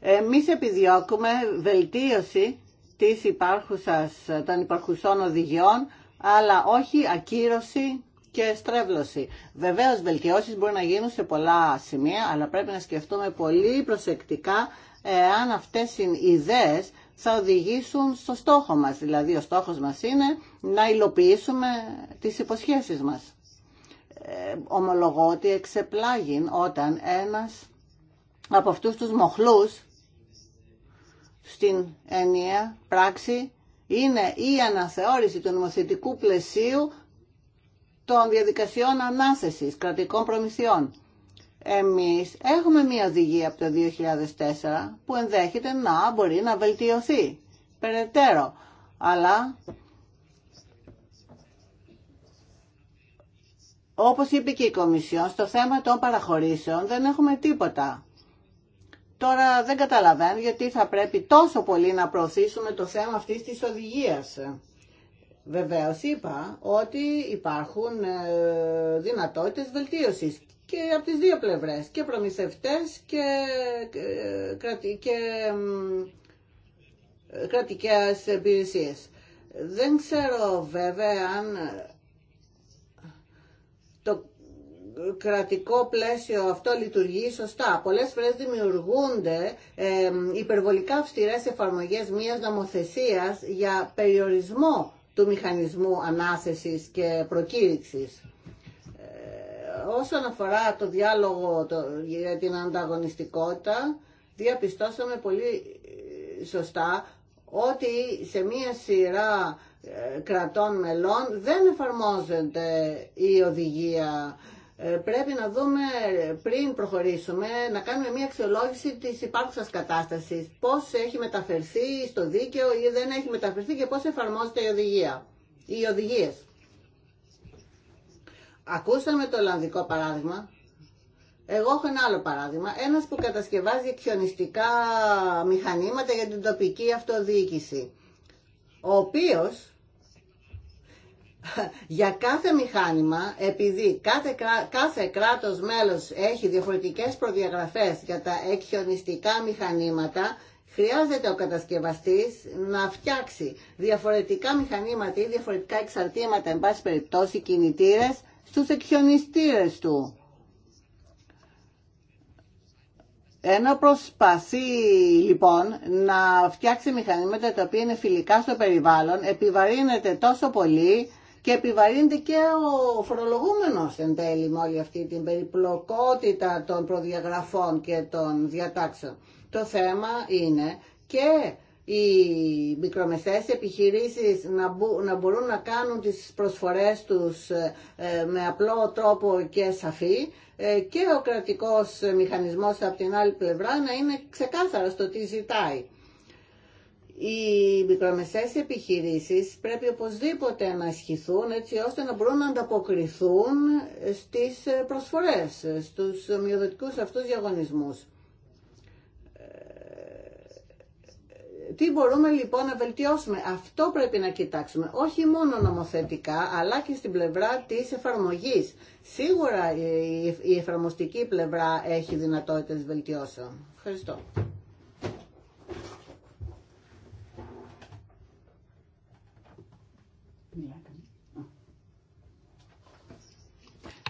[SPEAKER 2] Εμεί επιδιώκουμε βελτίωση της υπάρχουσας, των υπαρχουσών οδηγιών, αλλά όχι ακύρωση και στρέβλωση. Βεβαίως βελτιώσεις μπορεί να γίνουν σε πολλά σημεία, αλλά πρέπει να σκεφτούμε πολύ προσεκτικά αν αυτέ οι ιδέες θα οδηγήσουν στο στόχο μας. Δηλαδή ο στόχος μας είναι να υλοποιήσουμε τις υποσχέσεις μας. Ε, ομολογώ ότι εξεπλάγει όταν ένας από αυτούς τους μοχλούς στην ενιαία πράξη είναι η αναθεώρηση του νομοθετικού πλαισίου των διαδικασιών ανάθεσης κρατικών προμηθειών. Εμείς έχουμε μια οδηγία από το 2004 που ενδέχεται να μπορεί να βελτιωθεί περαιτέρω. Αλλά όπως είπε και η Κομισιόν, στο θέμα των παραχωρήσεων δεν έχουμε τίποτα. Τώρα δεν καταλαβαίνω γιατί θα πρέπει τόσο πολύ να προωθήσουμε το θέμα αυτής της οδηγίας. Βεβαίως είπα ότι υπάρχουν ε, δυνατότητες βελτίωσης και από τις δύο πλευρές, και προμηθευτές και, και κρατικές υπηρεσίε. Δεν ξέρω βέβαια αν το κρατικό πλαίσιο αυτό λειτουργεί σωστά. Πολλές φορές δημιουργούνται ε, υπερβολικά αυστηρές εφαρμογές μιας νομοθεσίας για περιορισμό του μηχανισμού ανάθεσης και προκήρυξης όσον αφορά το διάλογο για την ανταγωνιστικότητα, διαπιστώσαμε πολύ ε, σωστά ότι σε μία σειρά ε, κρατών μελών δεν εφαρμόζεται η οδηγία. Ε, πρέπει να δούμε πριν προχωρήσουμε να κάνουμε μία αξιολόγηση της υπάρχουσας κατάστασης. Πώς έχει μεταφερθεί στο δίκαιο ή δεν έχει μεταφερθεί και πώς εφαρμόζεται η οδηγία. Οι οδηγίες. Ακούσαμε το Ολλανδικό παράδειγμα. Εγώ έχω ένα άλλο παράδειγμα. Ένας που κατασκευάζει εξιονιστικά μηχανήματα για την τοπική αυτοδιοίκηση. Ο οποίος για κάθε μηχάνημα, επειδή κάθε, κάθε κράτος μέλος έχει διαφορετικές προδιαγραφές για τα εκχιονιστικά μηχανήματα, χρειάζεται ο κατασκευαστής να φτιάξει διαφορετικά μηχανήματα ή διαφορετικά εξαρτήματα, εν πάση περιπτώσει κινητήρες, στους εκχιονιστήρες του. Ένα προσπαθεί λοιπόν να φτιάξει μηχανήματα τα οποία είναι φιλικά στο περιβάλλον, επιβαρύνεται τόσο πολύ και επιβαρύνεται και ο φορολογούμενος εν τέλει με όλη αυτή την περιπλοκότητα των προδιαγραφών και των διατάξεων. Το θέμα είναι και οι μικρομεσαίες επιχειρήσεις να μπορούν να κάνουν τις προσφορές τους ε, ε, με απλό τρόπο και σαφή ε, και ο κρατικός μηχανισμός από την άλλη πλευρά να είναι ξεκάθαρο στο τι ζητάει. Οι μικρομεσαίες επιχειρήσεις πρέπει οπωσδήποτε να ασχηθούν έτσι ώστε να μπορούν να ανταποκριθούν στις προσφορές, στους ομοιοδοτικούς αυτούς διαγωνισμούς. Τι μπορούμε λοιπόν να βελτιώσουμε. Αυτό πρέπει να κοιτάξουμε. Όχι μόνο νομοθετικά, αλλά και στην πλευρά της εφαρμογής. Σίγουρα η εφαρμοστική πλευρά έχει δυνατότητες βελτιώσεων. Ευχαριστώ.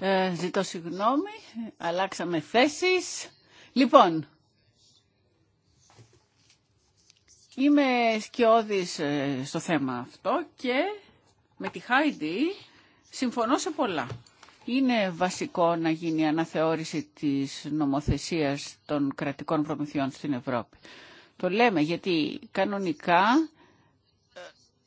[SPEAKER 4] Ε, ζητώ συγγνώμη, αλλάξαμε θέσεις. Λοιπόν, Είμαι σκιώδης ε, στο θέμα αυτό και με τη Χάιντι συμφωνώ σε πολλά. Είναι βασικό να γίνει η αναθεώρηση της νομοθεσίας των κρατικών προμηθειών στην Ευρώπη. Το λέμε γιατί κανονικά ε,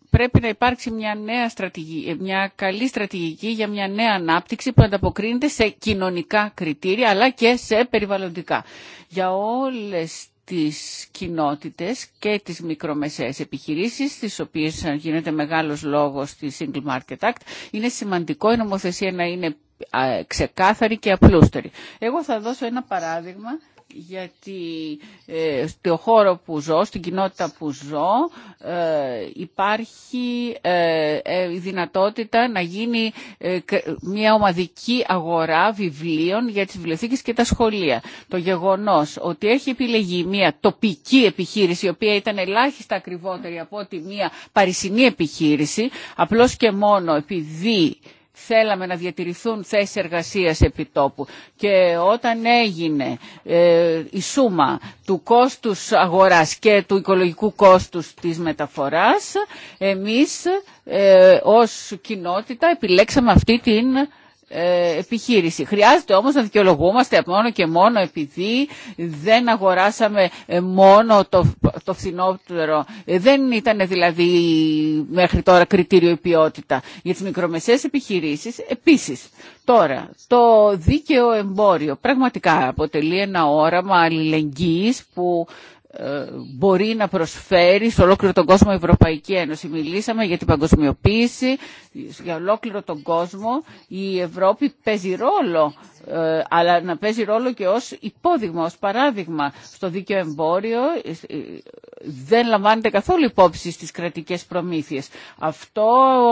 [SPEAKER 4] πρέπει να υπάρξει μια, νέα στρατηγική, ε, μια καλή στρατηγική για μια νέα ανάπτυξη που ανταποκρίνεται σε κοινωνικά κριτήρια αλλά και σε περιβαλλοντικά. Για όλες τις κοινότητες και τις μικρομεσαίες επιχειρήσεις, τις οποίες γίνεται μεγάλος λόγος στη Single Market Act, είναι σημαντικό η νομοθεσία να είναι ξεκάθαρη και απλούστερη. Εγώ θα δώσω ένα παράδειγμα γιατί ε, στο χώρο που ζω, στην κοινότητα που ζω, ε, υπάρχει ε, ε, η δυνατότητα να γίνει μια ομαδική αγορά βιβλίων για τις βιβλιοθήκες και τα σχολεία. Το γεγονός ότι έχει επιλεγεί μια τοπική επιχείρηση, η οποία ήταν ελάχιστα ακριβότερη από ότι μια παρισινή επιχείρηση, απλώς και μόνο επειδή θέλαμε να διατηρηθούν θέσεις εργασίας τόπου Και όταν έγινε ε, η σούμα του κόστους αγορά και του οικολογικού κόστους της μεταφοράς, εμείς ε, ως κοινότητα επιλέξαμε αυτή την ε, επιχείρηση. Χρειάζεται όμως να δικαιολογούμαστε μόνο και μόνο επειδή δεν αγοράσαμε ε, μόνο το, το ε, Δεν ήταν δηλαδή μέχρι τώρα κριτήριο η ποιότητα. Για τις μικρομεσαίες επιχειρήσεις επίσης. Τώρα, το δίκαιο εμπόριο πραγματικά αποτελεί ένα όραμα αλληλεγγύης που ε, μπορεί να προσφέρει σε ολόκληρο τον κόσμο η Ευρωπαϊκή Ένωση. Μιλήσαμε για την παγκοσμιοποίηση, για ολόκληρο τον κόσμο. Η Ευρώπη παίζει ρόλο ε, αλλά να παίζει ρόλο και ως υπόδειγμα, ως παράδειγμα στο δίκαιο εμπόριο ε, δεν λαμβάνεται καθόλου υπόψη στις κρατικές προμήθειες. Αυτό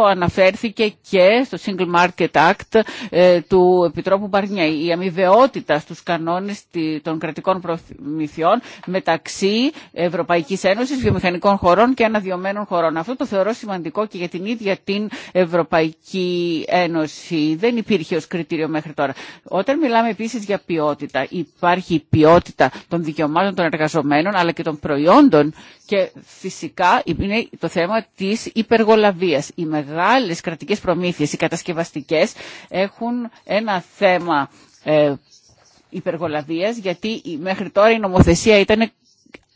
[SPEAKER 4] αναφέρθηκε και στο Single Market Act ε, του Επιτρόπου Μπαρνιά. Η αμοιβαιότητα στους κανόνες των κρατικών προμηθειών μεταξύ Ευρωπαϊκής Ένωσης, βιομηχανικών χωρών και αναδειωμένων χωρών. Αυτό το θεωρώ σημαντικό και για την ίδια την Ευρωπαϊκή Ένωση. Δεν υπήρχε ως κριτήριο μέχρι τώρα. Όταν μιλάμε επίσης για ποιότητα, υπάρχει η ποιότητα των δικαιωμάτων των εργαζομένων αλλά και των προϊόντων και φυσικά είναι το θέμα της υπεργολαβίας. Οι μεγάλες κρατικές προμήθειες, οι κατασκευαστικές έχουν ένα θέμα ε, υπεργολαβίας γιατί μέχρι τώρα η νομοθεσία ήταν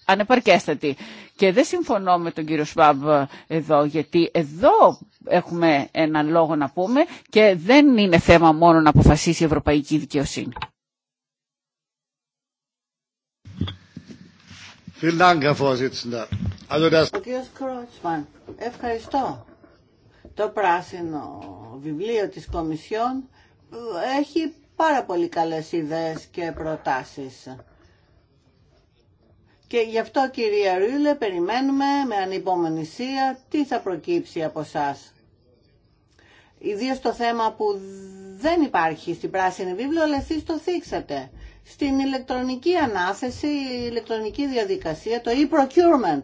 [SPEAKER 4] ανεπαρκέστατη. Και δεν συμφωνώ με τον κύριο Σβάμπ εδώ, γιατί εδώ έχουμε έναν λόγο να πούμε και δεν είναι θέμα μόνο να αποφασίσει η ευρωπαϊκή δικαιοσύνη.
[SPEAKER 2] ευχαριστώ. Το πράσινο βιβλίο της Κομισιόν έχει πάρα πολύ καλές ιδέες και προτάσεις. Και γι' αυτό κυρία Ρούλε περιμένουμε με ανυπομονησία τι θα προκύψει από εσά. Ιδίως το θέμα που δεν υπάρχει στην πράσινη βίβλο, αλλά εσείς το θίξατε. Στην ηλεκτρονική ανάθεση, η ηλεκτρονική διαδικασία, το e-procurement.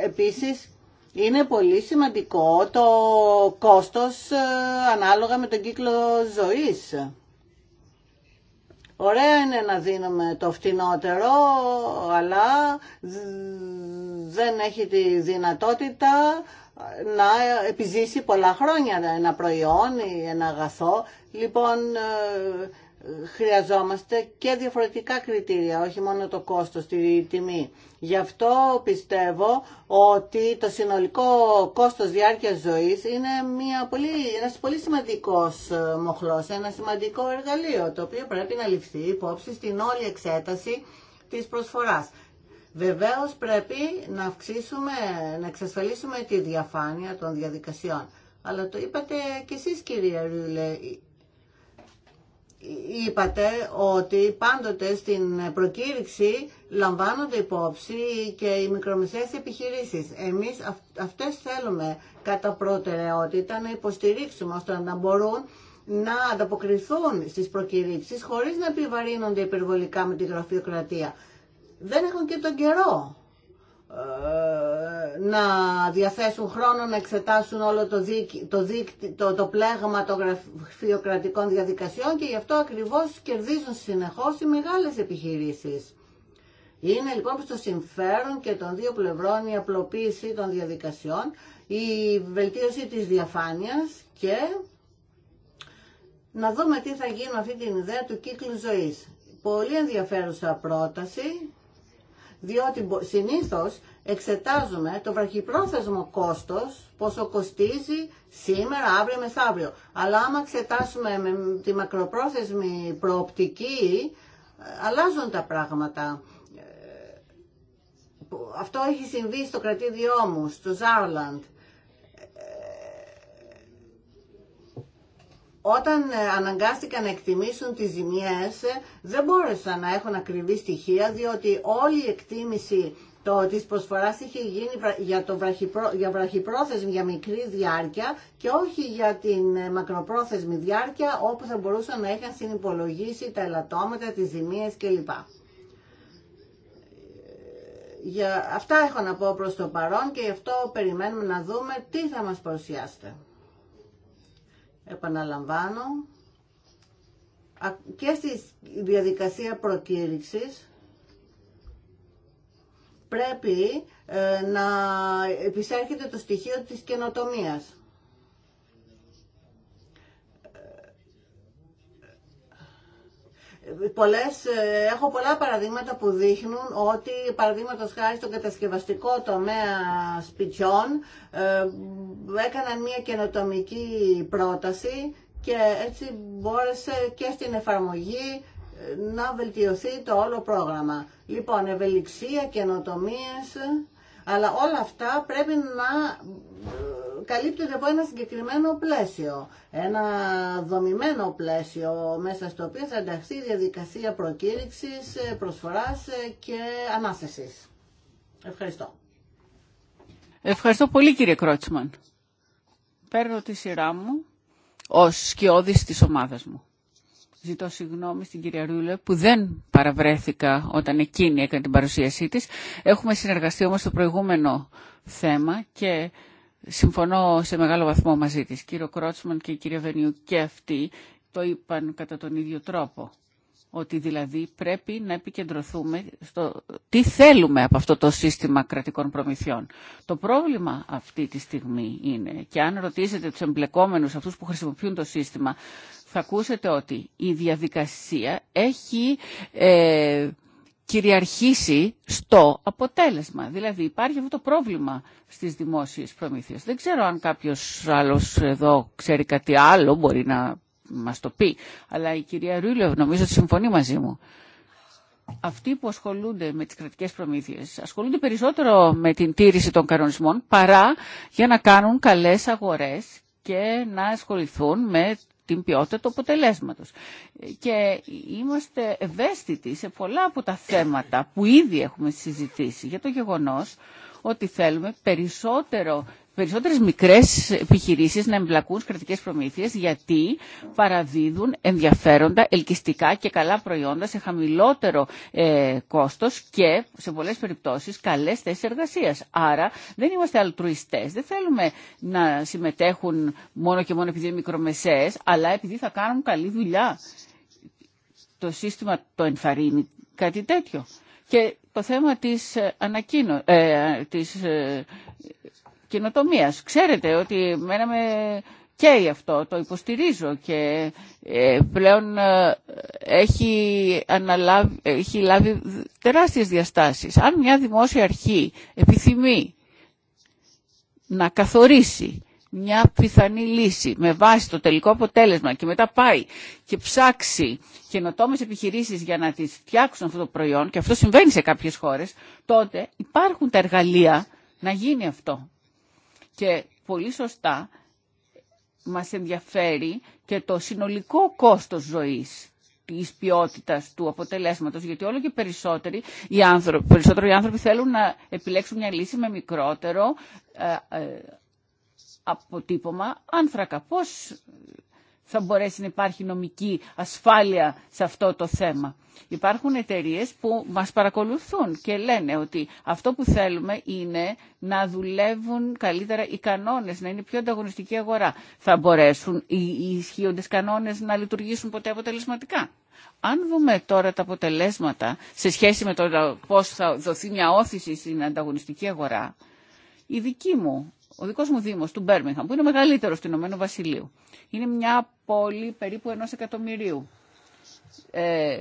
[SPEAKER 2] Ε, επίσης, είναι πολύ σημαντικό το κόστος ε, ανάλογα με τον κύκλο ζωής Ωραία είναι να δίνουμε το φτηνότερο, αλλά δεν έχει τη δυνατότητα να επιζήσει πολλά χρόνια ένα προϊόν ή ένα αγαθό. Λοιπόν, ε, χρειαζόμαστε και διαφορετικά κριτήρια, όχι μόνο το κόστος, τη τιμή. Γι' αυτό πιστεύω ότι το συνολικό κόστος διάρκειας ζωής είναι μια πολύ, ένας πολύ σημαντικός ε, μοχλός, ένα σημαντικό εργαλείο, το οποίο πρέπει να ληφθεί υπόψη στην όλη εξέταση της προσφοράς. Βεβαίως πρέπει να αυξήσουμε, να εξασφαλίσουμε τη διαφάνεια των διαδικασιών. Αλλά το είπατε και εσείς κυρία Ρούλε, είπατε ότι πάντοτε στην προκήρυξη λαμβάνονται υπόψη και οι μικρομεσαίες επιχειρήσεις. Εμείς αυτές θέλουμε κατά προτεραιότητα να υποστηρίξουμε ώστε να μπορούν να ανταποκριθούν στις προκηρύξεις χωρίς να επιβαρύνονται υπερβολικά με τη γραφειοκρατία. Δεν έχουν και τον καιρό ε, να διαθέσουν χρόνο να εξετάσουν όλο το, το, το, πλέγμα των γραφειοκρατικών διαδικασιών και γι' αυτό ακριβώς κερδίζουν συνεχώς οι μεγάλες επιχειρήσεις. Είναι λοιπόν στο συμφέρον και των δύο πλευρών η απλοποίηση των διαδικασιών, η βελτίωση της διαφάνειας και να δούμε τι θα γίνει με αυτή την ιδέα του κύκλου ζωής. Πολύ ενδιαφέρουσα πρόταση διότι συνήθως εξετάζουμε το βραχυπρόθεσμο κόστος, πόσο κοστίζει σήμερα, αύριο, μεθαύριο. Αλλά άμα εξετάσουμε τη μακροπρόθεσμη προοπτική, ε, αλλάζουν τα πράγματα. Ε, αυτό έχει συμβεί στο κρατήδιό μου, στο Ζάρλαντ. όταν ε, αναγκάστηκαν να εκτιμήσουν τις ζημιές ε, δεν μπόρεσαν να έχουν ακριβή στοιχεία διότι όλη η εκτίμηση το της προσφοράς είχε γίνει για, το βραχυπρό, για βραχυπρόθεσμη, για μικρή διάρκεια και όχι για την ε, μακροπρόθεσμη διάρκεια όπου θα μπορούσαν να είχαν συνυπολογίσει τα ελαττώματα, τις ζημίες κλπ. Για, αυτά έχω να πω προς το παρόν και γι' αυτό περιμένουμε να δούμε τι θα μας παρουσιάσετε επαναλαμβάνω, και στη διαδικασία προκήρυξης πρέπει ε, να επισέρχεται το στοιχείο της καινοτομίας. πολλές, ε, έχω πολλά παραδείγματα που δείχνουν ότι παραδείγματο χάρη στον κατασκευαστικό τομέα σπιτιών ε, έκαναν μια καινοτομική πρόταση και έτσι μπόρεσε και στην εφαρμογή ε, να βελτιωθεί το όλο πρόγραμμα. Λοιπόν, ευελιξία, καινοτομίες, αλλά όλα αυτά πρέπει να ε, καλύπτονται από ένα συγκεκριμένο πλαίσιο, ένα δομημένο πλαίσιο μέσα στο οποίο θα ενταχθεί η διαδικασία προκήρυξης, ε, προσφοράς ε, και ανάθεσης. Ευχαριστώ.
[SPEAKER 4] Ευχαριστώ πολύ κύριε Κρότσμαν. Παίρνω τη σειρά μου ως σκιώδης της ομάδας μου. Ζητώ συγγνώμη στην κυρία Ρούλε που δεν παραβρέθηκα όταν εκείνη έκανε την παρουσίασή της. Έχουμε συνεργαστεί όμως στο προηγούμενο θέμα και συμφωνώ σε μεγάλο βαθμό μαζί της. Κύριο Κρότσμαν και η κυρία Βενιού και αυτοί το είπαν κατά τον ίδιο τρόπο. Ότι δηλαδή πρέπει να επικεντρωθούμε στο τι θέλουμε από αυτό το σύστημα κρατικών προμηθειών. Το πρόβλημα αυτή τη στιγμή είναι, και αν ρωτήσετε τους εμπλεκόμενους, αυτούς που χρησιμοποιούν το σύστημα, θα ακούσετε ότι η διαδικασία έχει ε, κυριαρχήσει στο αποτέλεσμα. Δηλαδή υπάρχει αυτό το πρόβλημα στις δημόσιες προμήθειες. Δεν ξέρω αν κάποιος άλλος εδώ ξέρει κάτι άλλο, μπορεί να μας το πει. Αλλά η κυρία Ρούλευ νομίζω ότι συμφωνεί μαζί μου. Αυτοί που ασχολούνται με τις κρατικές προμήθειες ασχολούνται περισσότερο με την τήρηση των κανονισμών παρά για να κάνουν καλές αγορές και να ασχοληθούν με την ποιότητα του αποτελέσματο. Και είμαστε ευαίσθητοι σε πολλά από τα θέματα που ήδη έχουμε συζητήσει για το γεγονός ότι θέλουμε περισσότερο περισσότερες μικρές επιχειρήσεις να εμπλακούν στις κρατικές προμήθειες γιατί παραδίδουν ενδιαφέροντα, ελκυστικά και καλά προϊόντα σε χαμηλότερο ε, κόστος και σε πολλές περιπτώσεις καλές θέσεις εργασίας. Άρα δεν είμαστε αλτρουιστές, δεν θέλουμε να συμμετέχουν μόνο και μόνο επειδή είναι μικρομεσαίες, αλλά επειδή θα κάνουν καλή δουλειά. Το σύστημα το ενθαρρύνει κάτι τέτοιο. Και το θέμα της, ε, ε, ε, καινοτομία. Ξέρετε ότι μένα με καίει αυτό, το υποστηρίζω και ε, πλέον ε, έχει, αναλάβει, έχει λάβει τεράστιες διαστάσεις. Αν μια δημόσια αρχή επιθυμεί να καθορίσει μια πιθανή λύση με βάση το τελικό αποτέλεσμα και μετά πάει και ψάξει καινοτόμες επιχειρήσεις για να τις φτιάξουν αυτό το προϊόν και αυτό συμβαίνει σε κάποιες χώρες, τότε υπάρχουν τα εργαλεία να γίνει αυτό. Και πολύ σωστά μας ενδιαφέρει και το συνολικό κόστος ζωής της ποιότητας του αποτελέσματος, γιατί όλο και περισσότεροι οι άνθρωποι, περισσότεροι οι άνθρωποι θέλουν να επιλέξουν μια λύση με μικρότερο ε, ε, αποτύπωμα άνθρακα. Πώς θα μπορέσει να υπάρχει νομική ασφάλεια σε αυτό το θέμα. Υπάρχουν εταιρείε που μας παρακολουθούν και λένε ότι αυτό που θέλουμε είναι να δουλεύουν καλύτερα οι κανόνες, να είναι πιο ανταγωνιστική αγορά. Θα μπορέσουν οι ισχύοντες κανόνες να λειτουργήσουν ποτέ αποτελεσματικά. Αν δούμε τώρα τα αποτελέσματα σε σχέση με το πώς θα δοθεί μια όθηση στην ανταγωνιστική αγορά, η δική μου ο δικό μου Δήμο του Μπέρμιγχαμ, που είναι ο μεγαλύτερο του Ηνωμένου Βασιλείου, είναι μια πόλη περίπου ενό εκατομμυρίου. Ε,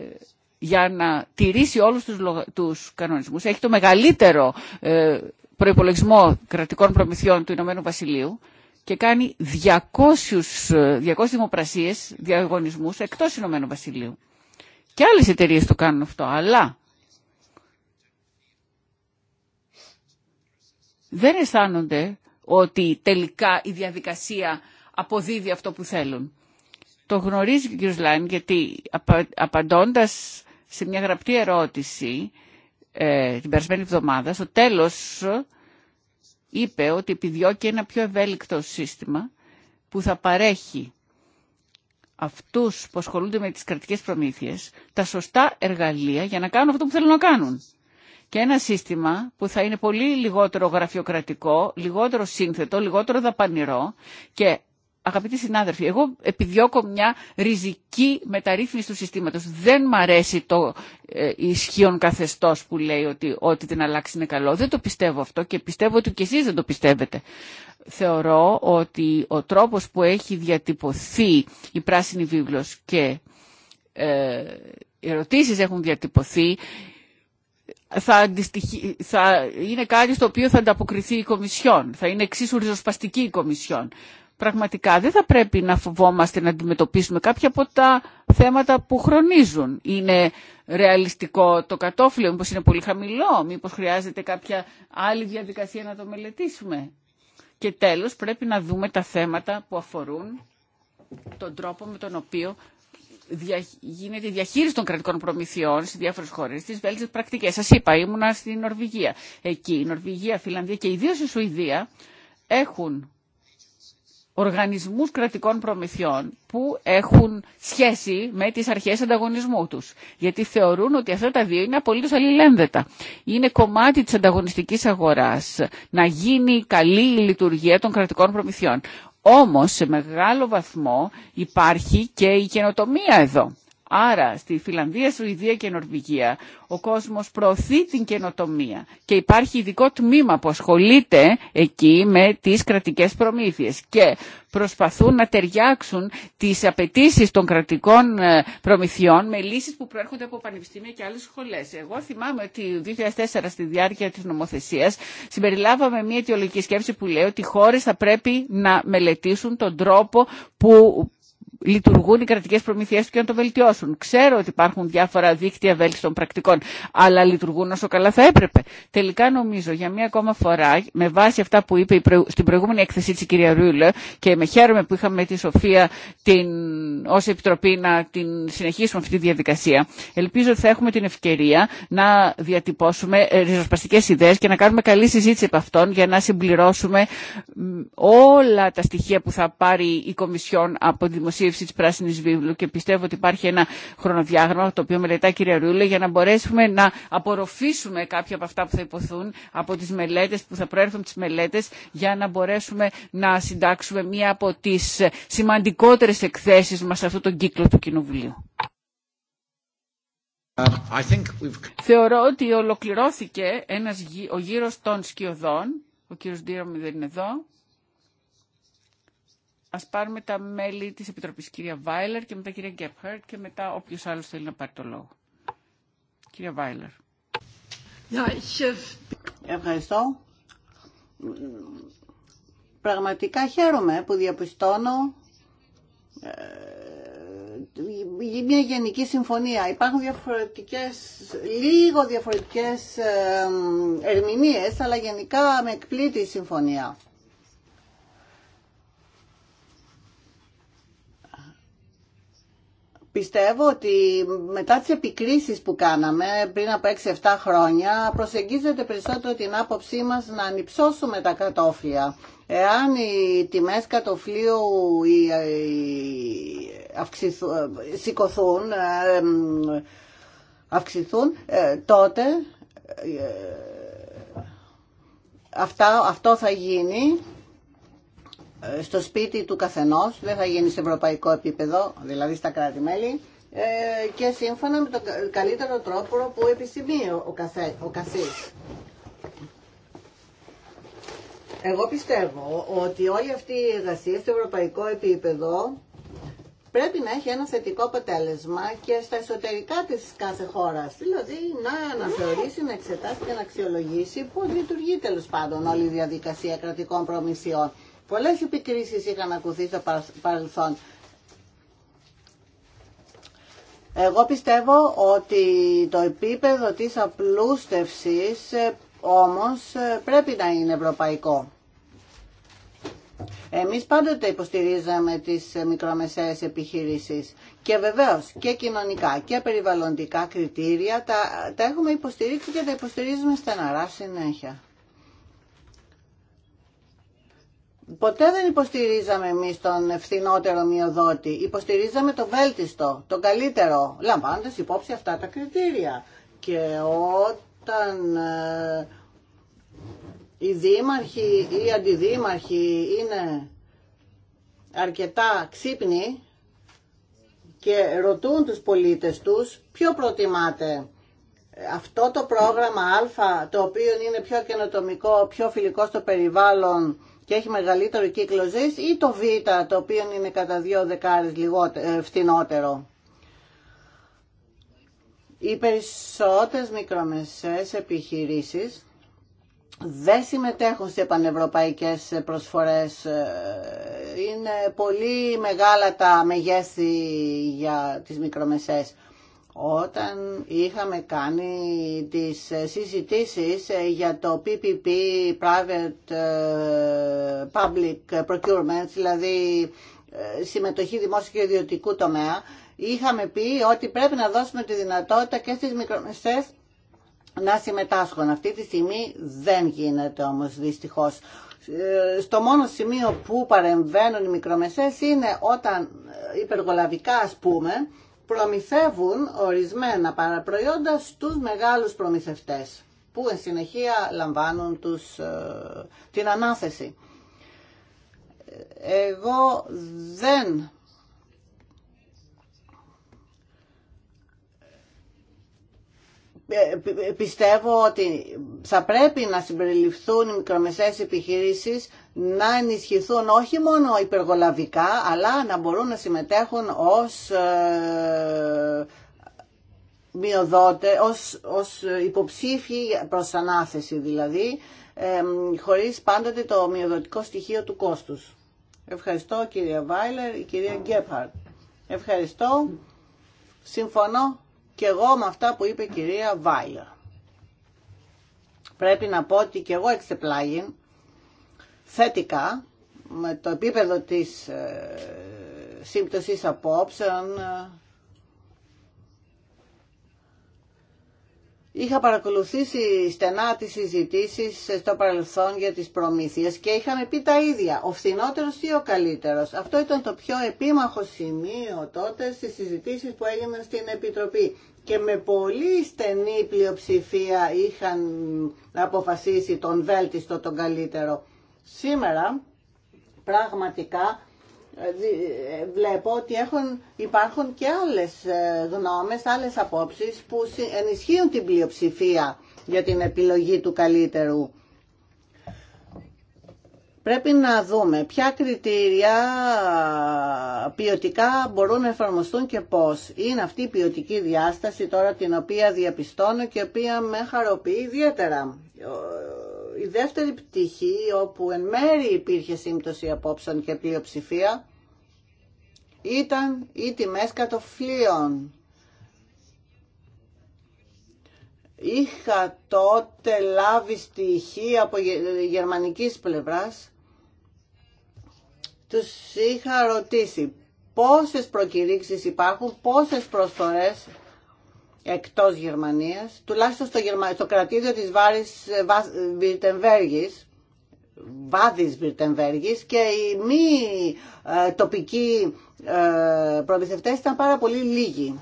[SPEAKER 4] για να τηρήσει όλου του κανονισμού, κανονισμούς, έχει το μεγαλύτερο ε, προϋπολογισμό κρατικών προμηθειών του Ηνωμένου Βασιλείου και κάνει 200, 200 ε, δημοπρασίες, διαγωνισμούς εκτός Ηνωμένου Βασιλείου. Και άλλε εταιρείε το κάνουν αυτό, αλλά δεν αισθάνονται ότι τελικά η διαδικασία αποδίδει αυτό που θέλουν. Το γνωρίζει ο κ. Λάιν γιατί απαντώντας σε μια γραπτή ερώτηση ε, την περασμένη εβδομάδα, στο τέλος είπε ότι επιδιώκει ένα πιο ευέλικτο σύστημα που θα παρέχει αυτούς που ασχολούνται με τις κρατικές προμήθειες τα σωστά εργαλεία για να κάνουν αυτό που θέλουν να κάνουν και ένα σύστημα που θα είναι πολύ λιγότερο γραφειοκρατικό, λιγότερο σύνθετο, λιγότερο δαπανηρό και αγαπητοί συνάδελφοι, εγώ επιδιώκω μια ριζική μεταρρύθμιση του συστήματος. Δεν μ' αρέσει το ε, ισχύον καθεστώς που λέει ότι ό,τι την αλλάξει είναι καλό. Δεν το πιστεύω αυτό και πιστεύω ότι και εσείς δεν το πιστεύετε. Θεωρώ ότι ο τρόπος που έχει διατυπωθεί η πράσινη βίβλος και οι ε, ερωτήσεις έχουν διατυπωθεί θα, θα είναι κάτι στο οποίο θα ανταποκριθεί η Κομισιόν. Θα είναι εξίσου ριζοσπαστική η Κομισιόν. Πραγματικά δεν θα πρέπει να φοβόμαστε να αντιμετωπίσουμε κάποια από τα θέματα που χρονίζουν. Είναι ρεαλιστικό το κατόφλιο, μήπως είναι πολύ χαμηλό, μήπως χρειάζεται κάποια άλλη διαδικασία να το μελετήσουμε. Και τέλος πρέπει να δούμε τα θέματα που αφορούν τον τρόπο με τον οποίο γίνεται η διαχείριση των κρατικών προμηθειών σε διάφορες χώρες, στις βέλτιστε πρακτικέ. Σα είπα, ήμουνα στην Νορβηγία. Εκεί η Νορβηγία, η Φιλανδία και Ιδίω η Σουηδία έχουν οργανισμούς κρατικών προμηθειών που έχουν σχέση με τις αρχές ανταγωνισμού τους. Γιατί θεωρούν ότι αυτά τα δύο είναι απολύτως αλληλένδετα. Είναι κομμάτι της ανταγωνιστικής αγοράς να γίνει καλή η λειτουργία των κρατικών προμηθειών. Όμως σε μεγάλο βαθμό υπάρχει και η καινοτομία εδώ. Άρα στη Φιλανδία, Σουηδία και Νορβηγία ο κόσμος προωθεί την καινοτομία και υπάρχει ειδικό τμήμα που ασχολείται εκεί με τις κρατικές προμήθειες και προσπαθούν να ταιριάξουν τις απαιτήσει των κρατικών ε, προμηθειών με λύσεις που προέρχονται από πανεπιστήμια και άλλες σχολές. Εγώ θυμάμαι ότι 2004 στη διάρκεια της νομοθεσίας συμπεριλάβαμε μια αιτιολογική σκέψη που λέει ότι οι χώρες θα πρέπει να μελετήσουν τον τρόπο που λειτουργούν οι κρατικές προμηθειές και να το βελτιώσουν. Ξέρω ότι υπάρχουν διάφορα δίκτυα βέλτιστων πρακτικών, αλλά λειτουργούν όσο καλά θα έπρεπε. Τελικά νομίζω για μία ακόμα φορά, με βάση αυτά που είπε στην προηγούμενη έκθεσή της κυρία Ρούλε και με χαίρομαι που είχαμε τη Σοφία την, ως Επιτροπή να την συνεχίσουμε αυτή τη διαδικασία, ελπίζω ότι θα έχουμε την ευκαιρία να διατυπώσουμε ε, ριζοσπαστικές ιδέες και να κάνουμε καλή συζήτηση από αυτών για να συμπληρώσουμε όλα τα στοιχεία που θα πάρει η Κομισιόν από τη δημοσίευση τη Πράσινη Βίβλου και πιστεύω ότι υπάρχει ένα χρονοδιάγραμμα το οποίο μελετά κυρία Ρούλε για να μπορέσουμε να απορροφήσουμε κάποια από αυτά που θα υποθούν από τι μελέτε που θα προέρχονται τι μελέτε για να μπορέσουμε να συντάξουμε μία από τι σημαντικότερε εκθέσει μα σε αυτόν τον κύκλο του Κοινοβουλίου. Θεωρώ ότι ολοκληρώθηκε ένας, ο γύρος των σκιωδών. Ο κύριος Ντύρομι δεν είναι εδώ. Α πάρουμε τα μέλη της Επιτροπής, κυρία Βάιλερ και μετά κυρία Γκέπχαρτ και μετά όποιος άλλος θέλει να πάρει το λόγο. Κυρία Βάιλερ.
[SPEAKER 2] Ευχαριστώ. Πραγματικά χαίρομαι που διαπιστώνω ε, μια γενική συμφωνία. Υπάρχουν διαφορετικές, λίγο διαφορετικές ε, ερμηνείες, αλλά γενικά με εκπλήτη συμφωνία. Πιστεύω ότι μετά τις επικρίσεις που κάναμε πριν από 6-7 χρόνια προσεγγίζεται περισσότερο την άποψή μας να ανυψώσουμε τα κατόφλια. Εάν οι τιμές κατοφλίου αυξηθούν, σηκωθούν, ε, αυξηθούν, τότε ε, ε, αυτό θα γίνει στο σπίτι του καθενός, δεν θα γίνει σε ευρωπαϊκό επίπεδο, δηλαδή στα κράτη-μέλη, ε, και σύμφωνα με τον καλύτερο τρόπο που επισημεί ο, καθέ, ο Εγώ πιστεύω ότι όλη αυτή η εργασία στο ευρωπαϊκό επίπεδο πρέπει να έχει ένα θετικό αποτέλεσμα και στα εσωτερικά της κάθε χώρας. Δηλαδή να αναθεωρήσει, να εξετάσει και να αξιολογήσει πώς λειτουργεί τέλο πάντων όλη η διαδικασία κρατικών προμησιών. Πολλές επικρίσεις είχαν ακουθεί στο παρελθόν. Εγώ πιστεύω ότι το επίπεδο της απλούστευσης ε, όμως ε, πρέπει να είναι ευρωπαϊκό. Εμείς πάντοτε υποστηρίζαμε τις ε, μικρομεσαίες επιχειρήσεις και βεβαίως και κοινωνικά και περιβαλλοντικά κριτήρια τα, τα έχουμε υποστηρίξει και τα υποστηρίζουμε στεναρά συνέχεια. Ποτέ δεν υποστηρίζαμε εμεί τον ευθυνότερο μειοδότη. Υποστηρίζαμε το βέλτιστο, τον καλύτερο, λαμβάνοντα υπόψη αυτά τα κριτήρια. Και όταν ε, οι δήμαρχοι ή οι αντιδήμαρχοι είναι αρκετά ξύπνοι και ρωτούν τους πολίτες τους ποιο προτιμάτε αυτό το πρόγραμμα Α το οποίο είναι πιο καινοτομικό, πιο φιλικό στο περιβάλλον και έχει μεγαλύτερο κύκλο ζωής ή το Β, το οποίο είναι κατά δύο δεκάρες λιγότερο, ε, Οι περισσότερες μικρομεσαίες επιχειρήσεις δεν συμμετέχουν σε πανευρωπαϊκές προσφορές. Ε, είναι πολύ μεγάλα τα μεγέθη για τις μικρομεσαίες όταν είχαμε κάνει τις συζητήσεις ε, για το PPP, Private ε, Public Procurement, δηλαδή ε, συμμετοχή δημόσιου και ιδιωτικού τομέα, είχαμε πει ότι πρέπει να δώσουμε τη δυνατότητα και στις μικρομεσές να συμμετάσχουν. Αυτή τη στιγμή δεν γίνεται όμως δυστυχώς. Στο μόνο σημείο που παρεμβαίνουν οι μικρομεσές είναι όταν υπεργολαβικά ας πούμε προμηθεύουν ορισμένα παραπροϊόντα στους μεγάλους προμηθευτές που εν συνεχεία λαμβάνουν τους, ε, την ανάθεση. Εγώ δεν ε, ε, πιστεύω ότι θα πρέπει να συμπεριληφθούν οι μικρομεσαίες επιχειρήσεις να ενισχυθούν όχι μόνο υπεργολαβικά, αλλά να μπορούν να συμμετέχουν ως ε, μειοδότε, ως, ως υποψήφιοι προς ανάθεση δηλαδή, χωρίς πάντοτε το μειοδοτικό στοιχείο του κόστους. Ευχαριστώ κυρία Βάιλερ, η κυρία Γκέπαρτ. Ευχαριστώ. Συμφωνώ και εγώ με αυτά που είπε η κυρία Βάιλερ. Πρέπει να πω ότι και εγώ εξεπλάγει θετικά με το επίπεδο της ε, σύμπτωσης απόψεων. Ε, είχα παρακολουθήσει στενά τις συζητήσεις στο παρελθόν για τις προμήθειες και είχαμε πει τα ίδια, ο φθηνότερος ή ο καλύτερος. Αυτό ήταν το πιο επίμαχο σημείο τότε στις συζητήσεις που έγιναν στην Επιτροπή. Και με πολύ στενή πλειοψηφία είχαν αποφασίσει τον βέλτιστο, τον καλύτερο. Σήμερα πραγματικά ε, ε, βλέπω ότι υπάρχουν και άλλες ε, γνώμες, άλλες απόψεις που ενισχύουν την πλειοψηφία για την επιλογή του καλύτερου. Πρέπει να δούμε ποια κριτήρια ποιοτικά μπορούν να εφαρμοστούν και πώς. Είναι αυτή η ποιοτική διάσταση τώρα την οποία διαπιστώνω και η οποία με χαροποιεί ιδιαίτερα η δεύτερη πτυχή όπου εν μέρη υπήρχε σύμπτωση απόψεων και πλειοψηφία ήταν οι τιμές κατοφλίων. Είχα τότε λάβει στοιχεία από γερμανικής πλευράς. Τους είχα ρωτήσει πόσες προκηρύξεις υπάρχουν, πόσες προσφορές εκτός Γερμανίας, τουλάχιστον στο, Γερμα... στο κρατήδιο της Βάρης ε, ε, Βάδης Βιρτεμβέργης και οι μη ε, τοπικοί ε, ήταν πάρα πολύ λίγοι.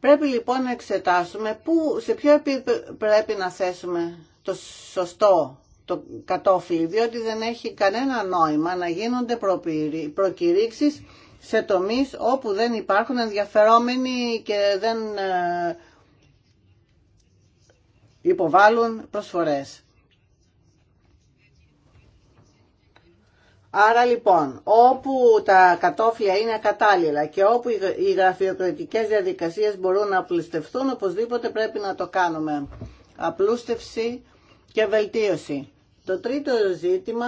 [SPEAKER 2] Πρέπει λοιπόν να εξετάσουμε πού, σε ποιο επίπεδο πρέπει να θέσουμε το σωστό το κατόφλι, διότι δεν έχει κανένα νόημα να γίνονται προκηρύξεις σε τομείς όπου δεν υπάρχουν ενδιαφερόμενοι και δεν ε, υποβάλλουν προσφορές. Άρα λοιπόν, όπου τα κατόφλια είναι κατάλληλα και όπου οι γραφειοκρατικές διαδικασίες μπορούν να απλουστευτούν, οπωσδήποτε πρέπει να το κάνουμε. Απλούστευση και βελτίωση. Το τρίτο ζήτημα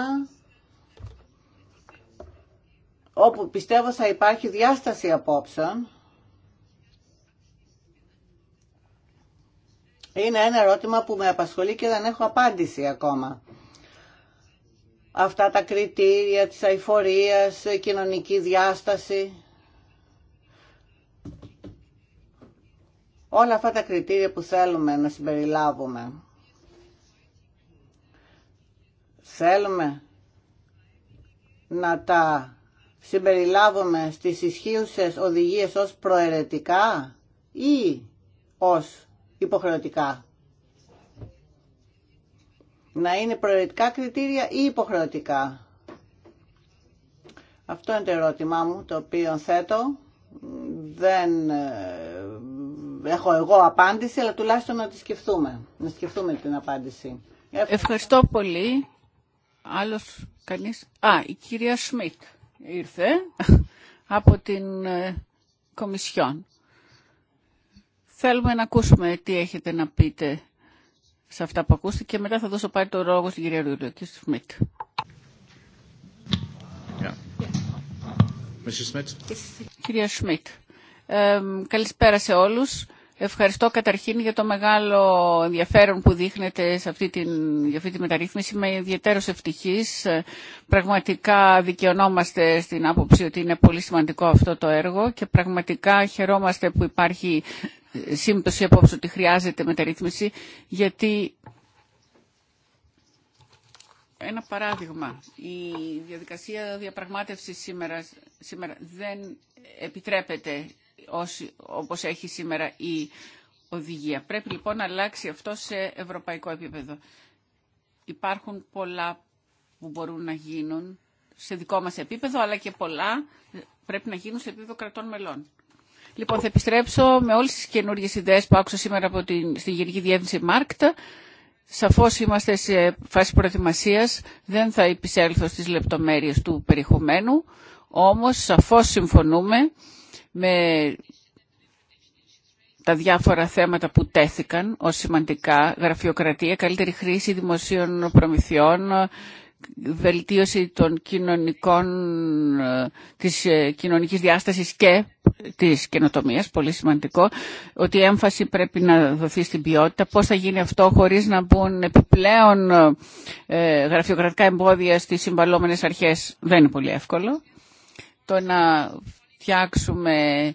[SPEAKER 2] όπου πιστεύω θα υπάρχει διάσταση απόψεων είναι ένα ερώτημα που με απασχολεί και δεν έχω απάντηση ακόμα. Αυτά τα κριτήρια της αηφορίας, κοινωνική διάσταση, όλα αυτά τα κριτήρια που θέλουμε να συμπεριλάβουμε. Θέλουμε να τα συμπεριλάβουμε στις ισχύουσες οδηγίες ως προαιρετικά ή ως υποχρεωτικά. Να είναι προαιρετικά κριτήρια ή υποχρεωτικά. Αυτό είναι το ερώτημά μου το οποίο θέτω. Δεν ε, έχω εγώ απάντηση, αλλά τουλάχιστον να τη σκεφτούμε.
[SPEAKER 4] Να σκεφτούμε την απάντηση. Ευχαριστώ πολύ Άλλος κανείς. Α, η κυρία Σμιτ ήρθε από την ε, Κομισιόν. Θέλουμε να ακούσουμε τι έχετε να πείτε σε αυτά που ακούστηκε και μετά θα δώσω πάλι το ρόγο στην κυρία Ρούλιο και Σμιτ. Κυρία Σμιτ, καλησπέρα σε όλους. Ευχαριστώ καταρχήν για το μεγάλο ενδιαφέρον που δείχνετε σε αυτή την, για αυτή τη μεταρρύθμιση. Είμαι ιδιαίτερο ευτυχή. Πραγματικά δικαιωνόμαστε στην άποψη ότι είναι πολύ σημαντικό αυτό το έργο και πραγματικά χαιρόμαστε που υπάρχει σύμπτωση απόψε ότι χρειάζεται μεταρρύθμιση γιατί ένα παράδειγμα. Η διαδικασία διαπραγμάτευσης σήμερα, σήμερα δεν επιτρέπεται όπως έχει σήμερα η οδηγία. Πρέπει λοιπόν να αλλάξει αυτό σε ευρωπαϊκό επίπεδο. Υπάρχουν πολλά που μπορούν να γίνουν σε δικό μας επίπεδο, αλλά και πολλά πρέπει να γίνουν σε επίπεδο κρατών μελών. Λοιπόν, θα επιστρέψω με όλες τις καινούργιες ιδέες που άκουσα σήμερα από την, στη Γενική Διεύθυνση Μάρκτ. Σαφώς είμαστε σε φάση προετοιμασίας, δεν θα επισέλθω στις λεπτομέρειες του περιεχομένου, όμως σαφώς συμφωνούμε με τα διάφορα θέματα που τέθηκαν ως σημαντικά, γραφειοκρατία, καλύτερη χρήση δημοσίων προμηθειών, βελτίωση των κοινωνικών, ε, της ε, κοινωνικής διάστασης και της καινοτομία, πολύ σημαντικό, ότι η έμφαση πρέπει να δοθεί στην ποιότητα. Πώς θα γίνει αυτό χωρίς να μπουν επιπλέον ε, γραφειοκρατικά εμπόδια στις συμβαλόμενες αρχές δεν είναι πολύ εύκολο. Το να φτιάξουμε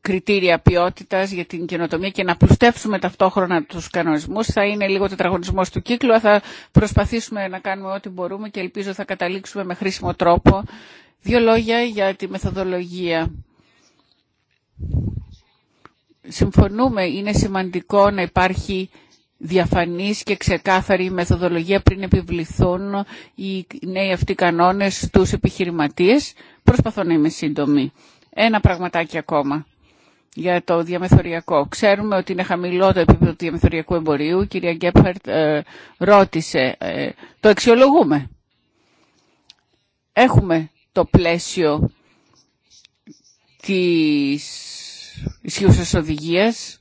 [SPEAKER 4] κριτήρια ποιότητας για την καινοτομία και να πλουστεύσουμε ταυτόχρονα τους κανονισμούς. Θα είναι λίγο τετραγωνισμός του κύκλου, θα προσπαθήσουμε να κάνουμε ό,τι μπορούμε και ελπίζω θα καταλήξουμε με χρήσιμο τρόπο. Δύο λόγια για τη μεθοδολογία. Συμφωνούμε, είναι σημαντικό να υπάρχει διαφανής και ξεκάθαρη μεθοδολογία πριν επιβληθούν οι νέοι αυτοί κανόνες στους επιχειρηματίες. Προσπαθώ να είμαι σύντομη. Ένα πραγματάκι ακόμα για το διαμεθοριακό. Ξέρουμε ότι είναι χαμηλό το επίπεδο του διαμεθοριακού εμπορίου. Η κυρία Γκέπχαρτ ε, ρώτησε. Ε, το αξιολογούμε. Έχουμε το πλαίσιο της ισχύουσας οδηγίας.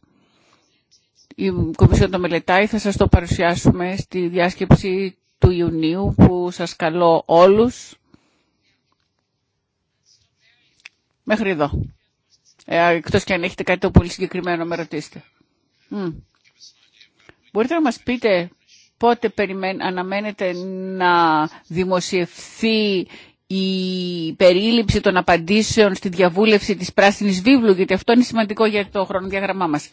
[SPEAKER 4] Η Κομισιόν το μελετάει. Θα σας το παρουσιάσουμε στη διάσκεψη του Ιουνίου που σας καλώ όλους Μέχρι εδώ. Ε, εκτός και αν έχετε κάτι το πολύ συγκεκριμένο με ρωτήσετε. Mm. Μπορείτε να μας πείτε πότε περιμέν, αναμένετε να δημοσιευθεί η περίληψη των απαντήσεων στη διαβούλευση της Πράσινης Βίβλου, γιατί αυτό είναι σημαντικό για το χρονοδιαγραμμά μας.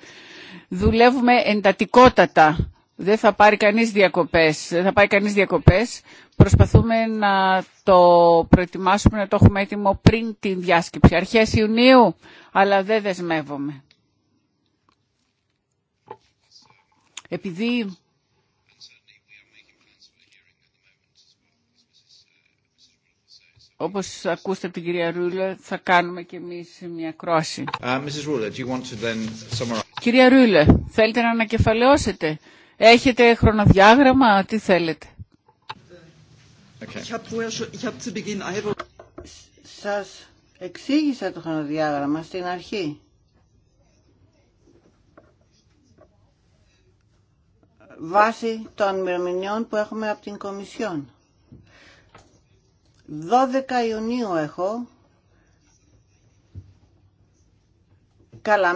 [SPEAKER 4] Δουλεύουμε εντατικότατα. Δεν θα πάρει κανείς διακοπές. Δεν θα πάει κανείς διακοπές. Προσπαθούμε να το προετοιμάσουμε, να το έχουμε έτοιμο πριν την διάσκεψη. Αρχές Ιουνίου, αλλά δεν δεσμεύομαι. Επειδή όπως ακούστε την κυρία Ρούλε, θα κάνουμε και εμείς μια
[SPEAKER 1] κρόση. Uh,
[SPEAKER 4] κυρία Ρούλε, θέλετε να ανακεφαλαιώσετε. Έχετε χρονοδιάγραμμα, τι θέλετε.
[SPEAKER 1] Okay.
[SPEAKER 2] Σας εξήγησα το χρονοδιάγραμμα στην αρχή. Βάσει των μερομηνιών που έχουμε από την Κομισιόν. 12 Ιουνίου έχω. Καλά,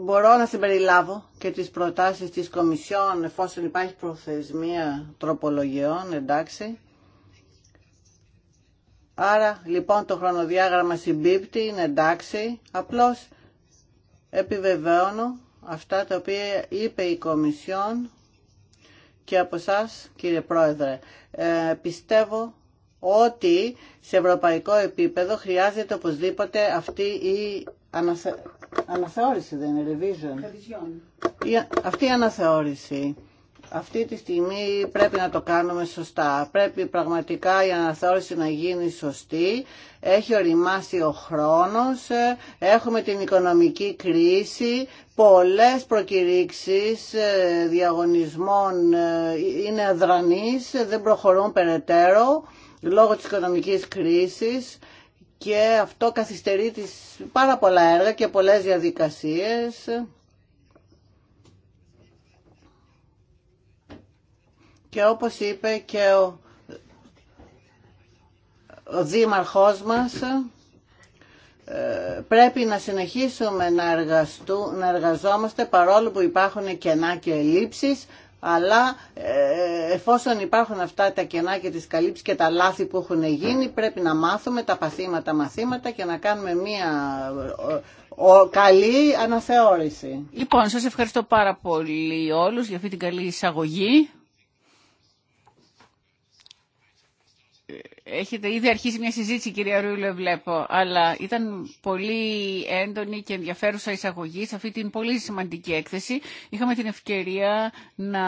[SPEAKER 2] μπορώ να συμπεριλάβω και τις προτάσεις της Κομισιόν εφόσον υπάρχει προθεσμία τροπολογιών, εντάξει. Άρα λοιπόν το χρονοδιάγραμμα συμπίπτει, είναι εντάξει, απλώς επιβεβαιώνω αυτά τα οποία είπε η Κομισιόν και από εσά, κύριε Πρόεδρε. Ε, πιστεύω ότι σε ευρωπαϊκό επίπεδο χρειάζεται οπωσδήποτε αυτή η αναθεώρηση, δεν είναι,
[SPEAKER 3] revision.
[SPEAKER 2] Αυτή η αναθεώρηση. Αυτή τη στιγμή πρέπει να το κάνουμε σωστά. Πρέπει πραγματικά η αναθεώρηση να γίνει σωστή. Έχει οριμάσει ο χρόνος, έχουμε την οικονομική κρίση, πολλές προκηρύξεις ε, διαγωνισμών ε, είναι αδρανείς, δεν προχωρούν περαιτέρω λόγω της οικονομικής κρίσης και αυτό καθυστερεί τις πάρα πολλά έργα και πολλές διαδικασίες. και όπως είπε και ο, ο δήμαρχός μας ε, πρέπει να συνεχίσουμε να, εργαστού, να εργαζόμαστε παρόλο που υπάρχουν κενά και ελλείψεις αλλά ε, εφόσον υπάρχουν αυτά τα κενά και τις καλύψεις και τα λάθη που έχουν γίνει πρέπει να μάθουμε τα παθήματα μαθήματα και να κάνουμε μια καλή αναθεώρηση.
[SPEAKER 4] Λοιπόν, σας ευχαριστώ πάρα πολύ όλους για αυτή την καλή εισαγωγή. Υπότιτλοι Έχετε ήδη αρχίσει μια συζήτηση, κυρία Ρούλε, βλέπω, αλλά ήταν πολύ έντονη και ενδιαφέρουσα εισαγωγή σε αυτή την πολύ σημαντική έκθεση. Είχαμε την ευκαιρία να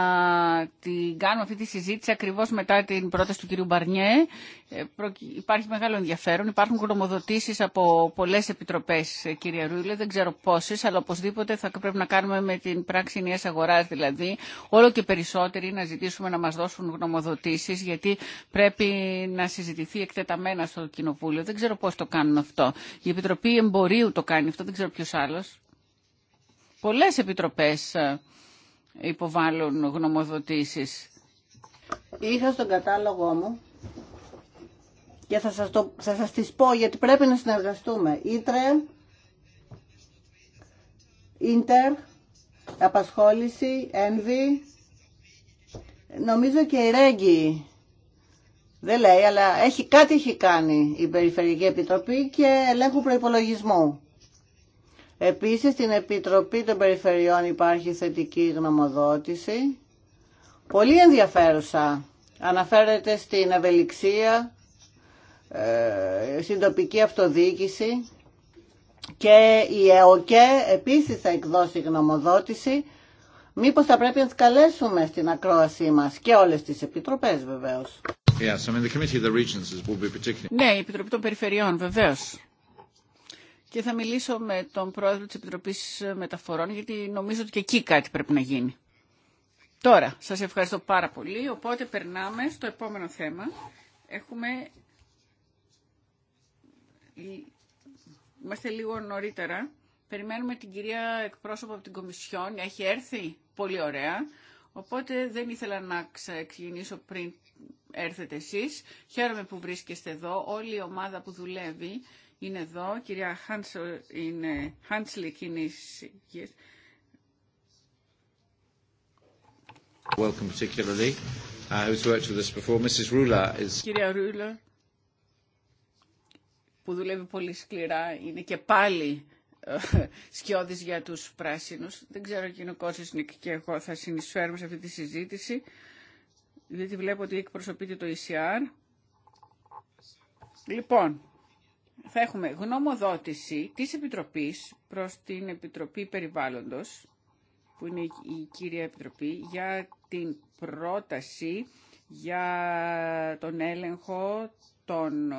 [SPEAKER 4] την κάνουμε αυτή τη συζήτηση ακριβώς μετά την πρόταση του κυρίου Μπαρνιέ. Ε, υπάρχει μεγάλο ενδιαφέρον. Υπάρχουν γνωμοδοτήσεις από πολλές επιτροπές, ε, κυρία Ρούλε, δεν ξέρω πόσες, αλλά οπωσδήποτε θα πρέπει να κάνουμε με την πράξη νέα αγορά, δηλαδή όλο και περισσότεροι να ζητήσουμε να μας δώσουν γνωμοδοτήσει, γιατί πρέπει να συζητήσουμε συζητηθεί εκτεταμένα στο Κοινοβούλιο. Δεν ξέρω πώς το κάνουν αυτό. Η Επιτροπή Εμπορίου το κάνει αυτό, δεν ξέρω ποιος άλλος. Πολλές επιτροπές ε, υποβάλλουν γνωμοδοτήσεις.
[SPEAKER 2] Είχα στον κατάλογό μου και θα σας, το, θα σας τις πω γιατί πρέπει να συνεργαστούμε. Ήτρε, Ίντερ, απασχόληση, ένβη, νομίζω και η Ρέγγι δεν λέει, αλλά έχει, κάτι έχει κάνει η Περιφερειακή Επιτροπή και ελέγχου προπολογισμού. Επίσης, στην Επιτροπή των Περιφερειών υπάρχει θετική γνωμοδότηση. Πολύ ενδιαφέρουσα. Αναφέρεται στην ευελιξία, ε, στην τοπική αυτοδιοίκηση και η ΕΟΚΕ επίσης θα εκδώσει γνωμοδότηση. Μήπως θα πρέπει να τις καλέσουμε στην ακρόασή μας και όλες τις επιτροπές βεβαίως.
[SPEAKER 1] Ναι,
[SPEAKER 4] η Επιτροπή των Περιφερειών, βεβαίως. Και θα μιλήσω με τον πρόεδρο της Επιτροπής Μεταφορών, γιατί νομίζω ότι και εκεί κάτι πρέπει να γίνει. Τώρα, σας ευχαριστώ πάρα πολύ, οπότε περνάμε στο επόμενο θέμα. Έχουμε... Είμαστε λίγο νωρίτερα. Περιμένουμε την κυρία εκπρόσωπο από την Κομισιόν. Έχει έρθει πολύ ωραία. Οπότε δεν ήθελα να ξεκινήσω πριν έρθετε εσείς. Χαίρομαι που βρίσκεστε εδώ. Όλη η ομάδα που δουλεύει είναι εδώ. κυρία Χάντσλικ είναι
[SPEAKER 1] Welcome particularly, uh, who's worked with us before. Mrs. is...
[SPEAKER 4] Κυρία Ρούλα, που δουλεύει πολύ σκληρά, είναι και πάλι ε, σκιώδης για τους πράσινους. Δεν ξέρω αν ο και εγώ θα συνεισφέρουμε σε αυτή τη συζήτηση διότι βλέπω ότι εκπροσωπείται το ECR. Λοιπόν, θα έχουμε γνωμοδότηση της Επιτροπής προς την Επιτροπή Περιβάλλοντος, που είναι η κύρια Επιτροπή, για την πρόταση για τον έλεγχο των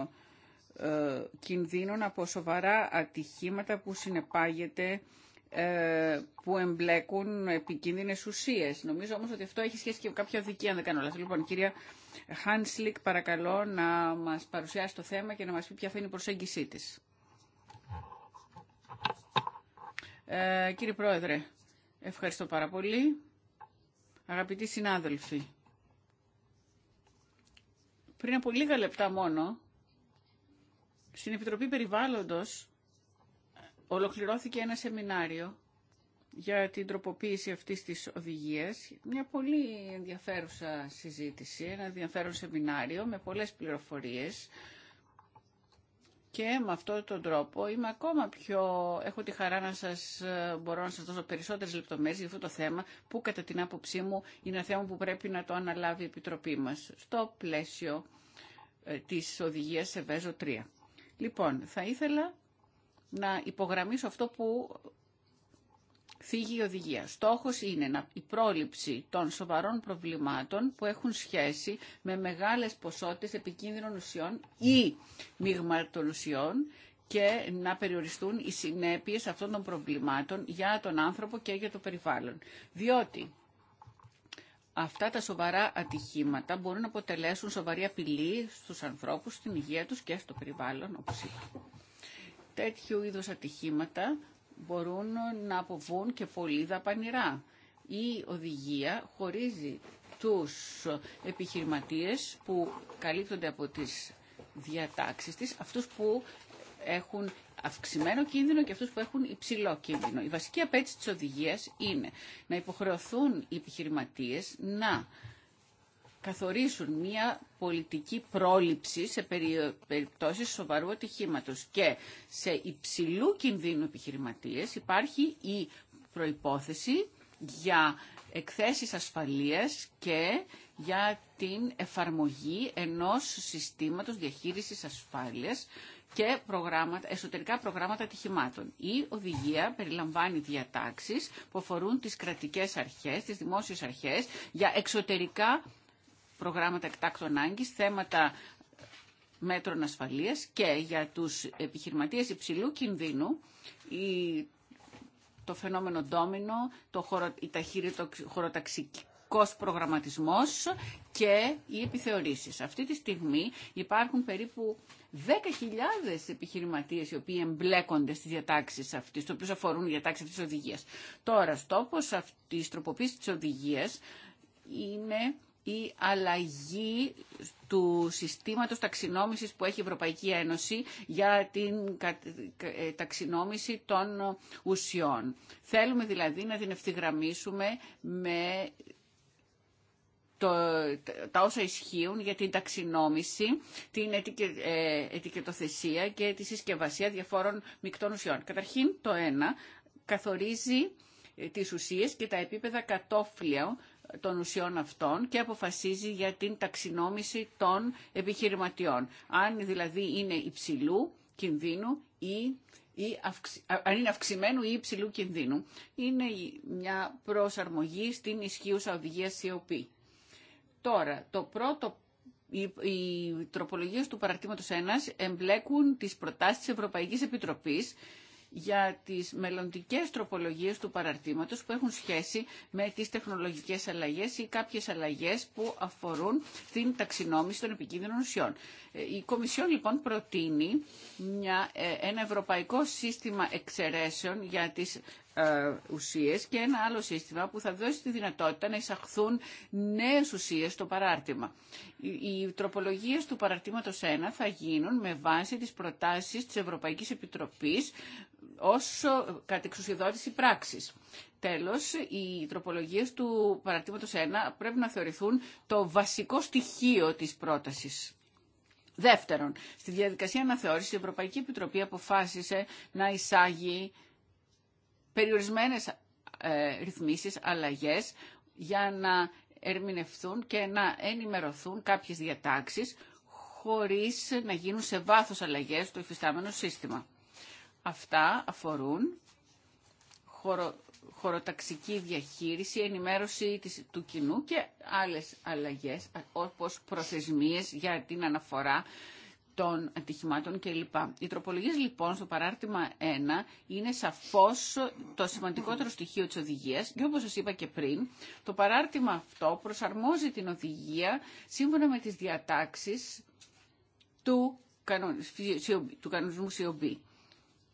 [SPEAKER 4] ε, κινδύνων από σοβαρά ατυχήματα που συνεπάγεται ε, που εμπλέκουν επικίνδυνες ουσίες. Νομίζω όμως ότι αυτό έχει σχέση και με κάποια δική αν δεν κάνω λάθος. Λοιπόν, κυρία Χάνσλικ, παρακαλώ να μας παρουσιάσει το θέμα και να μας πει ποια θα είναι η προσέγγισή της. Ε, κύριε Πρόεδρε, ευχαριστώ πάρα πολύ. Αγαπητοί συνάδελφοι, πριν από λίγα λεπτά μόνο, στην Επιτροπή Περιβάλλοντος ολοκληρώθηκε ένα σεμινάριο για την τροποποίηση αυτής της οδηγίας. Μια πολύ ενδιαφέρουσα συζήτηση, ένα ενδιαφέρον σεμινάριο με πολλές πληροφορίες και με αυτόν τον τρόπο είμαι ακόμα πιο... Έχω τη χαρά να σας μπορώ να σας δώσω περισσότερες λεπτομέρειες για αυτό το θέμα που κατά την άποψή μου είναι θέμα που πρέπει να το αναλάβει η Επιτροπή μας στο πλαίσιο ε, της οδηγίας Σεβέζο 3. Λοιπόν, θα ήθελα να υπογραμμίσω αυτό που θίγει η οδηγία. Στόχος είναι να, η πρόληψη των σοβαρών προβλημάτων που έχουν σχέση με μεγάλες ποσότητες επικίνδυνων ουσιών ή μειγμάτων ουσιών και να περιοριστούν οι συνέπειες αυτών των προβλημάτων για τον άνθρωπο και για το περιβάλλον. Διότι αυτά τα σοβαρά ατυχήματα μπορούν να αποτελέσουν σοβαρή απειλή στους ανθρώπους, στην υγεία τους και στο περιβάλλον, όπως είπα τέτοιου είδους ατυχήματα μπορούν να αποβούν και πολύ δαπανηρά. Η οδηγία χωρίζει τους επιχειρηματίες που καλύπτονται από τις διατάξεις της, αυτούς που έχουν αυξημένο κίνδυνο και αυτούς που έχουν υψηλό κίνδυνο. Η βασική απέτηση της οδηγίας είναι να υποχρεωθούν οι επιχειρηματίες να καθορίσουν μια πολιτική πρόληψη σε περιπτώσεις σοβαρού ατυχήματο. Και σε υψηλού κινδύνου επιχειρηματίες υπάρχει η προϋπόθεση για εκθέσεις ασφαλείας και για την εφαρμογή ενός συστήματος διαχείρισης ασφάλειας και προγράμματα, εσωτερικά προγράμματα ατυχημάτων. Η οδηγία περιλαμβάνει διατάξεις που αφορούν τις κρατικές αρχές, τις δημόσιες αρχές για εξωτερικά προγράμματα εκτάκτου ανάγκης, θέματα μέτρων ασφαλείας και για τους επιχειρηματίες υψηλού κινδύνου η, το φαινόμενο ντόμινο, το χωρο, η ταχύρητο χωροταξικός προγραμματισμός και οι επιθεωρήσεις. Αυτή τη στιγμή υπάρχουν περίπου 10.000 επιχειρηματίες οι οποίοι εμπλέκονται στις διατάξεις αυτής, το οποίο αφορούν οι διατάξεις αυτής της οδηγίας. Τώρα, στόχος αυτής της τροποποίησης της οδηγίας είναι η αλλαγή του συστήματος ταξινόμησης που έχει η Ευρωπαϊκή Ένωση για την ε, ταξινόμηση των ουσιών. Θέλουμε δηλαδή να την ευθυγραμμίσουμε με το, τα όσα ισχύουν για την ταξινόμηση, την ε, ετικετοθεσία και τη συσκευασία διαφόρων μεικτών ουσιών. Καταρχήν το ένα καθορίζει ε, τις ουσίες και τα επίπεδα κατόφλια των ουσιών αυτών και αποφασίζει για την ταξινόμηση των επιχειρηματιών. Αν δηλαδή είναι υψηλού κινδύνου ή αν είναι αυξημένου ή υψηλού κινδύνου, είναι μια προσαρμογή στην ισχύουσα οδηγία COP. Τώρα, το πρώτο, οι, τροπολογίες του παρατήματος 1 εμπλέκουν τις προτάσεις της Ευρωπαϊκής Επιτροπής για τις μελλοντικές τροπολογίες του παραρτήματος που έχουν σχέση με τις τεχνολογικές αλλαγές ή κάποιες αλλαγές που αφορούν την ταξινόμηση των επικίνδυνων ουσιών. Ε, η Κομισιόν λοιπόν προτείνει μια, ε, ένα ευρωπαϊκό σύστημα εξαιρέσεων για τις ε, ουσίες και ένα άλλο σύστημα που θα δώσει τη δυνατότητα να εισαχθούν νέες ουσίες στο παράρτημα. Οι τροπολογίες του παραρτήματος 1 θα γίνουν με βάση τις προτάσεις της Ευρωπαϊκής Επιτροπής ως κατεξουσιοδότηση πράξης. Τέλος, οι τροπολογίες του παρατήματος 1 πρέπει να θεωρηθούν το βασικό στοιχείο της πρότασης. Δεύτερον, στη διαδικασία αναθεώρησης η Ευρωπαϊκή Επιτροπή αποφάσισε να εισάγει περιορισμένες ε, ρυθμίσεις, αλλαγές για να ερμηνευθούν και να ενημερωθούν κάποιες διατάξεις χωρίς να γίνουν σε βάθος αλλαγές στο υφιστάμενο σύστημα. Αυτά αφορούν χωρο, χωροταξική διαχείριση, ενημέρωση του κοινού και άλλες αλλαγές όπως προθεσμίες για την αναφορά των ατυχημάτων κλπ. Οι τροπολογίε λοιπόν στο παράρτημα 1 είναι σαφώς το σημαντικότερο στοιχείο τη οδηγία, και όπω σας είπα και πριν, το παράρτημα αυτό προσαρμόζει την οδηγία σύμφωνα με τις διατάξεις του, κανονισμού COB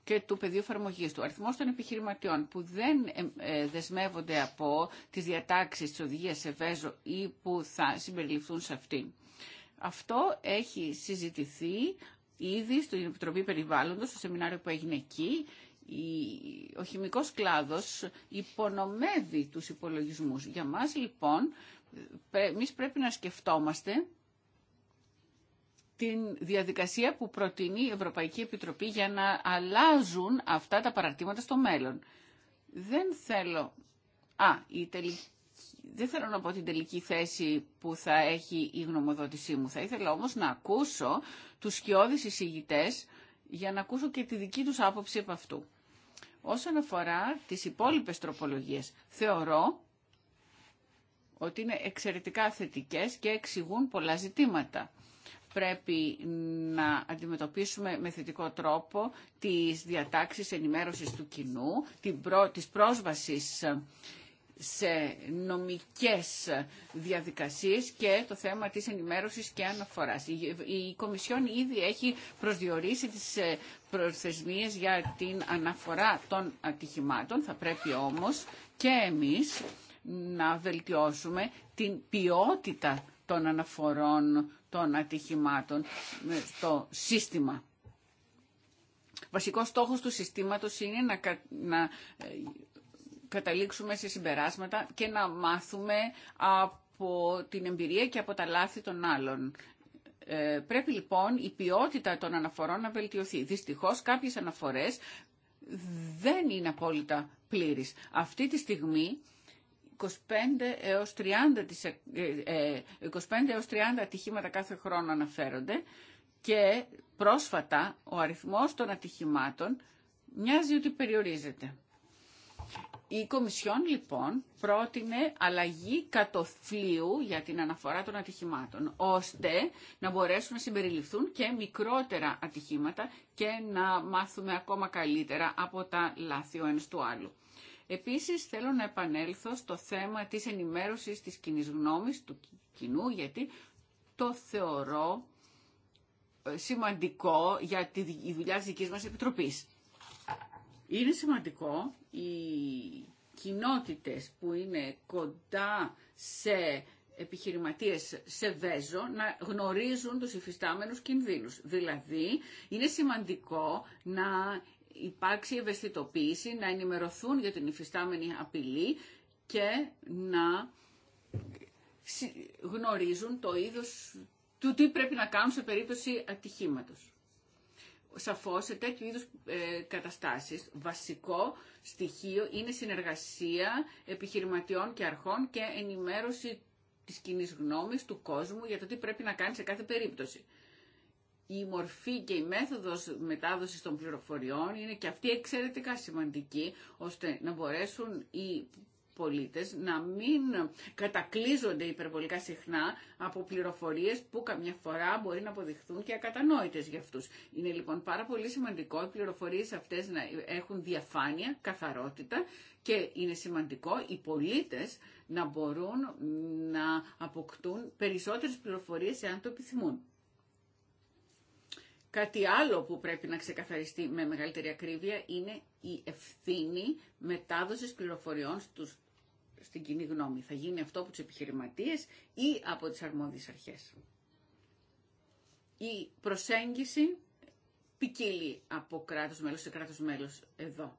[SPEAKER 4] και του πεδίου εφαρμογή του. Ο αριθμό των επιχειρηματιών που δεν ε, ε, δεσμεύονται από τι διατάξει τη οδηγία σε ή που θα συμπεριληφθούν σε αυτή. Αυτό έχει συζητηθεί ήδη στην Επιτροπή Περιβάλλοντος, στο σεμινάριο που έγινε εκεί. Ο χημικός κλάδος υπονομεύει τους υπολογισμούς. Για μας λοιπόν, εμεί πρέπει να σκεφτόμαστε την διαδικασία που προτείνει η Ευρωπαϊκή Επιτροπή για να αλλάζουν αυτά τα παραρτήματα στο μέλλον. Δεν θέλω... Α, η τελική... Δεν θέλω να πω την τελική θέση που θα έχει η γνωμοδότησή μου. Θα ήθελα όμως να ακούσω τους σκιώδεις εισηγητές για να ακούσω και τη δική τους άποψη από αυτού. Όσον αφορά τις υπόλοιπες τροπολογίες, θεωρώ ότι είναι εξαιρετικά θετικές και εξηγούν πολλά ζητήματα πρέπει να αντιμετωπίσουμε με θετικό τρόπο τις διατάξεις ενημέρωσης του κοινού, την της πρόσβασης σε νομικές διαδικασίες και το θέμα της ενημέρωσης και αναφοράς. Η Κομισιόν ήδη έχει προσδιορίσει τις ε, προθεσμίες για την αναφορά των ατυχημάτων. Θα πρέπει όμως και εμείς να βελτιώσουμε την ποιότητα των αναφορών των ατυχημάτων ε, στο σύστημα. Βασικός στόχος του συστήματος είναι να, ε, καταλήξουμε σε συμπεράσματα και να μάθουμε από την εμπειρία και από τα λάθη των άλλων. Ε, πρέπει λοιπόν η ποιότητα των αναφορών να βελτιωθεί. Δυστυχώς κάποιες αναφορές δεν είναι απόλυτα πλήρης. Αυτή τη στιγμή 25 έως 30, ε, ε, ατυχήματα κάθε χρόνο αναφέρονται και πρόσφατα ο αριθμός των ατυχημάτων μοιάζει ότι περιορίζεται. Η Κομισιόν λοιπόν πρότεινε αλλαγή κατοφλίου για την αναφορά των ατυχημάτων, ώστε να μπορέσουν να συμπεριληφθούν και μικρότερα ατυχήματα και να μάθουμε ακόμα καλύτερα από τα λάθη ο ένας του άλλου. Επίσης θέλω να επανέλθω στο θέμα της ενημέρωσης της κοινή γνώμης του κοινού γιατί το θεωρώ ε, σημαντικό για τη δουλειά της δικής μας Επιτροπής. Είναι σημαντικό οι κοινότητες που είναι κοντά σε επιχειρηματίες σε βέζο να γνωρίζουν τους υφιστάμενους κινδύνους. Δηλαδή, είναι σημαντικό να υπάρξει ευαισθητοποίηση, να ενημερωθούν για την υφιστάμενη απειλή και να γνωρίζουν το είδος του τι πρέπει να κάνουν σε περίπτωση ατυχήματος. Σαφώς σε τέτοιου είδους ε, καταστάσεις βασικό στοιχείο είναι συνεργασία επιχειρηματιών και αρχών και ενημέρωση της κοινή γνώμης του κόσμου για το τι πρέπει να κάνει σε κάθε περίπτωση η μορφή και η μέθοδος μετάδοσης των πληροφοριών είναι και αυτή εξαιρετικά σημαντική, ώστε να μπορέσουν οι πολίτες να μην κατακλείζονται υπερβολικά συχνά από πληροφορίες που καμιά φορά μπορεί να αποδειχθούν και ακατανόητες για αυτούς. Είναι λοιπόν πάρα πολύ σημαντικό οι πληροφορίες αυτές να έχουν διαφάνεια, καθαρότητα και είναι σημαντικό οι πολίτες να μπορούν να αποκτούν περισσότερες πληροφορίες εάν το επιθυμούν. Κάτι άλλο που πρέπει να ξεκαθαριστεί με μεγαλύτερη ακρίβεια είναι η ευθύνη μετάδοσης πληροφοριών στους, στην κοινή γνώμη. Θα γίνει αυτό από τους επιχειρηματίες ή από τις αρμόδιες αρχές. Η προσέγγιση ποικίλει από κράτος μέλος σε κράτος μέλος εδώ.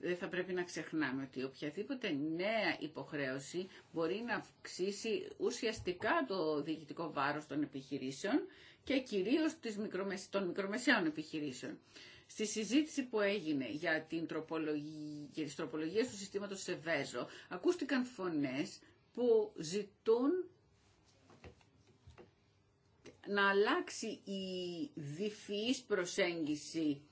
[SPEAKER 4] Δεν θα πρέπει να ξεχνάμε ότι οποιαδήποτε νέα υποχρέωση μπορεί να αυξήσει ουσιαστικά το διοικητικό βάρος των επιχειρήσεων και κυρίως των μικρομεσαίων επιχειρήσεων. Στη συζήτηση που έγινε για, την τροπολογία, για τις τροπολογίες του συστήματος Σεβέζο, ακούστηκαν φωνές που ζητούν να αλλάξει η διφυής προσέγγιση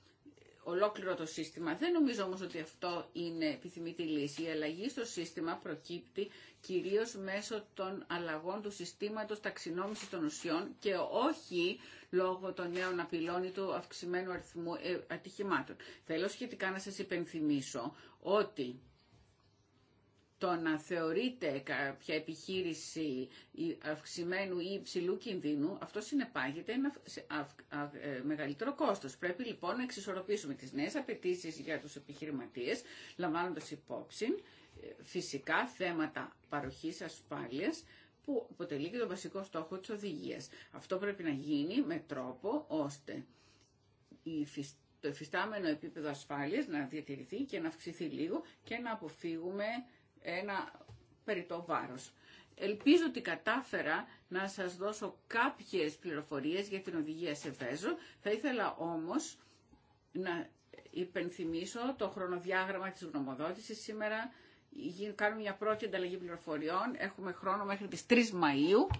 [SPEAKER 4] ολόκληρο το σύστημα. Δεν νομίζω όμως ότι αυτό είναι επιθυμητή λύση. Η αλλαγή στο σύστημα προκύπτει κυρίως μέσω των αλλαγών του συστήματος ταξινόμησης των ουσιών και όχι λόγω των νέων απειλών ή του αυξημένου αριθμού ε, ατυχημάτων. Θέλω σχετικά να σας υπενθυμίσω ότι το να θεωρείται κάποια επιχείρηση αυξημένου ή υψηλού κινδύνου, αυτό συνεπάγεται ένα ε, μεγαλύτερο κόστος. Πρέπει λοιπόν να εξισορροπήσουμε τις νέες απαιτήσεις για τους επιχειρηματίες, λαμβάνοντας υπόψη ε, φυσικά θέματα παροχής ασφάλειας, που αποτελεί και τον βασικό στόχο της οδηγίας. Αυτό πρέπει να γίνει με τρόπο ώστε το εφιστάμενο επίπεδο ασφάλειας να διατηρηθεί και να αυξηθεί λίγο και να αποφύγουμε ένα περιττό βάρος. Ελπίζω ότι κατάφερα να σας δώσω κάποιες πληροφορίες για την οδηγία σε βέζο. Θα ήθελα όμως να υπενθυμίσω το χρονοδιάγραμμα της γνωμοδότησης σήμερα. Κάνουμε μια πρώτη ανταλλαγή πληροφοριών. Έχουμε χρόνο μέχρι τις 3 Μαΐου.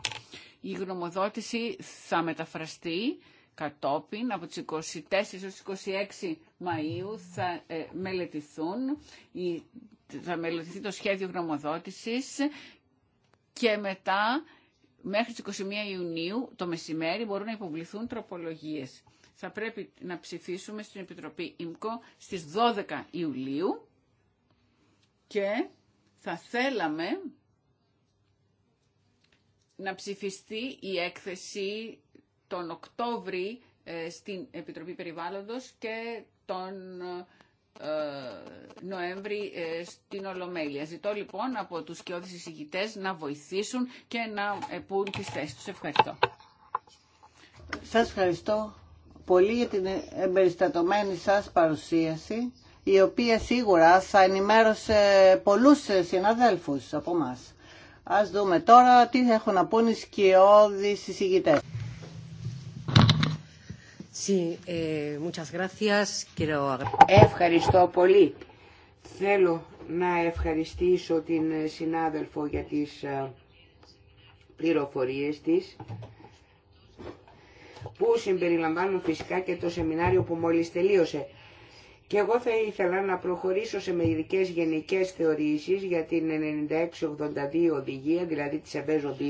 [SPEAKER 4] Η γνωμοδότηση θα μεταφραστεί κατόπιν από τις 24 έως 26 Μαΐου θα ε, μελετηθούν οι θα μελετηθεί το σχέδιο γνωμοδότησης και μετά μέχρι τις 21 Ιουνίου το μεσημέρι μπορούν να υποβληθούν τροπολογίες. Θα πρέπει να ψηφίσουμε στην Επιτροπή ΙΜΚΟ στις 12 Ιουλίου και θα θέλαμε να ψηφιστεί η έκθεση τον Οκτώβρη ε, στην Επιτροπή Περιβάλλοντος και τον ε, ε, Νοέμβρη ε, στην Ολομέλεια. Ζητώ λοιπόν από τους σκιώδει συγιτές να βοηθήσουν και να ε, πούν τις θέσεις τους. Ευχαριστώ.
[SPEAKER 2] Σας ευχαριστώ πολύ για την εμπεριστατωμένη σας παρουσίαση η οποία σίγουρα θα ενημέρωσε πολλούς συναδέλφους από μας. Ας δούμε τώρα τι έχουν να πούν οι σκιώδει
[SPEAKER 3] Eh, Ευχαριστώ πολύ. Θέλω να ευχαριστήσω την ε, συνάδελφο για τις ε, πληροφορίες της που συμπεριλαμβάνουν φυσικά και το σεμινάριο που μόλις τελείωσε. Και εγώ θα ήθελα να προχωρήσω σε μερικέ γενικές θεωρήσεις για την 9682 οδηγία, δηλαδή τη Σεβέζο 2,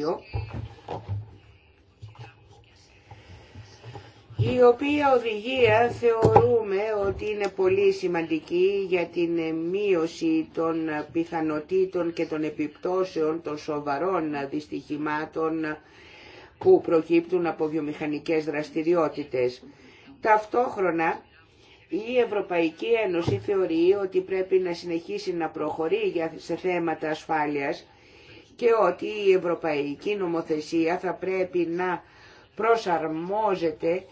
[SPEAKER 3] η οποία οδηγία θεωρούμε ότι είναι πολύ σημαντική για την μείωση των πιθανοτήτων και των επιπτώσεων των σοβαρών δυστυχημάτων που προκύπτουν από βιομηχανικές δραστηριότητες. Ταυτόχρονα η Ευρωπαϊκή Ένωση θεωρεί ότι πρέπει να συνεχίσει να προχωρεί σε θέματα ασφάλειας και ότι η Ευρωπαϊκή Νομοθεσία θα πρέπει να προσαρμόζεται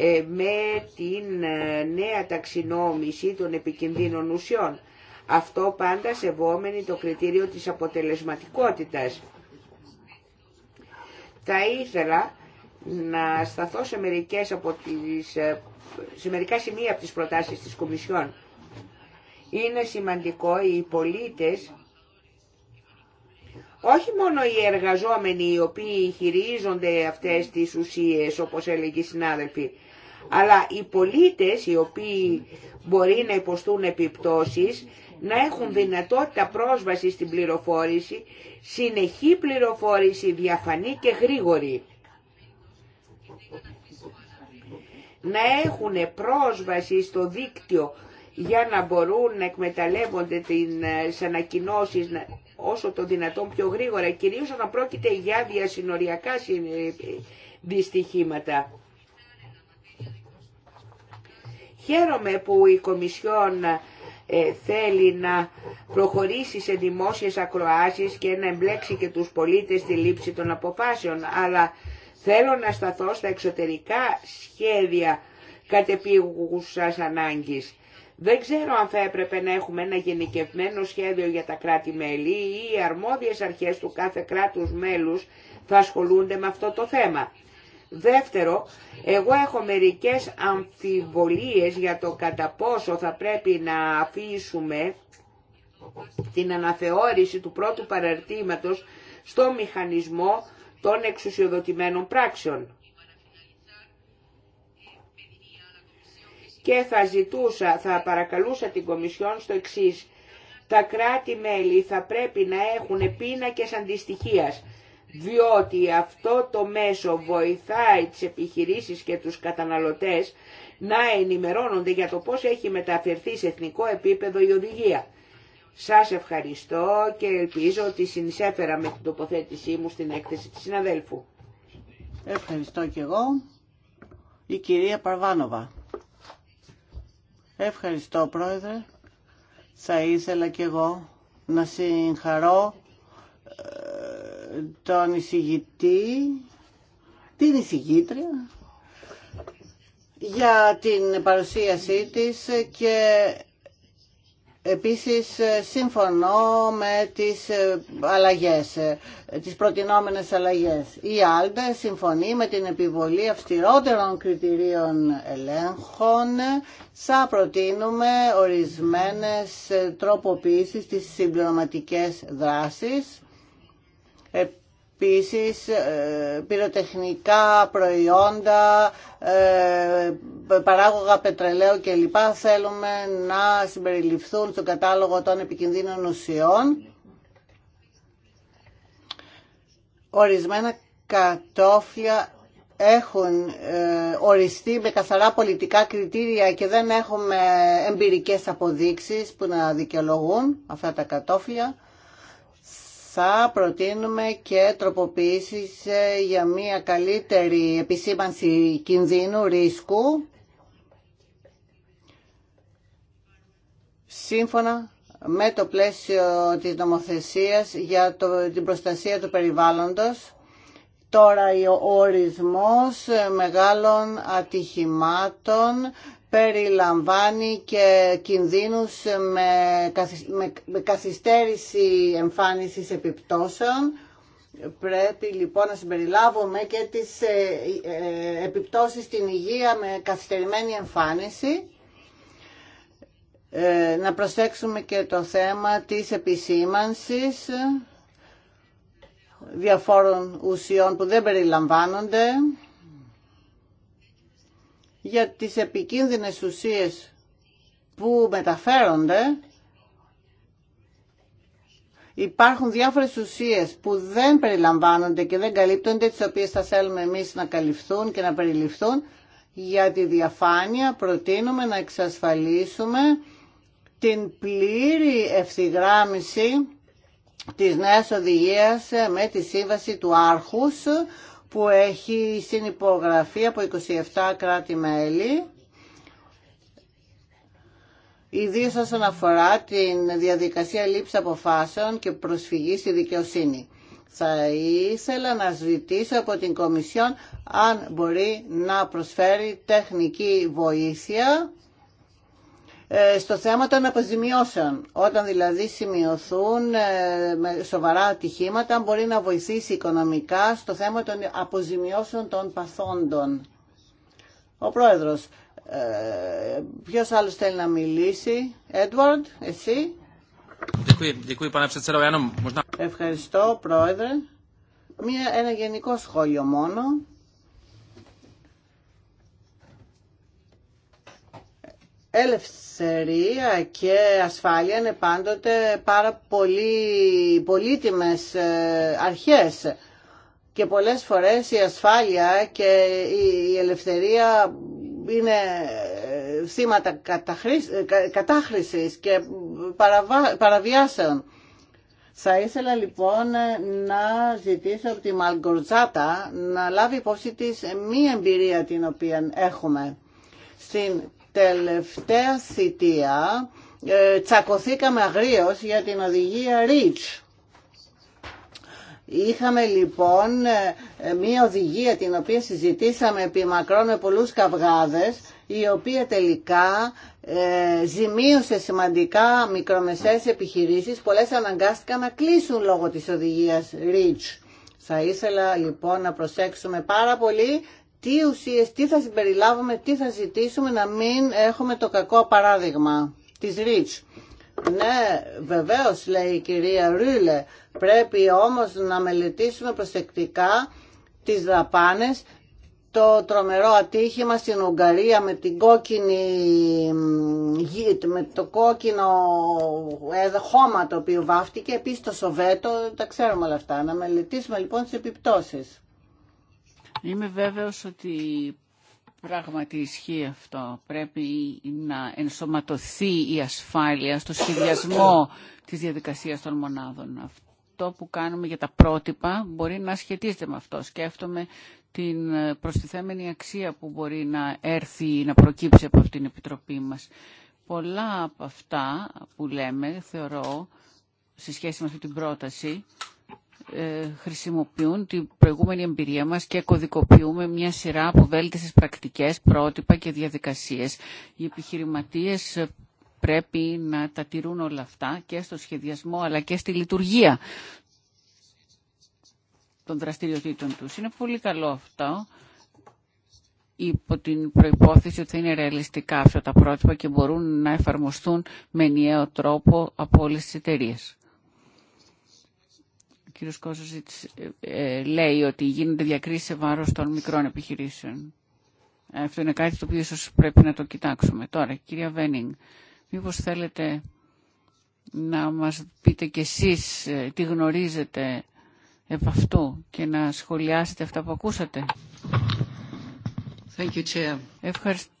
[SPEAKER 3] ε, με την ε, νέα ταξινόμηση των επικινδύνων ουσιών. Αυτό πάντα σεβόμενοι το κριτήριο της αποτελεσματικότητας. Θα ήθελα να σταθώ σε, μερικές από τις, ε, σε μερικά σημεία από τις προτάσεις της Κομισιόν. Είναι σημαντικό οι πολίτες, όχι μόνο οι εργαζόμενοι οι οποίοι χειρίζονται αυτές τις ουσίες, όπως έλεγε η συνάδελφη, αλλά οι πολίτες οι οποίοι μπορεί να υποστούν επιπτώσεις να έχουν δυνατότητα πρόσβαση στην πληροφόρηση, συνεχή πληροφόρηση διαφανή και γρήγορη. Να έχουν πρόσβαση στο δίκτυο για να μπορούν να εκμεταλλεύονται ε, τις ανακοινώσει όσο το δυνατόν πιο γρήγορα, κυρίως όταν πρόκειται για διασυνοριακά ε, δυστυχήματα. Χαίρομαι που η Κομισιόν ε, θέλει να προχωρήσει σε δημόσιες ακροάσεις και να εμπλέξει και τους πολίτες στη λήψη των αποφάσεων, αλλά θέλω να σταθώ στα εξωτερικά σχέδια κατεπίγουσας ανάγκης. Δεν ξέρω αν θα έπρεπε να έχουμε ένα γενικευμένο σχέδιο για τα κράτη-μέλη ή οι αρμόδιες αρχές του κάθε κράτους μέλους θα ασχολούνται με αυτό το θέμα. Δεύτερο, εγώ έχω μερικές αμφιβολίες για το κατά πόσο θα πρέπει να αφήσουμε την αναθεώρηση του πρώτου παραρτήματος στο μηχανισμό των εξουσιοδοτημένων πράξεων. Και θα ζητούσα, θα παρακαλούσα την Κομισιόν στο εξής. Τα κράτη-μέλη θα πρέπει να έχουν πίνακες αντιστοιχίας διότι αυτό το μέσο βοηθάει τις επιχειρήσεις και τους καταναλωτές να ενημερώνονται για το πώς έχει μεταφερθεί σε εθνικό επίπεδο η οδηγία. Σας ευχαριστώ και ελπίζω ότι συνεισέφερα με την τοποθέτησή μου στην έκθεση της συναδέλφου. Ευχαριστώ και εγώ. Η κυρία
[SPEAKER 2] Παρβάνοβα. Ευχαριστώ πρόεδρε. Θα ήθελα και εγώ να συγχαρώ ε, τον εισηγητή, την εισηγήτρια, για την παρουσίασή της και Επίσης, συμφωνώ με τις αλλαγές, τις προτινόμενες αλλαγές. Η ΆΛΔΕ συμφωνεί με την επιβολή αυστηρότερων κριτηρίων ελέγχων. Θα προτείνουμε ορισμένες τροποποιήσεις στις συμπληρωματικές δράσεις Επίσης ε, πυροτεχνικά προϊόντα, ε, παράγωγα πετρελαίου κλπ. θέλουμε να συμπεριληφθούν στον κατάλογο των επικινδύνων ουσιών. Ορισμένα κατόφλια έχουν ε, οριστεί με καθαρά πολιτικά κριτήρια και δεν έχουμε εμπειρικές αποδείξεις που να δικαιολογούν αυτά τα κατόφλια θα προτείνουμε και τροποποιήσεις ε, για μια καλύτερη επισήμανση κινδύνου, ρίσκου, σύμφωνα με το πλαίσιο της νομοθεσίας για το, την προστασία του περιβάλλοντος. Τώρα ο ορισμός μεγάλων ατυχημάτων περιλαμβάνει και κινδύνους με καθυστέρηση εμφάνισης επιπτώσεων. Πρέπει λοιπόν να συμπεριλάβουμε και τις ε, ε, επιπτώσεις στην υγεία με καθυστερημένη εμφάνιση. Ε, να προσέξουμε και το θέμα της επισήμανσης διαφόρων ουσιών που δεν περιλαμβάνονται για τις επικίνδυνες ουσίες που μεταφέρονται υπάρχουν διάφορες ουσίες που δεν περιλαμβάνονται και δεν καλύπτονται, τις οποίες θα θέλουμε εμείς να καλυφθούν και να περιληφθούν. Για τη διαφάνεια προτείνουμε να εξασφαλίσουμε την πλήρη ευθυγράμμιση της νέας οδηγίας με τη σύμβαση του άρχους που έχει συνυπογραφεί από 27 κράτη-μέλη ιδίως όσον αφορά την διαδικασία λήψη αποφάσεων και προσφυγή στη δικαιοσύνη. Θα ήθελα να ζητήσω από την Κομισιόν αν μπορεί να προσφέρει τεχνική βοήθεια ε, στο θέμα των αποζημιώσεων. Όταν δηλαδή σημειωθούν ε, σοβαρά ατυχήματα μπορεί να βοηθήσει οικονομικά στο θέμα των αποζημιώσεων των παθόντων. Ο Πρόεδρος, ε, ποιος άλλος θέλει να μιλήσει. Έντουαρντ, εσύ. Ευχαριστώ, Πρόεδρε. Μία, ένα γενικό σχόλιο μόνο. ελευθερία και ασφάλεια είναι πάντοτε πάρα πολύ πολύτιμες ε, αρχές και πολλές φορές η ασφάλεια και η ελευθερία είναι ε, θύματα ε, κατάχρησης και παραβιάσεων. Θα ήθελα λοιπόν να ζητήσω από τη Μαλγκορτζάτα να λάβει υπόψη της μία εμπειρία την οποία έχουμε. Στην τελευταία θητεία ε, τσακωθήκαμε αγρίως για την οδηγία REACH. Είχαμε λοιπόν ε, ε, μία οδηγία την οποία συζητήσαμε επί μακρό με πολλούς καυγάδες η οποία τελικά ζημίωσε σημαντικά μικρομεσαίες επιχειρήσεις. Πολλές αναγκάστηκαν να κλείσουν λόγω της οδηγίας REACH. Θα ήθελα λοιπόν να προσέξουμε πάρα πολύ τι ουσίες, τι θα συμπεριλάβουμε, τι θα ζητήσουμε να μην έχουμε το κακό παράδειγμα της Ριτς. Ναι, βεβαίως λέει η κυρία Ρούλε, πρέπει όμως να μελετήσουμε προσεκτικά τις δαπάνες, το τρομερό ατύχημα στην Ουγγαρία με, την κόκκινη, με το κόκκινο ε, χώμα το οποίο βάφτηκε, επίσης το Σοβέτο, τα ξέρουμε όλα αυτά. Να μελετήσουμε λοιπόν τις επιπτώσεις.
[SPEAKER 4] Είμαι βέβαιος ότι πράγματι ισχύει αυτό. Πρέπει να ενσωματωθεί η ασφάλεια στο σχεδιασμό της διαδικασίας των μονάδων. Αυτό που κάνουμε για τα πρότυπα μπορεί να σχετίζεται με αυτό. Σκέφτομαι την προστιθέμενη αξία που μπορεί να έρθει, να προκύψει από αυτήν την Επιτροπή μας. Πολλά από αυτά που λέμε, θεωρώ, σε σχέση με αυτή την πρόταση, ε, χρησιμοποιούν την προηγούμενη εμπειρία μας και κωδικοποιούμε μια σειρά από βέλτιστες πρακτικές, πρότυπα και διαδικασίες. Οι επιχειρηματίες πρέπει να τα τηρούν όλα αυτά και στο σχεδιασμό αλλά και στη λειτουργία των δραστηριοτήτων τους. Είναι πολύ καλό αυτό υπό την προϋπόθεση ότι θα είναι ρεαλιστικά αυτά τα πρότυπα και μπορούν να εφαρμοστούν με ενιαίο τρόπο από όλες τις εταιρείες κύριος Κόζοζιτς ε, ε, λέει ότι γίνονται διακρίσεις σε βάρος των μικρών επιχειρήσεων. Ε, αυτό είναι κάτι το οποίο ίσως πρέπει να το κοιτάξουμε. Τώρα, κυρία Βένινγκ, μήπως θέλετε να μας πείτε κι εσείς τι γνωρίζετε επ' αυτού και να σχολιάσετε αυτά που ακούσατε. Thank you, Chair. Ευχαριστώ,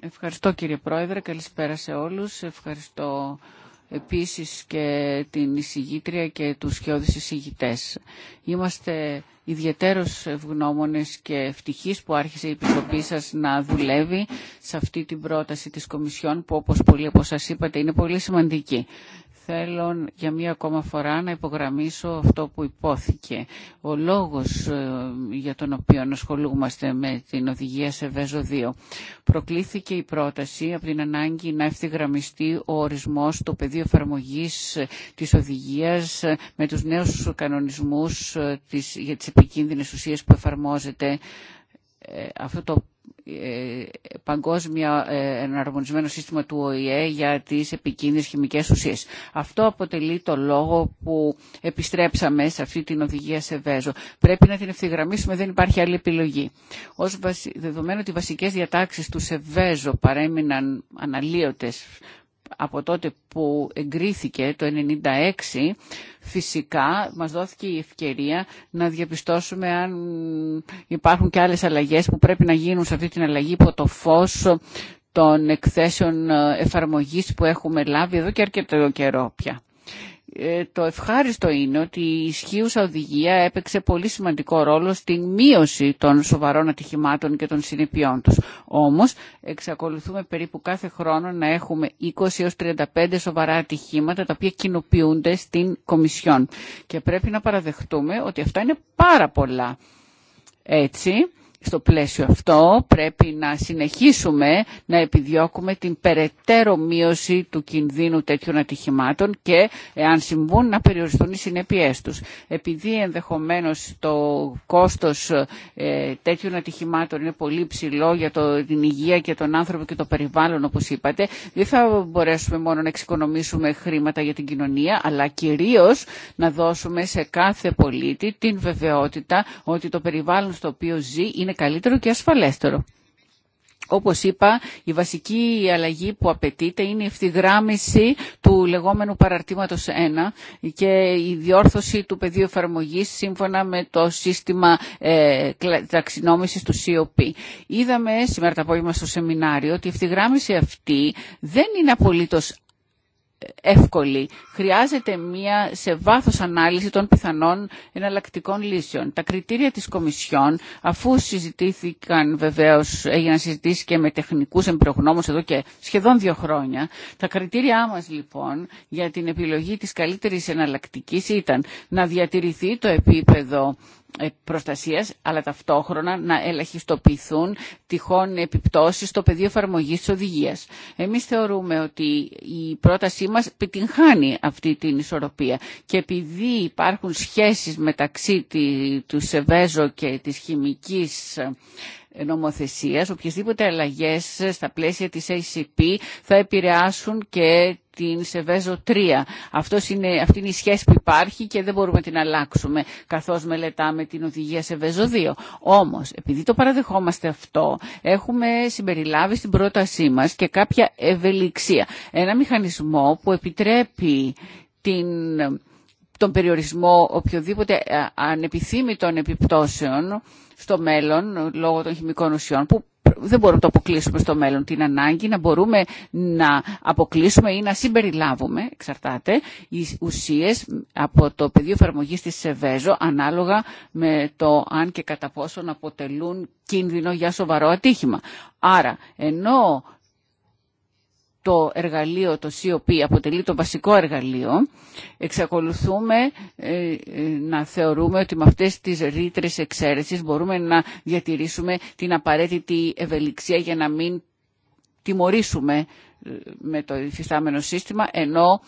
[SPEAKER 4] ευχαριστώ κύριε Πρόεδρε, καλησπέρα σε όλους. Ευχαριστώ επίσης και την εισηγήτρια και τους σχεώδεις εισηγητές. Είμαστε ιδιαιτέρως ευγνώμονες και ευτυχείς που άρχισε η Επιτροπή σας να δουλεύει σε αυτή την πρόταση της Κομισιόν που όπως πολύ από σας είπατε είναι πολύ σημαντική θέλω για μία ακόμα φορά να υπογραμμίσω αυτό που υπόθηκε. Ο λόγος ε, για τον οποίο ασχολούμαστε με την οδηγία σε Βέζο 2 προκλήθηκε η πρόταση από την ανάγκη να ευθυγραμμιστεί ο ορισμός του πεδίου εφαρμογή ε, της οδηγίας ε, με τους νέους κανονισμούς για τις επικίνδυνες ουσίες που εφαρμόζεται ε, αυτό το ε, παγκόσμιο ε, εναρμονισμένο σύστημα του ΟΗΕ για τις επικίνδυνες χημικές ουσίες. Αυτό αποτελεί το λόγο που επιστρέψαμε σε αυτή την οδηγία σε βέζο. Πρέπει να την ευθυγραμμίσουμε, δεν υπάρχει άλλη επιλογή. Ως βασι... δεδομένου ότι οι βασικές διατάξεις του σε βέζο παρέμειναν αναλύωτες από τότε που εγκρίθηκε το 1996, φυσικά μας δόθηκε η ευκαιρία να διαπιστώσουμε αν υπάρχουν και άλλες αλλαγές που πρέπει να γίνουν σε αυτή την αλλαγή υπό το φως των εκθέσεων εφαρμογής που έχουμε λάβει εδώ και αρκετό καιρό πια. Ε, το ευχάριστο είναι ότι η ισχύουσα οδηγία έπαιξε πολύ σημαντικό ρόλο στην μείωση των σοβαρών ατυχημάτων και των συνεπειών τους. Όμως, εξακολουθούμε περίπου κάθε χρόνο να έχουμε 20 έως 35 σοβαρά ατυχήματα τα οποία κοινοποιούνται στην Κομισιόν. Και πρέπει να παραδεχτούμε ότι αυτά είναι πάρα πολλά. Έτσι, στο πλαίσιο αυτό πρέπει να συνεχίσουμε να επιδιώκουμε την περαιτέρω μείωση του κινδύνου τέτοιων ατυχημάτων και εάν συμβούν να περιοριστούν οι συνέπειές τους. Επειδή ενδεχομένως το κόστος ε, τέτοιων ατυχημάτων είναι πολύ ψηλό για την υγεία και τον άνθρωπο και το περιβάλλον όπως είπατε, δεν θα μπορέσουμε μόνο να εξοικονομήσουμε χρήματα για την κοινωνία, αλλά κυρίως να δώσουμε σε κάθε πολίτη την βεβαιότητα ότι το περιβάλλον στο οποίο ζει είναι καλύτερο και ασφαλέστερο. Όπως είπα, η βασική αλλαγή που απαιτείται είναι η ευθυγράμμιση του λεγόμενου παραρτήματος 1 και η διόρθωση του πεδίου εφαρμογή σύμφωνα με το σύστημα ε, ταξινόμησης του COP. Είδαμε σήμερα το απόγευμα στο σεμινάριο ότι η ευθυγράμμιση αυτή δεν είναι απολύτως εύκολη. Χρειάζεται μία σε βάθος ανάλυση των πιθανών εναλλακτικών λύσεων. Τα κριτήρια της Κομισιόν, αφού συζητήθηκαν βεβαίως, έγιναν συζητήσει και με τεχνικούς εμπειρογνώμους εδώ και σχεδόν δύο χρόνια, τα κριτήριά μας λοιπόν για την επιλογή της καλύτερης εναλλακτική ήταν να διατηρηθεί το επίπεδο ε, προστασίας, αλλά ταυτόχρονα να ελαχιστοποιηθούν τυχόν επιπτώσεις στο πεδίο εφαρμογή της οδηγίας. Εμείς θεωρούμε ότι η πρότασή μας επιτυγχάνει αυτή την ισορροπία και επειδή υπάρχουν σχέσεις μεταξύ του Σεβέζο και της χημικής νομοθεσίας, οποιασδήποτε αλλαγές στα πλαίσια της ACP θα επηρεάσουν και την Σεβέζο 3. Αυτός είναι, αυτή είναι η σχέση που υπάρχει και δεν μπορούμε την αλλάξουμε καθώς μελετάμε την οδηγία Σεβέζο 2. Όμως, επειδή το παραδεχόμαστε αυτό, έχουμε συμπεριλάβει στην πρότασή μας και κάποια ευελιξία. Ένα μηχανισμό που επιτρέπει την τον περιορισμό οποιοδήποτε ε, ανεπιθύμητων επιπτώσεων στο μέλλον λόγω των χημικών ουσιών που δεν μπορούμε να το αποκλείσουμε στο μέλλον την ανάγκη να μπορούμε να αποκλείσουμε ή να συμπεριλάβουμε, εξαρτάται, οι ουσίες από το πεδίο εφαρμογή της ΣΕΒΕΖΟ ανάλογα με το αν και κατά πόσον αποτελούν κίνδυνο για σοβαρό ατύχημα. Άρα, ενώ το εργαλείο, το COP, αποτελεί το βασικό εργαλείο, εξακολουθούμε ε, ε, να θεωρούμε ότι με αυτές τις ρήτρε εξαίρεσης μπορούμε να διατηρήσουμε την απαραίτητη ευελιξία για να μην τιμωρήσουμε με το υφιστάμενο σύστημα, ενώ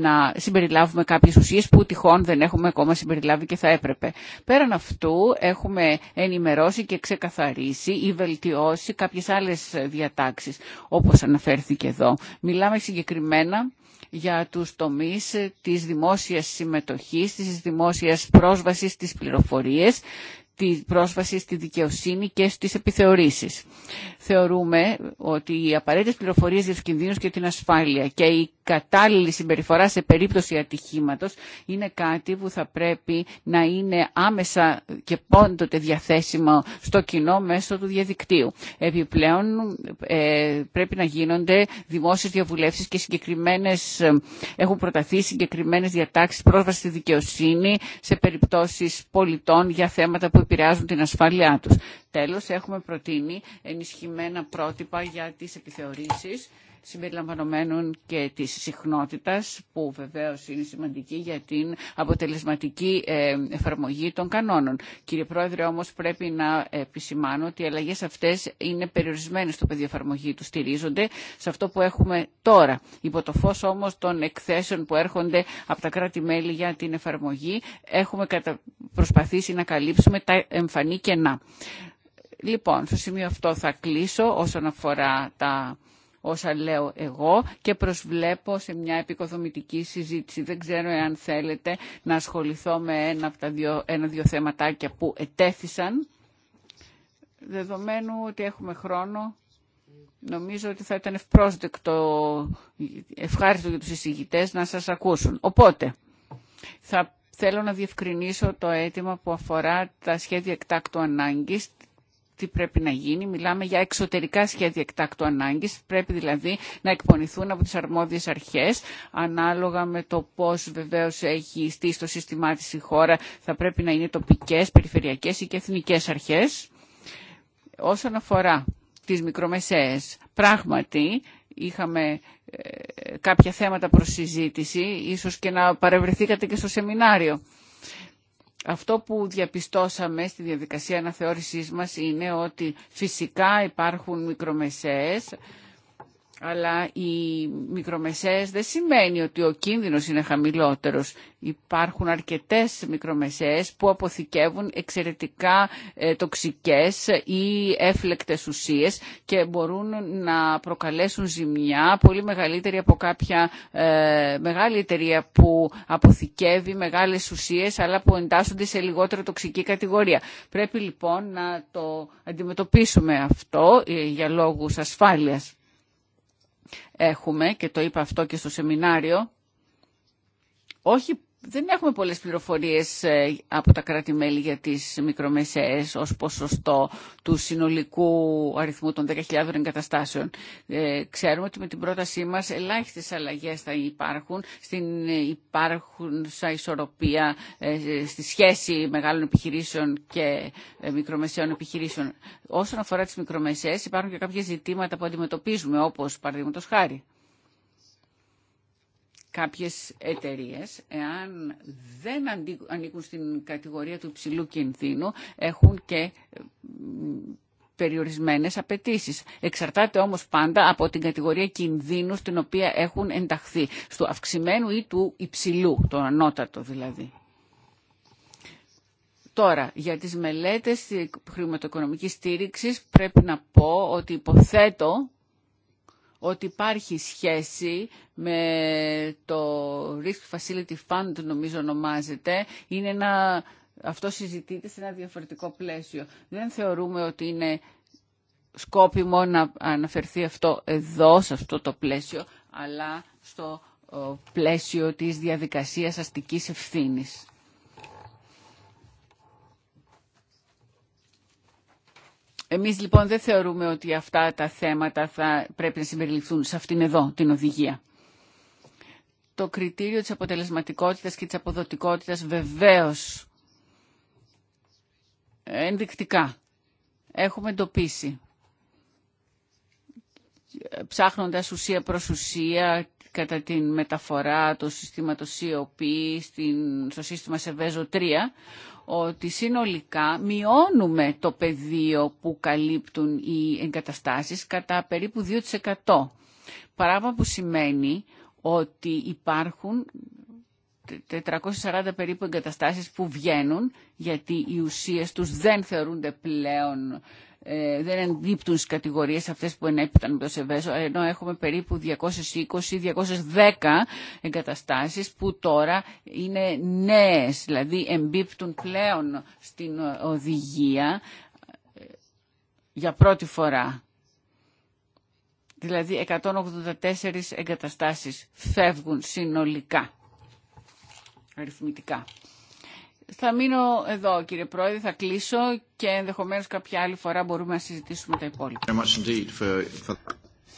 [SPEAKER 4] να συμπεριλάβουμε κάποιες ουσίες που τυχόν δεν έχουμε ακόμα συμπεριλάβει και θα έπρεπε. Πέραν αυτού έχουμε ενημερώσει και ξεκαθαρίσει ή βελτιώσει κάποιες άλλες διατάξεις, όπως αναφέρθηκε εδώ. Μιλάμε συγκεκριμένα για τους τομείς της δημόσιας συμμετοχής, της δημόσιας πρόσβασης στις πληροφορίες, τη πρόσβαση στη δικαιοσύνη και στις επιθεωρήσεις. Θεωρούμε ότι οι απαραίτητες πληροφορίες για τους κινδύνους και την ασφάλεια και η κατάλληλη συμπεριφορά σε περίπτωση ατυχήματος είναι κάτι που θα πρέπει να είναι άμεσα και πόντοτε διαθέσιμο στο κοινό μέσω του διαδικτύου. Επιπλέον ε, πρέπει να γίνονται δημόσιες διαβουλεύσεις και συγκεκριμένες, ε, έχουν προταθεί συγκεκριμένες διατάξεις πρόσβαση στη δικαιοσύνη σε περιπτώσεις πολιτών για θέματα που επηρεάζουν την ασφάλειά τους. Τέλος, έχουμε προτείνει ενισχυμένα πρότυπα για τις επιθεωρήσεις συμπεριλαμβανομένων και της συχνότητας που βεβαίως είναι σημαντική για την αποτελεσματική ε, εφαρμογή των κανόνων. Κύριε Πρόεδρε όμως πρέπει να επισημάνω ότι οι αλλαγές αυτές είναι περιορισμένες στο πεδίο εφαρμογή του, στηρίζονται σε αυτό που έχουμε τώρα. Υπό το φως όμως των εκθέσεων που έρχονται από τα κράτη-μέλη για την εφαρμογή έχουμε προσπαθήσει να καλύψουμε τα εμφανή κενά. Λοιπόν, στο σημείο αυτό θα κλείσω όσον αφορά τα όσα λέω εγώ και προσβλέπω σε μια επικοδομητική συζήτηση. Δεν ξέρω εάν θέλετε να ασχοληθώ με ένα από τα δύο, ένα-δύο θεματάκια που ετέθησαν. Δεδομένου ότι έχουμε χρόνο, νομίζω ότι θα ήταν ευπρόσδεκτο, ευχάριστο για τους εισηγητές να σας ακούσουν. Οπότε, θα θέλω να διευκρινίσω το αίτημα που αφορά τα σχέδια εκτάκτου ανάγκης, τι πρέπει να γίνει. Μιλάμε για εξωτερικά σχέδια εκτάκτου ανάγκης. Πρέπει δηλαδή να εκπονηθούν από τις αρμόδιες αρχές, ανάλογα με το πώς βεβαίως έχει στήσει το σύστημά της η χώρα. Θα πρέπει να είναι τοπικές, περιφερειακές ή και εθνικές αρχές. Όσον αφορά τις μικρομεσαίες, πράγματι είχαμε ε, κάποια θέματα προς συζήτηση, ίσως και να παρευρεθήκατε και στο σεμινάριο. Αυτό που διαπιστώσαμε στη διαδικασία αναθεώρησής μας είναι ότι φυσικά υπάρχουν μικρομεσαίες αλλά οι μικρομεσαίες δεν σημαίνει ότι ο κίνδυνος είναι χαμηλότερος. Υπάρχουν αρκετές μικρομεσαίες που αποθηκεύουν εξαιρετικά ε, τοξικές ή έφλεκτες ουσίες και μπορούν να προκαλέσουν ζημιά πολύ μεγαλύτερη από κάποια ε, μεγάλη εταιρεία που αποθηκεύει μεγάλες ουσίες αλλά που εντάσσονται σε λιγότερο τοξική κατηγορία. Πρέπει λοιπόν να το αντιμετωπίσουμε αυτό ε, για λόγους ασφάλειας έχουμε, και το είπα αυτό και στο σεμινάριο, όχι δεν έχουμε πολλές πληροφορίες ε, από τα κράτη-μέλη για τις μικρομεσαίες ως ποσοστό του συνολικού αριθμού των 10.000 εγκαταστάσεων. Ε, ξέρουμε ότι με την πρότασή μας ελάχιστες αλλαγές θα υπάρχουν στην ε, υπάρχουσα ισορροπία στη σχέση μεγάλων επιχειρήσεων και μικρομεσαίων επιχειρήσεων. Όσον αφορά τις μικρομεσαίες υπάρχουν και κάποια ζητήματα που αντιμετωπίζουμε όπως παραδείγματος χάρη κάποιες εταιρείες, εάν δεν ανήκουν στην κατηγορία του υψηλού κινδύνου, έχουν και περιορισμένες απαιτήσει. Εξαρτάται όμως πάντα από την κατηγορία κινδύνου στην οποία έχουν ενταχθεί, στο αυξημένου ή του υψηλού, το ανώτατο δηλαδή. Τώρα, για τις μελέτες χρηματοοικονομικής στήριξης πρέπει να πω ότι υποθέτω ότι υπάρχει σχέση με το Risk Facility Fund, νομίζω ονομάζεται. Είναι ένα, αυτό συζητείται σε ένα διαφορετικό πλαίσιο. Δεν θεωρούμε ότι είναι σκόπιμο να αναφερθεί αυτό εδώ, σε αυτό το πλαίσιο, αλλά στο πλαίσιο της διαδικασίας αστικής ευθύνης. Εμείς λοιπόν δεν θεωρούμε ότι αυτά τα θέματα θα πρέπει να συμπεριληφθούν σε αυτήν εδώ την οδηγία. Το κριτήριο της αποτελεσματικότητας και της αποδοτικότητας βεβαίως ενδεικτικά έχουμε εντοπίσει ψάχνοντας ουσία προς ουσία κατά την μεταφορά του συστήματος COP στο σύστημα Σεβέζο 3, ότι συνολικά μειώνουμε το πεδίο που καλύπτουν οι εγκαταστάσεις κατά περίπου 2%. Πράγμα που σημαίνει ότι υπάρχουν 440 περίπου εγκαταστάσεις που βγαίνουν γιατί οι ουσίες τους δεν θεωρούνται πλέον ε, δεν εντύπτουν στις κατηγορίες αυτές που ενέπιταν με το σεβεζο ενω ενώ έχουμε περίπου 220-210 εγκαταστάσεις που τώρα είναι νέες, δηλαδή εμπίπτουν πλέον στην οδηγία ε, για πρώτη φορά. Δηλαδή 184 εγκαταστάσεις φεύγουν συνολικά, αριθμητικά. Θα μείνω εδώ κύριε Πρόεδρε, θα κλείσω και ενδεχομένως κάποια άλλη φορά μπορούμε να συζητήσουμε τα υπόλοιπα.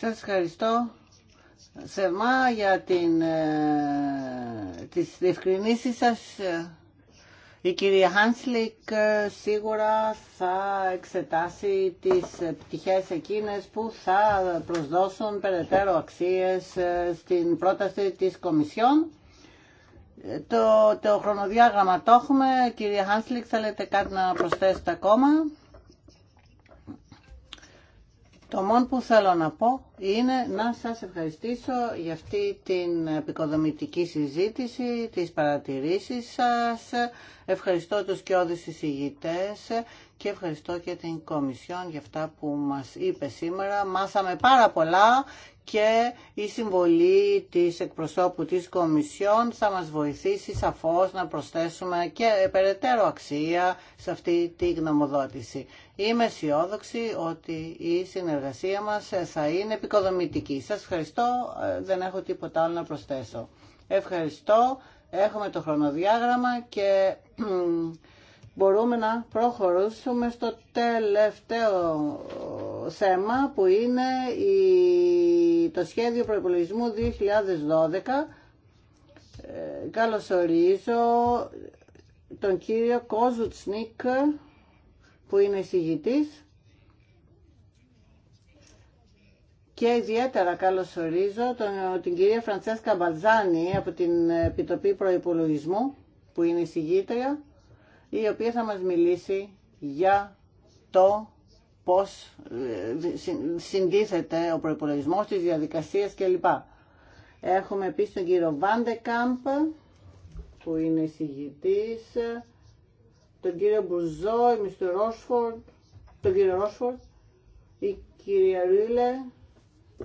[SPEAKER 4] Σας ευχαριστώ Σερμά για την, ε,
[SPEAKER 2] τις διευκρινήσεις σας. Η κυρία Χάνσλικ ε, σίγουρα θα εξετάσει τις πτυχές εκείνες που θα προσδώσουν περαιτέρω αξίες ε, στην πρόταση της Κομισιόν το, το χρονοδιάγραμμα το έχουμε. Κυρία Χάνσλικ, θέλετε κάτι να προσθέσετε ακόμα. Το μόνο που θέλω να πω είναι να σας ευχαριστήσω για αυτή την επικοδομητική συζήτηση, τις παρατηρήσεις σας. Ευχαριστώ τους και όδους και ευχαριστώ και την Κομισιόν για αυτά που μας είπε σήμερα. Μάσαμε πάρα πολλά και η συμβολή της εκπροσώπου της Κομισιόν θα μας βοηθήσει σαφώς να προσθέσουμε και περαιτέρω αξία σε αυτή τη γνωμοδότηση. Είμαι αισιόδοξη ότι η συνεργασία μας θα είναι Σα Σας ευχαριστώ, ε, δεν έχω τίποτα άλλο να προσθέσω. Ευχαριστώ, έχουμε το χρονοδιάγραμμα και μπορούμε να προχωρήσουμε στο τελευταίο ε, θέμα που είναι η... το σχέδιο προπολογισμού 2012. Ε, καλωσορίζω τον κύριο Κόζουτσνικ που είναι εισηγητής και ιδιαίτερα καλωσορίζω τον, την κυρία Φραντσέσκα Μπαλζάνη από την Επιτροπή Προϋπολογισμού που είναι η συγγήτρια η οποία θα μας μιλήσει για το πώς ε, συντίθεται ο προϋπολογισμός, τις διαδικασίες κλπ. Έχουμε επίσης τον κύριο Βάντεκάμπ που είναι η εισηγητής, τον κύριο Μπουζό, τον κύριο Ρόσφορντ, η κυρία Ρίλε, Uh,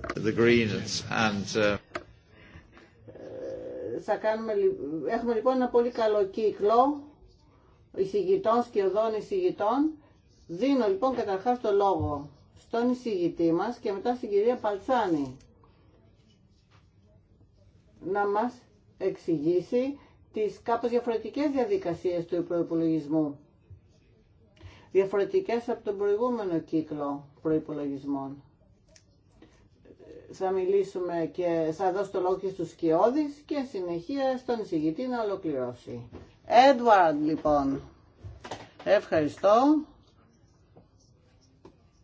[SPEAKER 2] έχουμε λοιπόν ένα πολύ καλό κύκλο εισηγητών, σκιωδών εισηγητών. Δίνω λοιπόν καταρχά το λόγο στον εισηγητή μας και μετά στην κυρία Παλτσάνη να μας εξηγήσει τις κάπω διαφορετικές διαδικασίες του προπολογισμού, Διαφορετικές από τον προηγούμενο κύκλο προϋπολογισμών θα μιλήσουμε και θα δώσω το λόγο και στους και συνεχεία στον εισηγητή να ολοκληρώσει. Έντουαρντ λοιπόν. Ευχαριστώ.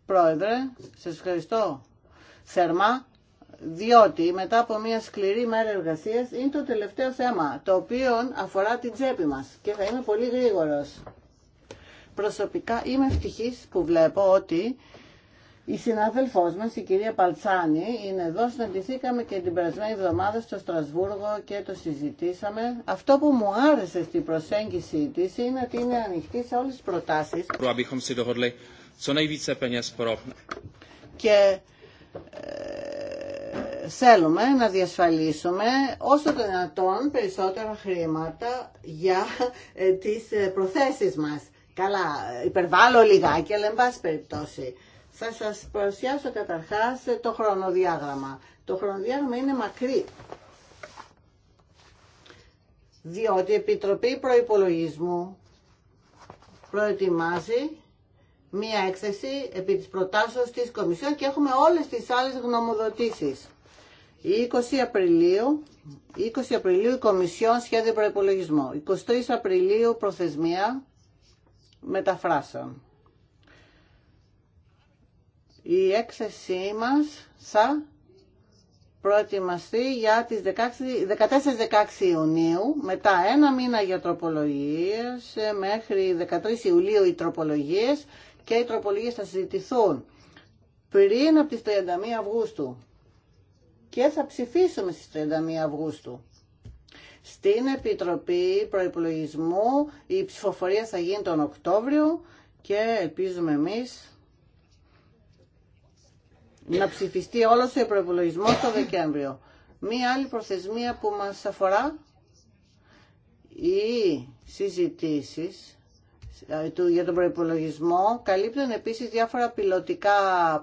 [SPEAKER 2] Πρόεδρε, σας ευχαριστώ θερμά, διότι μετά από μια σκληρή μέρα εργασίας είναι το τελευταίο θέμα, το οποίο αφορά την τσέπη μας και θα είμαι πολύ γρήγορος. Προσωπικά είμαι ευτυχής που βλέπω ότι η συνάδελφό μας, η κυρία Παλτσάνη, είναι εδώ. Συναντηθήκαμε και την περασμένη εβδομάδα στο Στρασβούργο και το συζητήσαμε. Αυτό που μου άρεσε στην προσέγγιση της είναι ότι είναι ανοιχτή σε όλε τι προτάσει. Και ε, θέλουμε να διασφαλίσουμε όσο το δυνατόν περισσότερα χρήματα για ε, τις ε, προθέσει μα. Καλά, υπερβάλλω λιγάκι, αλλά εν πάση περιπτώσει. Θα σας παρουσιάσω καταρχάς ε, το χρονοδιάγραμμα. Το χρονοδιάγραμμα είναι μακρύ, διότι η Επιτροπή Προϋπολογισμού προετοιμάζει μία έκθεση επί της προτάσεως της Κομισιόν και έχουμε όλες τις άλλες γνωμοδοτήσεις. 20 Απριλίου, 20 Απριλίου η Κομισιόν σχέδιο προϋπολογισμό. 23 Απριλίου προθεσμία μεταφράσεων. Η έκθεσή μας θα προετοιμαστεί για τις 14-16 Ιουνίου, μετά ένα μήνα για τροπολογίες, μέχρι 13 Ιουλίου οι τροπολογίες και οι τροπολογίες θα συζητηθούν πριν από τις 31 Αυγούστου και θα ψηφίσουμε στις 31 Αυγούστου. Στην Επιτροπή Προϋπολογισμού η ψηφοφορία θα γίνει τον Οκτώβριο και ελπίζουμε εμείς να ψηφιστεί όλος ο προπολογισμό το Δεκέμβριο. Μία άλλη προθεσμία που μα αφορά οι συζητήσει ε, για τον προπολογισμό καλύπτουν επίση διάφορα πιλωτικά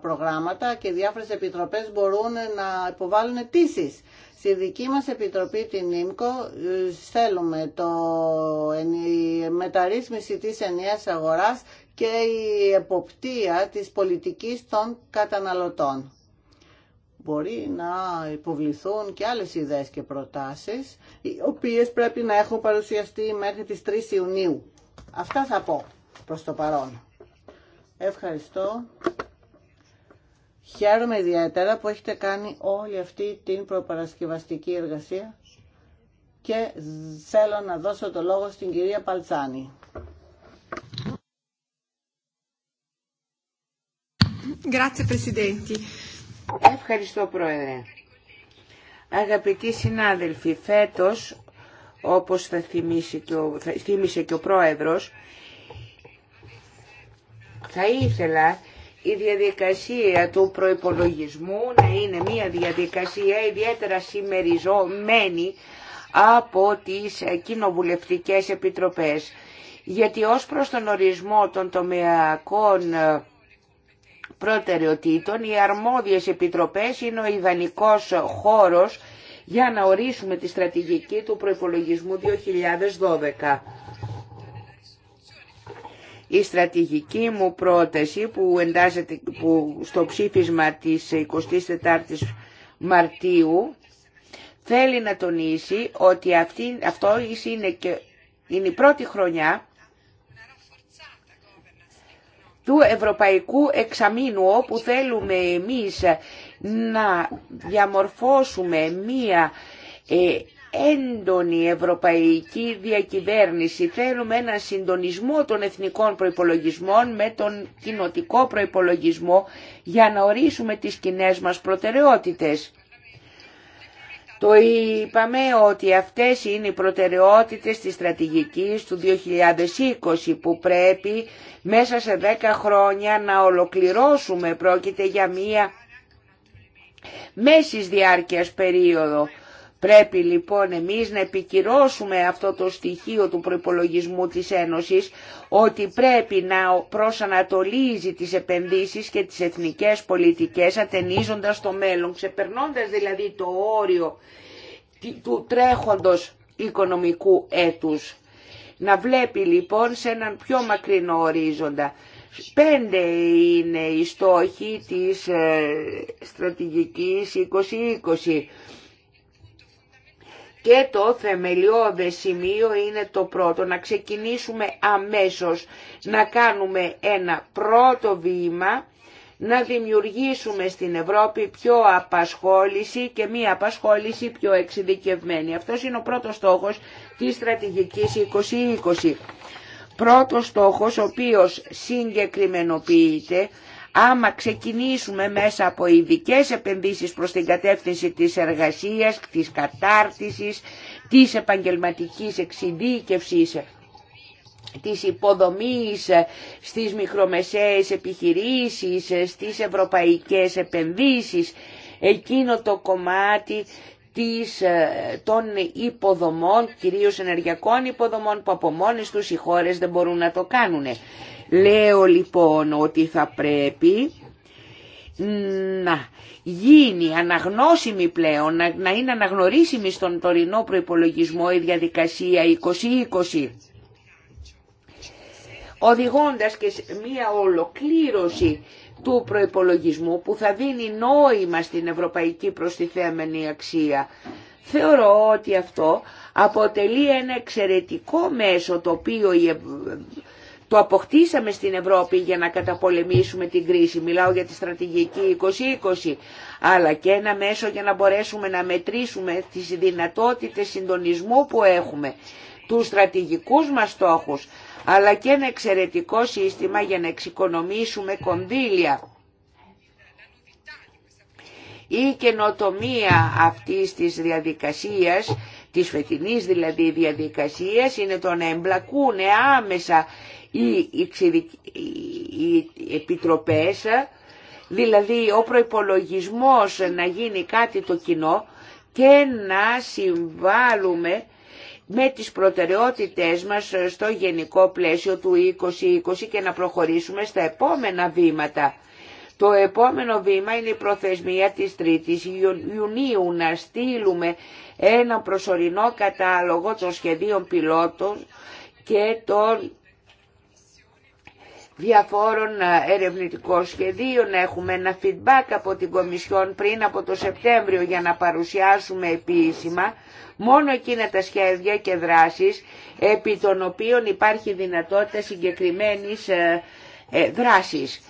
[SPEAKER 2] προγράμματα και διάφορε επιτροπέ μπορούν να υποβάλουν αιτήσει Στη δική μας Επιτροπή, την ΙΜΚΟ, θέλουμε το, η μεταρρύθμιση της ενιαίας αγοράς και η εποπτεία της πολιτικής των καταναλωτών. Μπορεί να υποβληθούν και άλλες ιδέες και προτάσεις, οι οποίες πρέπει να έχουν παρουσιαστεί μέχρι τις 3 Ιουνίου. Αυτά θα πω προς το παρόν. Ευχαριστώ. Χαίρομαι ιδιαίτερα που έχετε κάνει όλη αυτή την προπαρασκευαστική εργασία και θέλω να δώσω το λόγο στην κυρία Παλτσάνη.
[SPEAKER 3] Ευχαριστώ Πρόεδρε. Αγαπητοί συνάδελφοι, φέτος, όπως θα, θυμίσει και ο, θα θύμισε και ο Πρόεδρος, θα ήθελα η διαδικασία του προϋπολογισμού να είναι μια διαδικασία ιδιαίτερα σημεριζόμενη από τις κοινοβουλευτικές επιτροπές. Γιατί ως προς τον ορισμό των τομεακών ε, προτεραιοτήτων, οι αρμόδιες επιτροπές είναι ο ιδανικός χώρος για να ορίσουμε τη στρατηγική του προϋπολογισμού 2012. Η στρατηγική μου πρόταση που εντάσσεται που στο ψήφισμα της 24ης Μαρτίου θέλει να τονίσει ότι αυτή, αυτό είναι, και, είναι η πρώτη χρονιά του Ευρωπαϊκού Εξαμήνου όπου θέλουμε εμείς να διαμορφώσουμε μία ε, έντονη ευρωπαϊκή διακυβέρνηση. Θέλουμε ένα συντονισμό των εθνικών προϋπολογισμών με τον κοινοτικό προϋπολογισμό για να ορίσουμε τις κοινέ μας προτεραιότητες. Το είπαμε ότι αυτές είναι οι προτεραιότητες της στρατηγικής του 2020 που πρέπει μέσα σε 10 χρόνια να ολοκληρώσουμε. Πρόκειται για μία μέσης διάρκειας περίοδο Πρέπει λοιπόν εμείς να επικυρώσουμε αυτό το στοιχείο του προϋπολογισμού της Ένωσης ότι πρέπει να προσανατολίζει τις επενδύσεις και τις εθνικές πολιτικές ατενίζοντας το μέλλον, ξεπερνώντας δηλαδή το όριο του τρέχοντος οικονομικού έτους. Να βλέπει λοιπόν σε έναν πιο μακρινό ορίζοντα. Πέντε είναι οι στόχοι της ε, στρατηγικής 2020 και το θεμελιώδε σημείο είναι το πρώτο, να ξεκινήσουμε αμέσως, να κάνουμε ένα πρώτο βήμα, να δημιουργήσουμε στην Ευρώπη πιο απασχόληση και μία απασχόληση πιο εξειδικευμένη. Αυτός είναι ο πρώτος στόχος της στρατηγικής 2020. Πρώτος στόχος, ο οποίος συγκεκριμενοποιείται, Άμα ξεκινήσουμε μέσα από ειδικέ επενδύσεις προς την κατεύθυνση της εργασίας, της κατάρτισης, της επαγγελματικής εξειδίκευσης, της υποδομής στις μικρομεσαίες επιχειρήσεις, στις ευρωπαϊκές επενδύσεις, εκείνο το κομμάτι της, ε, των υποδομών, κυρίως ενεργειακών υποδομών που από μόνες τους οι χώρες δεν μπορούν να το κάνουν. Λέω λοιπόν ότι θα πρέπει να γίνει αναγνώσιμη πλέον, να, είναι αναγνωρίσιμη στον τωρινό προϋπολογισμό η διαδικασία 2020 οδηγώντας και μία ολοκλήρωση του προϋπολογισμού που θα δίνει νόημα στην ευρωπαϊκή προστιθέμενη αξία. Θεωρώ ότι αυτό αποτελεί ένα εξαιρετικό μέσο το οποίο το αποκτήσαμε στην Ευρώπη για να καταπολεμήσουμε την κρίση. Μιλάω για τη στρατηγική 2020, αλλά και ένα μέσο για να μπορέσουμε να μετρήσουμε τις δυνατότητες συντονισμού που έχουμε, τους στρατηγικούς μας στόχους, αλλά και ένα εξαιρετικό σύστημα για να εξοικονομήσουμε κονδύλια. Η καινοτομία αυτής της διαδικασίας της φετινής δηλαδή διαδικασίας είναι το να εμπλακούν άμεσα οι επιτροπές, δηλαδή ο προϋπολογισμός να γίνει κάτι το κοινό και να συμβάλλουμε με τις προτεραιότητες μας στο γενικό πλαίσιο του 2020 και να προχωρήσουμε στα επόμενα βήματα. Το επόμενο βήμα είναι η προθεσμία της 3ης Ιουνίου να στείλουμε ένα προσωρινό κατάλογο των σχεδίων πιλότων και των διαφόρων ε, ερευνητικών σχεδίων. Έχουμε ένα feedback από την Κομισιόν πριν από το Σεπτέμβριο για να παρουσιάσουμε επίσημα μόνο εκείνα τα σχέδια και δράσεις επί των οποίων υπάρχει δυνατότητα συγκεκριμένης ε, ε, δράσης.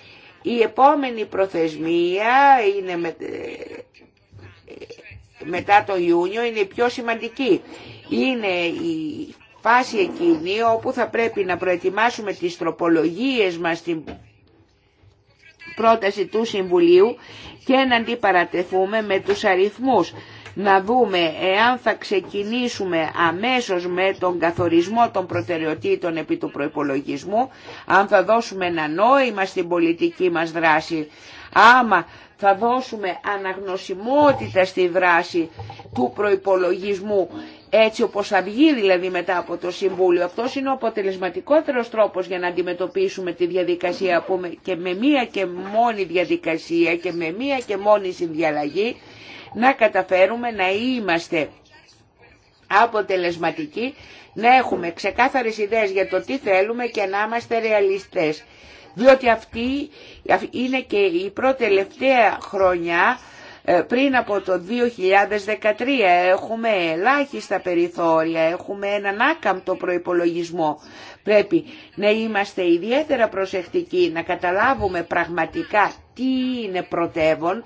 [SPEAKER 3] Η επόμενη προθεσμία είναι μετά το Ιούνιο, είναι η πιο σημαντική. Είναι η φάση εκείνη όπου θα πρέπει να προετοιμάσουμε τις τροπολογίες μας στην πρόταση του Συμβουλίου και να αντιπαρατεθούμε με τους αριθμούς. Να δούμε εάν θα ξεκινήσουμε αμέσως με τον καθορισμό των προτεραιοτήτων επί του προϋπολογισμού, αν θα δώσουμε ένα νόημα στην πολιτική μας δράση, άμα θα δώσουμε αναγνωσιμότητα στη δράση του προϋπολογισμού έτσι όπως θα βγει δηλαδή μετά από το Συμβούλιο. Αυτός είναι ο αποτελεσματικότερος τρόπος για να αντιμετωπίσουμε τη διαδικασία που και με μία και μόνη διαδικασία και με μία και μόνη συνδιαλλαγή να καταφέρουμε να είμαστε αποτελεσματικοί, να έχουμε ξεκάθαρες ιδέες για το τι θέλουμε και να είμαστε ρεαλιστές. Διότι αυτή είναι και η πρώτη τελευταία χρονιά ε, πριν από το 2013 έχουμε ελάχιστα περιθώρια, έχουμε έναν άκαμπτο προϋπολογισμό. Πρέπει να είμαστε ιδιαίτερα προσεκτικοί, να καταλάβουμε πραγματικά τι είναι πρωτεύον,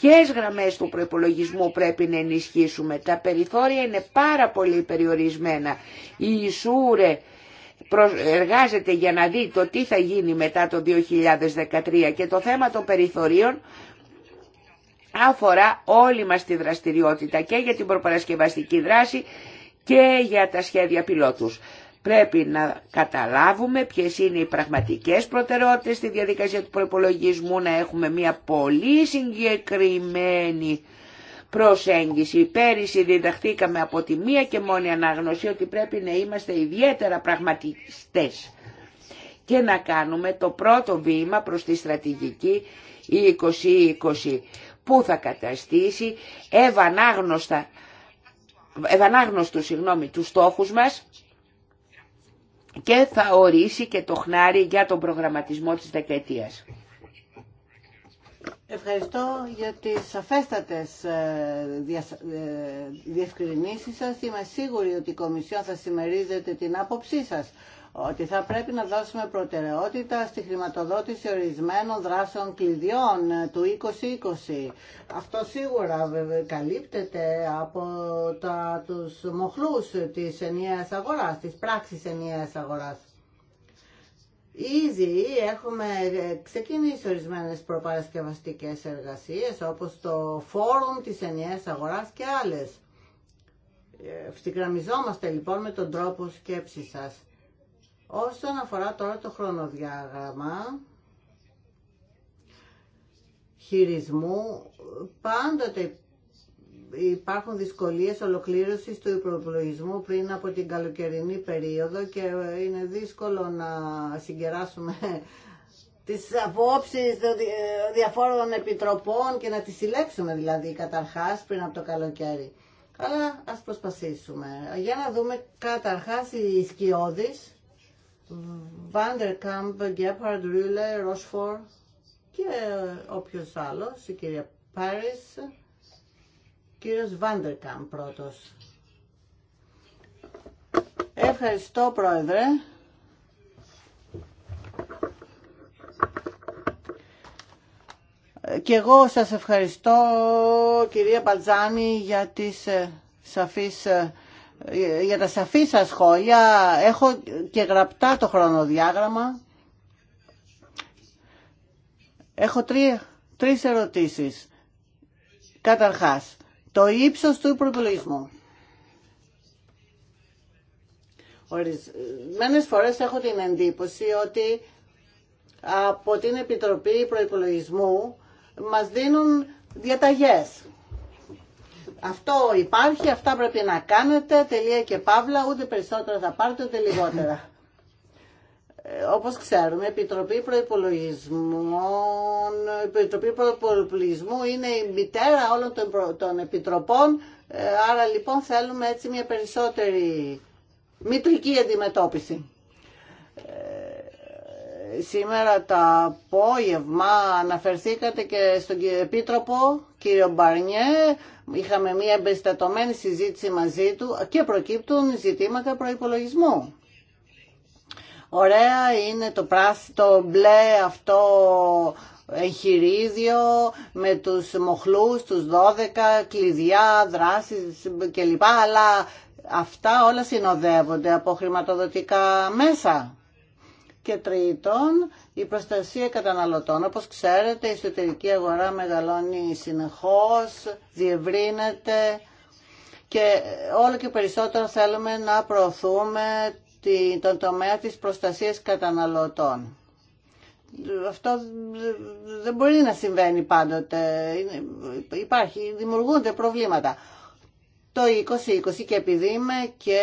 [SPEAKER 3] ποιες γραμμές του προϋπολογισμού πρέπει να ενισχύσουμε. Τα περιθώρια είναι πάρα πολύ περιορισμένα. Η Ισούρε εργάζεται για να δει το τι θα γίνει μετά το 2013 και το θέμα των περιθωρίων αφορά όλη μας τη δραστηριότητα και για την προπαρασκευαστική δράση και για τα σχέδια πιλότους. Πρέπει να καταλάβουμε ποιες είναι οι πραγματικές προτεραιότητες στη διαδικασία του προπολογισμού, να έχουμε μια πολύ συγκεκριμένη προσέγγιση. Πέρυσι διδαχθήκαμε από τη μία και μόνη ανάγνωση ότι πρέπει να είμαστε ιδιαίτερα πραγματιστές και να κάνουμε το πρώτο βήμα προς τη στρατηγική 2020 που θα καταστήσει ευανάγνωστα, ευανάγνωστο συγγνώμη, τους στόχους μας και θα ορίσει και το χνάρι για τον προγραμματισμό της δεκαετίας.
[SPEAKER 2] Ευχαριστώ για τις σαφέστατες ε, ε, διευκρινήσεις σας. Είμαι σίγουρη ότι η Κομισιόν θα συμμερίζεται την άποψή σας ότι θα πρέπει να δώσουμε προτεραιότητα στη χρηματοδότηση ορισμένων δράσεων κλειδιών ε, του 2020. Αυτό σίγουρα καλύπτεται από τα, τους μοχλούς της ενιαίας αγοράς, της πράξης ενιαίας αγοράς. Ήδη έχουμε ε, ξεκινήσει ορισμένες προπαρασκευαστικές εργασίες όπως το Φόρουμ της Ενιαίας Αγοράς και άλλες. Ε, ευθυγραμμιζόμαστε λοιπόν με τον τρόπο σκέψης σας. Όσον αφορά τώρα το χρονοδιάγραμμα χειρισμού, πάντοτε υπάρχουν δυσκολίες ολοκλήρωσης του υπολογισμού πριν από την καλοκαιρινή περίοδο και είναι δύσκολο να συγκεράσουμε τις απόψεις διαφόρων επιτροπών και να τις συλλέξουμε δηλαδή καταρχάς πριν από το καλοκαίρι. Αλλά ας προσπαθήσουμε. Για να δούμε καταρχάς οι σκιώδεις Βάντερκαμπ, Γκέπαρντ, Ρούλε, Ροσφόρ και όποιος άλλο, η κυρία Πάρις, κύριο Βάντερκαμπ πρώτο. Ευχαριστώ πρόεδρε. Και εγώ σας ευχαριστώ κυρία Μπαλτζάνη για τις ε, σαφείς ε, για τα σαφή σας σχόλια. Έχω και γραπτά το χρονοδιάγραμμα. Έχω τρία, τρεις ερωτήσεις. Καταρχάς, το ύψος του προπολογισμού. Ορισμένες φορές έχω την εντύπωση ότι από την Επιτροπή Προϋπολογισμού μας δίνουν διαταγές αυτό υπάρχει, αυτά πρέπει να κάνετε, τελεία και παύλα, ούτε περισσότερα θα πάρετε, ούτε λιγότερα. Ε, όπως ξέρουμε, η Επιτροπή Προϋπολογισμών, η Επιτροπή Προϋπολογισμού είναι η μητέρα όλων των, επιτροπών, ε, άρα λοιπόν θέλουμε έτσι μια περισσότερη μητρική αντιμετώπιση. Ε, σήμερα το απόγευμα αναφερθήκατε και στον Επίτροπο κύριο Μπαρνιέ, είχαμε μια εμπεριστατωμένη συζήτηση μαζί του και προκύπτουν ζητήματα προϋπολογισμού. Ωραία είναι το, πράσινο το μπλε αυτό εγχειρίδιο με τους μοχλούς, τους 12, κλειδιά, δράσεις κλπ. Αλλά αυτά όλα συνοδεύονται από χρηματοδοτικά μέσα. Και τρίτον, η προστασία καταναλωτών, όπως ξέρετε, η εσωτερική αγορά μεγαλώνει συνεχώς, διευρύνεται και όλο και περισσότερο θέλουμε να προωθούμε τον τομέα της προστασίας καταναλωτών. Αυτό δεν μπορεί να συμβαίνει πάντοτε. Υπάρχει, δημιουργούνται προβλήματα. Το 2020 και επειδή είμαι και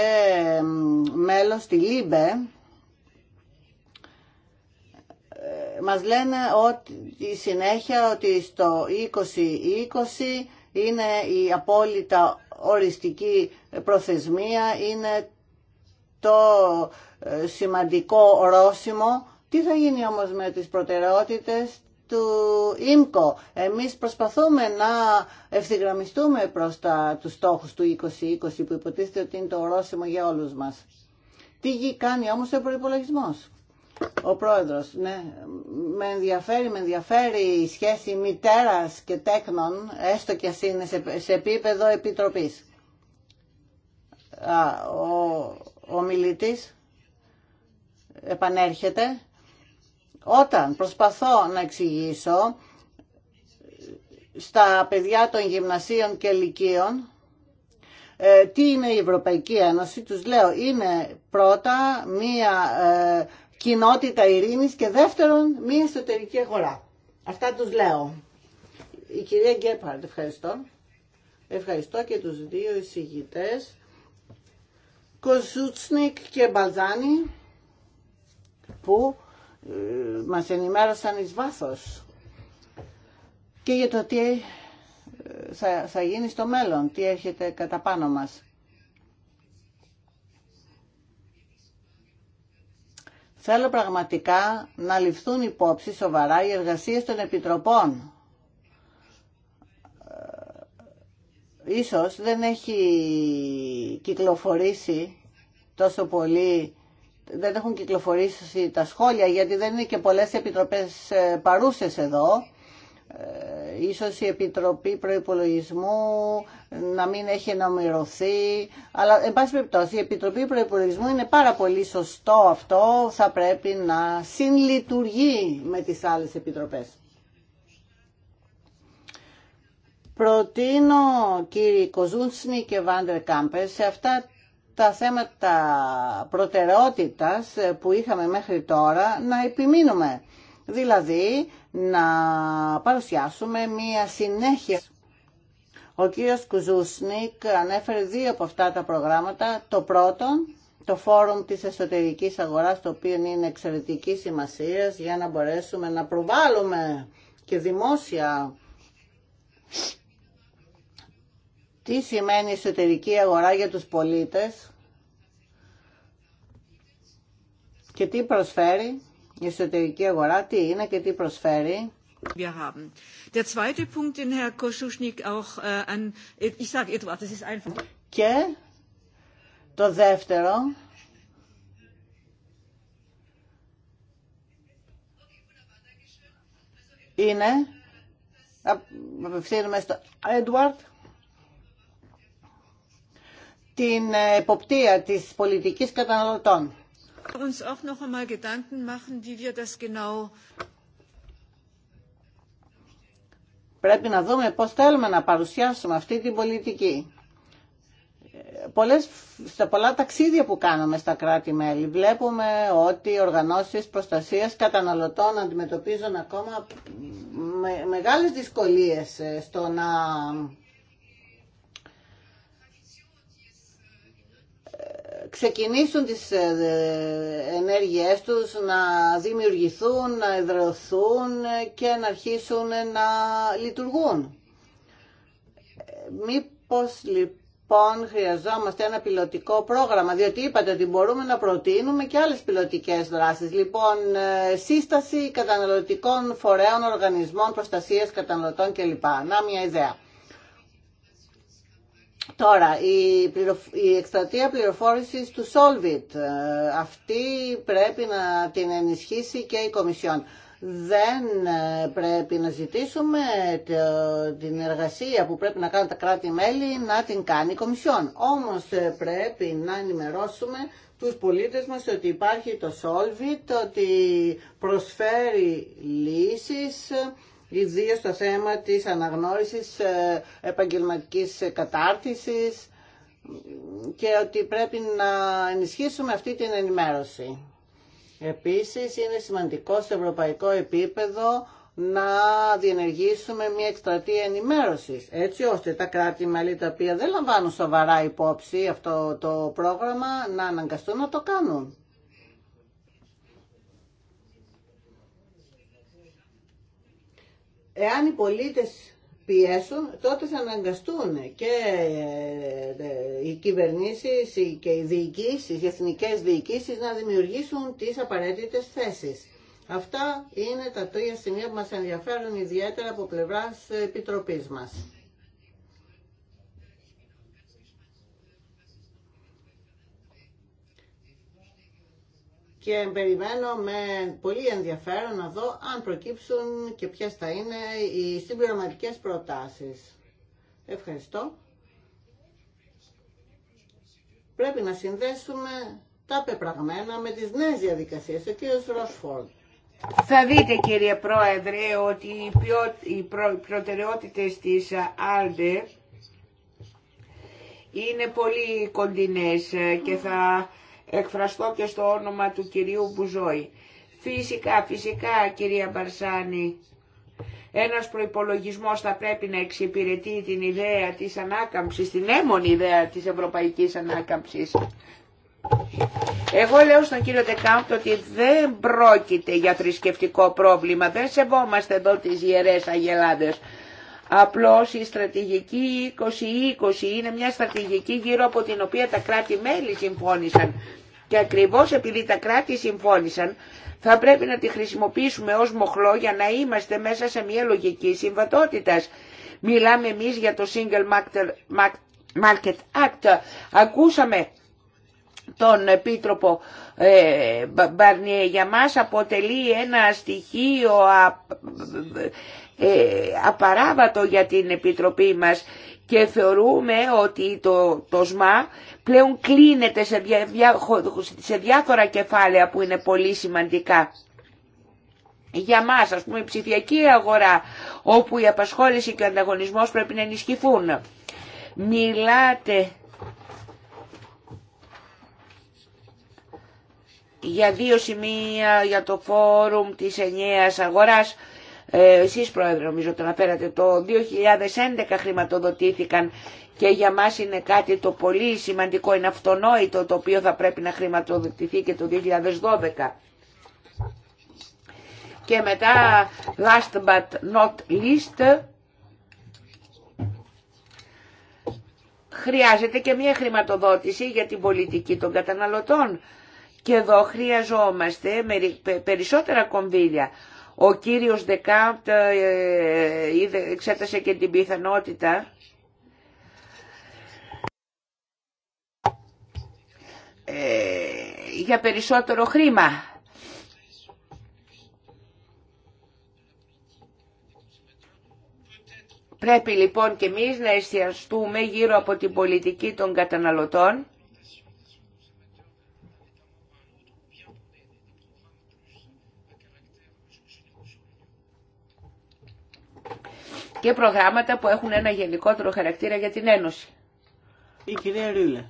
[SPEAKER 2] μέλος στη ΛΥΜΠΕ, μας λένε ότι συνέχεια ότι στο 2020 είναι η απόλυτα οριστική προθεσμία, είναι το ε, σημαντικό ορόσημο. Τι θα γίνει όμως με τις προτεραιότητες του ΙΜΚΟ. Εμείς προσπαθούμε να ευθυγραμμιστούμε προς τα, τους στόχους του 2020 που υποτίθεται ότι είναι το ορόσημο για όλους μας. Τι κάνει όμως ο προπολογισμό. Ο πρόεδρος, ναι, με ενδιαφέρει, με ενδιαφέρει η σχέση μητέρας και τέκνων, έστω και ας είναι σε, σε επίπεδο επιτροπής. ο, ο μιλητής επανέρχεται. Όταν προσπαθώ να εξηγήσω στα παιδιά των γυμνασίων και λυκείων, ε, τι είναι η Ευρωπαϊκή Ένωση, τους λέω, είναι πρώτα μία ε, κοινότητα ειρήνης και δεύτερον μία εσωτερική αγορά. Αυτά τους λέω. Η κυρία Γκέπαρντ, ευχαριστώ. Ευχαριστώ και τους δύο εισηγητές. Κοζούτσνικ και Μπαλζάνη που ε, μας ενημέρωσαν εις βάθος και για το τι ε, θα, θα γίνει στο μέλλον, τι έρχεται κατά πάνω μας. Θέλω πραγματικά να ληφθούν υπόψη σοβαρά οι εργασίες των επιτροπών. Ε, ίσως δεν έχει κυκλοφορήσει τόσο πολύ, δεν έχουν κυκλοφορήσει τα σχόλια γιατί δεν είναι και πολλές επιτροπές ε, παρούσες εδώ. Ε, ίσως η Επιτροπή Προϋπολογισμού να μην έχει ενομοιρωθεί. Αλλά, εν πάση περιπτώσει, η Επιτροπή Προπολογισμού είναι πάρα πολύ σωστό αυτό. Θα πρέπει να συλλειτουργεί με τις άλλες επιτροπές. Προτείνω, κύριοι Κοζούντσνη και Βάντερ Κάμπερ, σε αυτά τα θέματα προτεραιότητας που είχαμε μέχρι τώρα να επιμείνουμε. Δηλαδή να παρουσιάσουμε μία συνέχεια ο κύριος Κουζούσνικ ανέφερε δύο από αυτά τα προγράμματα. Το πρώτο, το φόρουμ της εσωτερικής αγοράς, το οποίο είναι εξαιρετική σημασία για να μπορέσουμε να προβάλλουμε και δημόσια τι σημαίνει εσωτερική αγορά για τους πολίτες και τι προσφέρει η εσωτερική αγορά, τι είναι και τι προσφέρει
[SPEAKER 4] wir haben. Der zweite Punkt, den Herr Kosuschnik auch an, ich sage Eduard, das ist einfach.
[SPEAKER 2] Και το δεύτερο, είναι, απευθύνουμε στο Έντουαρτ, την εποπτεία της πολιτικής καταναλωτών.
[SPEAKER 4] Uns auch noch einmal Gedanken machen, wie wir das genau
[SPEAKER 2] Πρέπει να δούμε πώς θέλουμε να παρουσιάσουμε αυτή την πολιτική. Πολλές, στα πολλά ταξίδια που κάνουμε στα κράτη-μέλη βλέπουμε ότι οι οργανώσεις προστασίας καταναλωτών αντιμετωπίζουν ακόμα με, μεγάλες δυσκολίες ε, στο να ξεκινήσουν τις ε, ενέργειές τους να δημιουργηθούν, να εδρεωθούν και να αρχίσουν να λειτουργούν. Μήπως λοιπόν χρειαζόμαστε ένα πιλωτικό πρόγραμμα, διότι είπατε ότι μπορούμε να προτείνουμε και άλλες πιλωτικές δράσεις. Λοιπόν, ε, σύσταση καταναλωτικών φορέων, οργανισμών, προστασίας καταναλωτών κλπ. Να μια ιδέα. Τώρα, η, πληροφ... εκστρατεία πληροφόρησης του Solvit, ε, αυτή πρέπει να την ενισχύσει και η Κομισιόν. Δεν ε, πρέπει να ζητήσουμε την εργασία που πρέπει να κάνουν τα κράτη-μέλη να την κάνει η Κομισιόν. Όμως ε, πρέπει να ενημερώσουμε τους πολίτες μας ότι υπάρχει το Solvit, ότι προσφέρει λύσεις ιδίω στο θέμα της αναγνώρισης ε, επαγγελματικής κατάρτισης και ότι πρέπει να ενισχύσουμε αυτή την ενημέρωση. Επίσης είναι σημαντικό στο ευρωπαϊκό επίπεδο να διενεργήσουμε μια εκστρατεία ενημέρωσης, έτσι ώστε τα κράτη-μέλη τα οποία δεν λαμβάνουν σοβαρά υπόψη αυτό το πρόγραμμα να αναγκαστούν να το κάνουν. Εάν οι πολίτες πιέσουν, τότε θα αναγκαστούν και ε, οι κυβερνήσεις και οι διοικήσεις, οι εθνικές διοικήσεις να δημιουργήσουν τις απαραίτητες θέσεις. Αυτά είναι τα τρία σημεία που μας ενδιαφέρουν ιδιαίτερα από πλευράς Επιτροπής μας. και περιμένω με πολύ ενδιαφέρον να δω αν προκύψουν και ποιες θα είναι οι συμπληρωματικές προτάσεις. Ευχαριστώ. Πρέπει να συνδέσουμε
[SPEAKER 3] τα πεπραγμένα με τις νέες διαδικασίες. Ο κύριος Ροσφόρντ. Θα δείτε κύριε Πρόεδρε ότι οι, πιό οι προ... προτεραιότητες της Άλντε είναι πολύ κοντινές και θα εκφραστώ και στο όνομα του κυρίου Μπουζόη. Φυσικά, φυσικά κυρία Μπαρσάνη, ένας προϋπολογισμός θα πρέπει να εξυπηρετεί την ιδέα της ανάκαμψης, την έμονη ιδέα της ευρωπαϊκής ανάκαμψης. Εγώ λέω στον κύριο Τεκάμπτ ότι δεν πρόκειται για θρησκευτικό πρόβλημα, δεν σεβόμαστε εδώ τις ιερές αγελάδες. Απλώς η στρατηγική 2020 είναι μια στρατηγική γύρω από την οποία τα κράτη-μέλη συμφώνησαν. Και ακριβώς επειδή τα κράτη συμφώνησαν, θα πρέπει να τη χρησιμοποιήσουμε ως μοχλό για να είμαστε μέσα σε μια λογική συμβατότητας. Μιλάμε εμείς για το Single Market Act. Ακούσαμε τον Επίτροπο ε, Μπαρνιέ. Για μας αποτελεί ένα στοιχείο ε, απαράβατο για την Επιτροπή μας και θεωρούμε ότι το, το ΣΜΑ πλέον κλείνεται σε, δια, σε διάφορα κεφάλαια που είναι πολύ σημαντικά. Για μας, ας πούμε, η ψηφιακή αγορά, όπου η απασχόληση και ο ανταγωνισμός πρέπει να ενισχυθούν. Μιλάτε για δύο σημεία για το φόρουμ της ενιαίας αγοράς ε, εσείς πρόεδρε νομίζω το αναφέρατε, το 2011 χρηματοδοτήθηκαν και για μας είναι κάτι το πολύ σημαντικό, είναι αυτονόητο το οποίο θα πρέπει να χρηματοδοτηθεί και το 2012. Και μετά, last but not least, χρειάζεται και μια χρηματοδότηση για την πολιτική των καταναλωτών. Και εδώ χρειαζόμαστε περισσότερα κονδύλια. Ο κύριος Δεκάμπτ ε, εξέτασε και την πιθανότητα ε, για περισσότερο χρήμα. Πρέπει λοιπόν και εμείς να εστιαστούμε γύρω από την πολιτική των καταναλωτών και προγράμματα που έχουν ένα γενικότερο χαρακτήρα για την Ένωση. Η κυρία Ρίλε.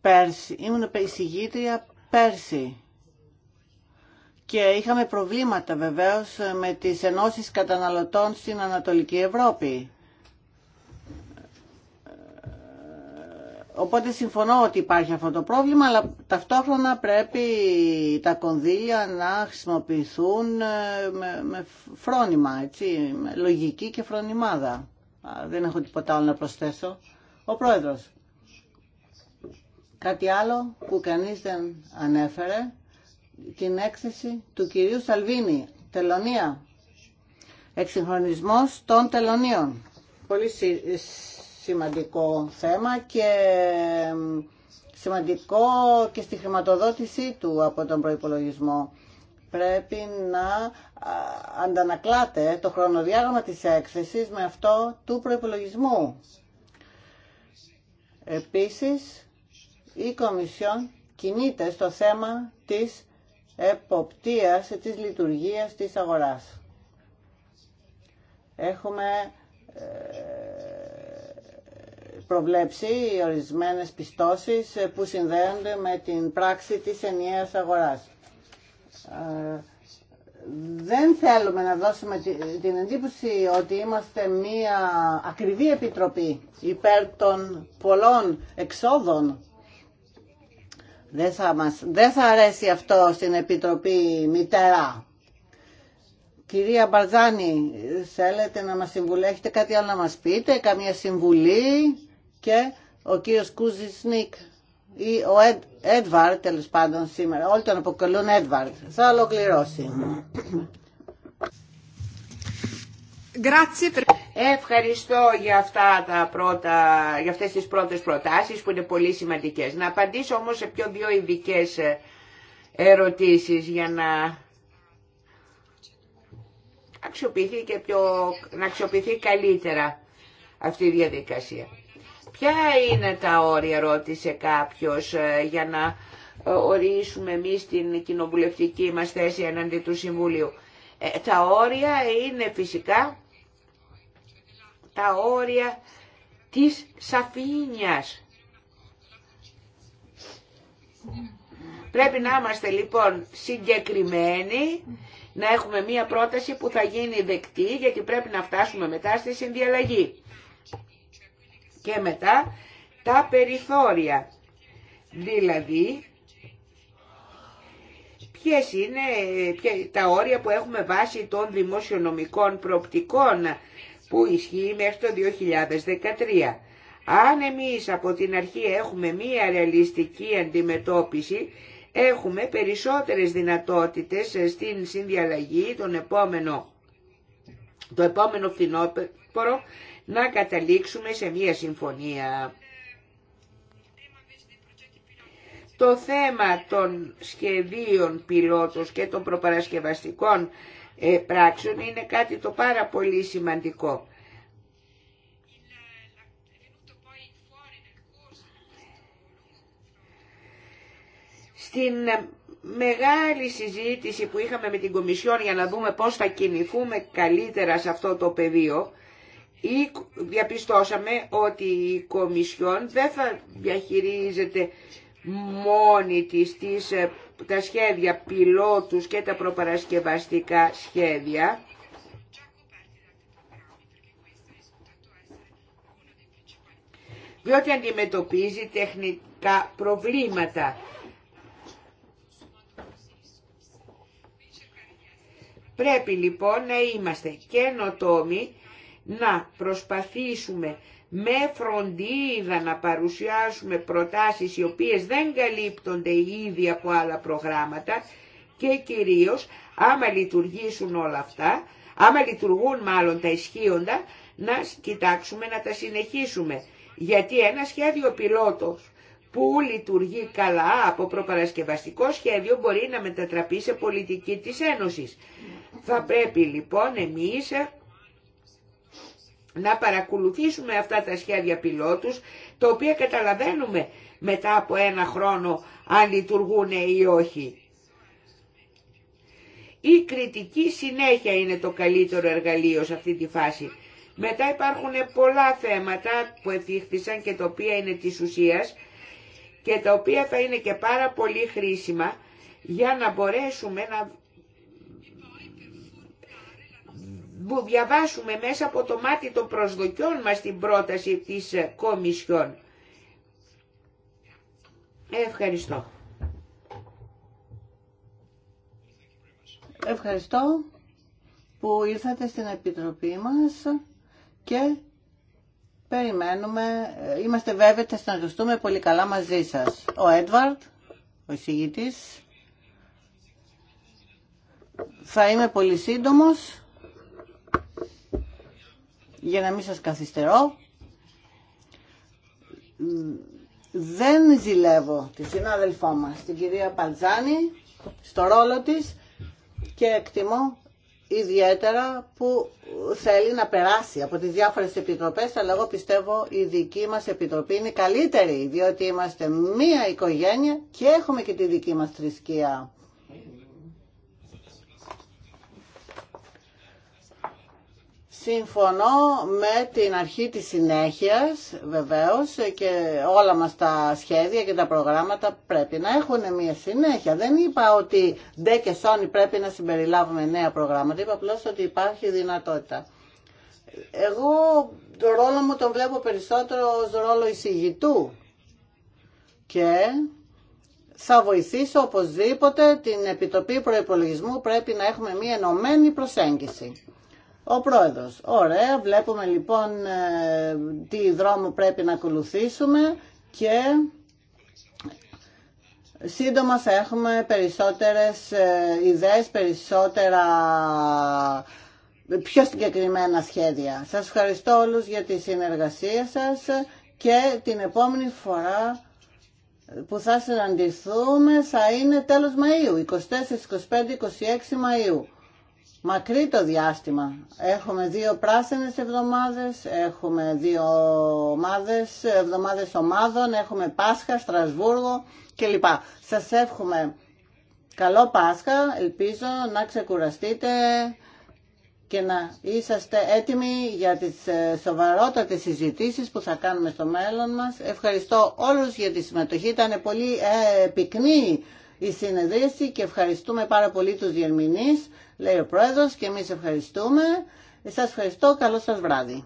[SPEAKER 2] Πέρσι, ήμουν εισηγήτρια πέρσι και είχαμε προβλήματα βεβαίως με τις ενώσεις καταναλωτών στην Ανατολική Ευρώπη. Οπότε συμφωνώ ότι υπάρχει αυτό το πρόβλημα, αλλά ταυτόχρονα πρέπει τα κονδύλια να χρησιμοποιηθούν ε, με, με φρόνημα, έτσι, λογική και φρονημάδα. Δεν έχω τίποτα άλλο να προσθέσω. Ο Πρόεδρος. Κάτι άλλο που κανείς δεν ανέφερε, την έκθεση του κυρίου Σαλβίνη, τελωνία. Εξυγχρονισμός των τελωνίων. Πολύ σημαντικό θέμα και σημαντικό και στη χρηματοδότησή του από τον προϋπολογισμό. Πρέπει να αντανακλάτε το χρονοδιάγραμμα της έκθεσης με αυτό του προϋπολογισμού. Επίσης, η Κομισιόν κινείται στο θέμα της εποπτείας της λειτουργίας της αγοράς. Έχουμε ε, προβλέψει ορισμένες πιστώσεις ε, που συνδέονται με την πράξη της ενιαίας αγοράς. Ε, δεν θέλουμε να δώσουμε την εντύπωση ότι είμαστε μία ακριβή επιτροπή υπέρ των πολλών εξόδων. Δεν θα, μας, δεν θα αρέσει αυτό στην Επιτροπή Μητέρα. Κυρία Μπαρζάνη, θέλετε να μας συμβουλέχετε κάτι άλλο να μας πείτε, καμία συμβουλή και ο κύριος Κούζισνικ ή ο Ed, τέλο πάντων σήμερα, όλοι τον αποκαλούν Έντβαρτ. Θα ολοκληρώσει.
[SPEAKER 3] Ευχαριστώ για, αυτά τα πρώτα, για αυτές τις πρώτες προτάσεις που είναι πολύ σημαντικές. Να απαντήσω όμως σε πιο δύο ειδικέ ε, ερωτήσεις για να αξιοποιηθεί, και πιο, να αξιοποιηθεί καλύτερα αυτή η διαδικασία. Ποια είναι τα όρια, ρώτησε κάποιος, ε, για να ε, ορίσουμε εμείς την κοινοβουλευτική μας θέση εναντί του Συμβουλίου. Ε, τα όρια είναι φυσικά τα όρια της σαφήνιας. Πρέπει να είμαστε λοιπόν συγκεκριμένοι, να έχουμε μία πρόταση που θα γίνει δεκτή, γιατί πρέπει να φτάσουμε μετά στη συνδιαλλαγή και μετά τα περιθώρια. Δηλαδή, ποιες είναι τα όρια που έχουμε βάσει των δημοσιονομικών προοπτικών που ισχύει μέχρι το 2013. Αν εμείς από την αρχή έχουμε μία ρεαλιστική αντιμετώπιση, έχουμε περισσότερες δυνατότητες στην συνδιαλλαγή τον επόμενο, το επόμενο φθινόπωρο να καταλήξουμε σε μία συμφωνία. Το θέμα των σχεδίων πιλότος και των προπαρασκευαστικών ε, πράξεων είναι κάτι το πάρα πολύ σημαντικό. Στην μεγάλη συζήτηση που είχαμε με την Κομισιόν για να δούμε πώς θα κινηθούμε καλύτερα σε αυτό το πεδίο, διαπιστώσαμε ότι η Κομισιόν δεν θα διαχειρίζεται μόνη της τις, ε, τα σχέδια πιλότους και τα προπαρασκευαστικά σχέδια, διότι αντιμετωπίζει τεχνικά προβλήματα. Πρέπει λοιπόν να είμαστε καινοτόμοι να προσπαθήσουμε με φροντίδα να παρουσιάσουμε προτάσεις οι οποίες δεν καλύπτονται ήδη από άλλα προγράμματα και κυρίως άμα λειτουργήσουν όλα αυτά, άμα λειτουργούν μάλλον τα ισχύοντα, να κοιτάξουμε να τα συνεχίσουμε. Γιατί ένα σχέδιο πιλότος που λειτουργεί καλά από προπαρασκευαστικό σχέδιο μπορεί να μετατραπεί σε πολιτική της Ένωσης. Θα πρέπει λοιπόν εμείς να παρακολουθήσουμε αυτά τα σχέδια πιλότους, τα οποία καταλαβαίνουμε μετά από ένα χρόνο αν λειτουργούν ή όχι. Η κριτική συνέχεια είναι το καλύτερο εργαλείο σε αυτή τη φάση. Μετά υπάρχουν πολλά θέματα που εφήχθησαν και τα οποία είναι της ουσίας και τα οποία θα είναι και πάρα πολύ χρήσιμα για να μπορέσουμε να διαβάσουμε μέσα από το μάτι των προσδοκιών μας την πρόταση της ε, Κομισιόν. Ευχαριστώ.
[SPEAKER 2] Ευχαριστώ που ήρθατε στην Επιτροπή μας και περιμένουμε, ε, είμαστε βέβαιοι ότι θα συνεργαστούμε πολύ καλά μαζί σας. Ο Έντβαρντ, ο εισηγητής, θα είμαι πολύ σύντομος για να μην σας καθυστερώ, δεν ζηλεύω τη συνάδελφό μας, την κυρία Παλτζάνη, στο ρόλο της και εκτιμώ ιδιαίτερα που θέλει να περάσει από τις διάφορες επιτροπές, αλλά εγώ πιστεύω η δική μας επιτροπή είναι καλύτερη, διότι είμαστε μία οικογένεια και έχουμε και τη δική μας θρησκεία. Συμφωνώ με την αρχή της συνέχειας βεβαίως και όλα μας τα σχέδια και τα προγράμματα πρέπει να έχουν μια συνέχεια. Δεν είπα ότι ντε και σόνι πρέπει να συμπεριλάβουμε νέα προγράμματα, είπα απλώ ότι υπάρχει δυνατότητα. Εγώ το ρόλο μου τον βλέπω περισσότερο ως ρόλο εισηγητού και θα βοηθήσω οπωσδήποτε την επιτοπή προϋπολογισμού πρέπει να έχουμε μια ενωμένη προσέγγιση ο πρόεδρος. Ωραία, βλέπουμε λοιπόν ε, τι δρόμο πρέπει να ακολουθήσουμε και σύντομα θα έχουμε περισσότερες ε, ιδέες, περισσότερα πιο συγκεκριμένα σχέδια. Σας ευχαριστώ όλους για τη συνεργασία σας και την επόμενη φορά που θα συναντηθούμε θα είναι τέλος Μαΐου, 24, 25, 26 Μαΐου μακρύ το διάστημα. Έχουμε δύο πράσινες εβδομάδες, έχουμε δύο ομάδες, εβδομάδες ομάδων, έχουμε Πάσχα, Στρασβούργο κλπ. Σας εύχομαι καλό Πάσχα, ελπίζω να ξεκουραστείτε και να είσαστε έτοιμοι για τις ε, σοβαρότατες συζητήσεις που θα κάνουμε στο μέλλον μας. Ευχαριστώ όλους για τη συμμετοχή, ήταν πολύ ε, πυκνή η συνεδρίαση και ευχαριστούμε πάρα πολύ τους διερμηνείς λέει ο Πρόεδρος και εμείς ευχαριστούμε. Σας ευχαριστώ. Καλό σας βράδυ.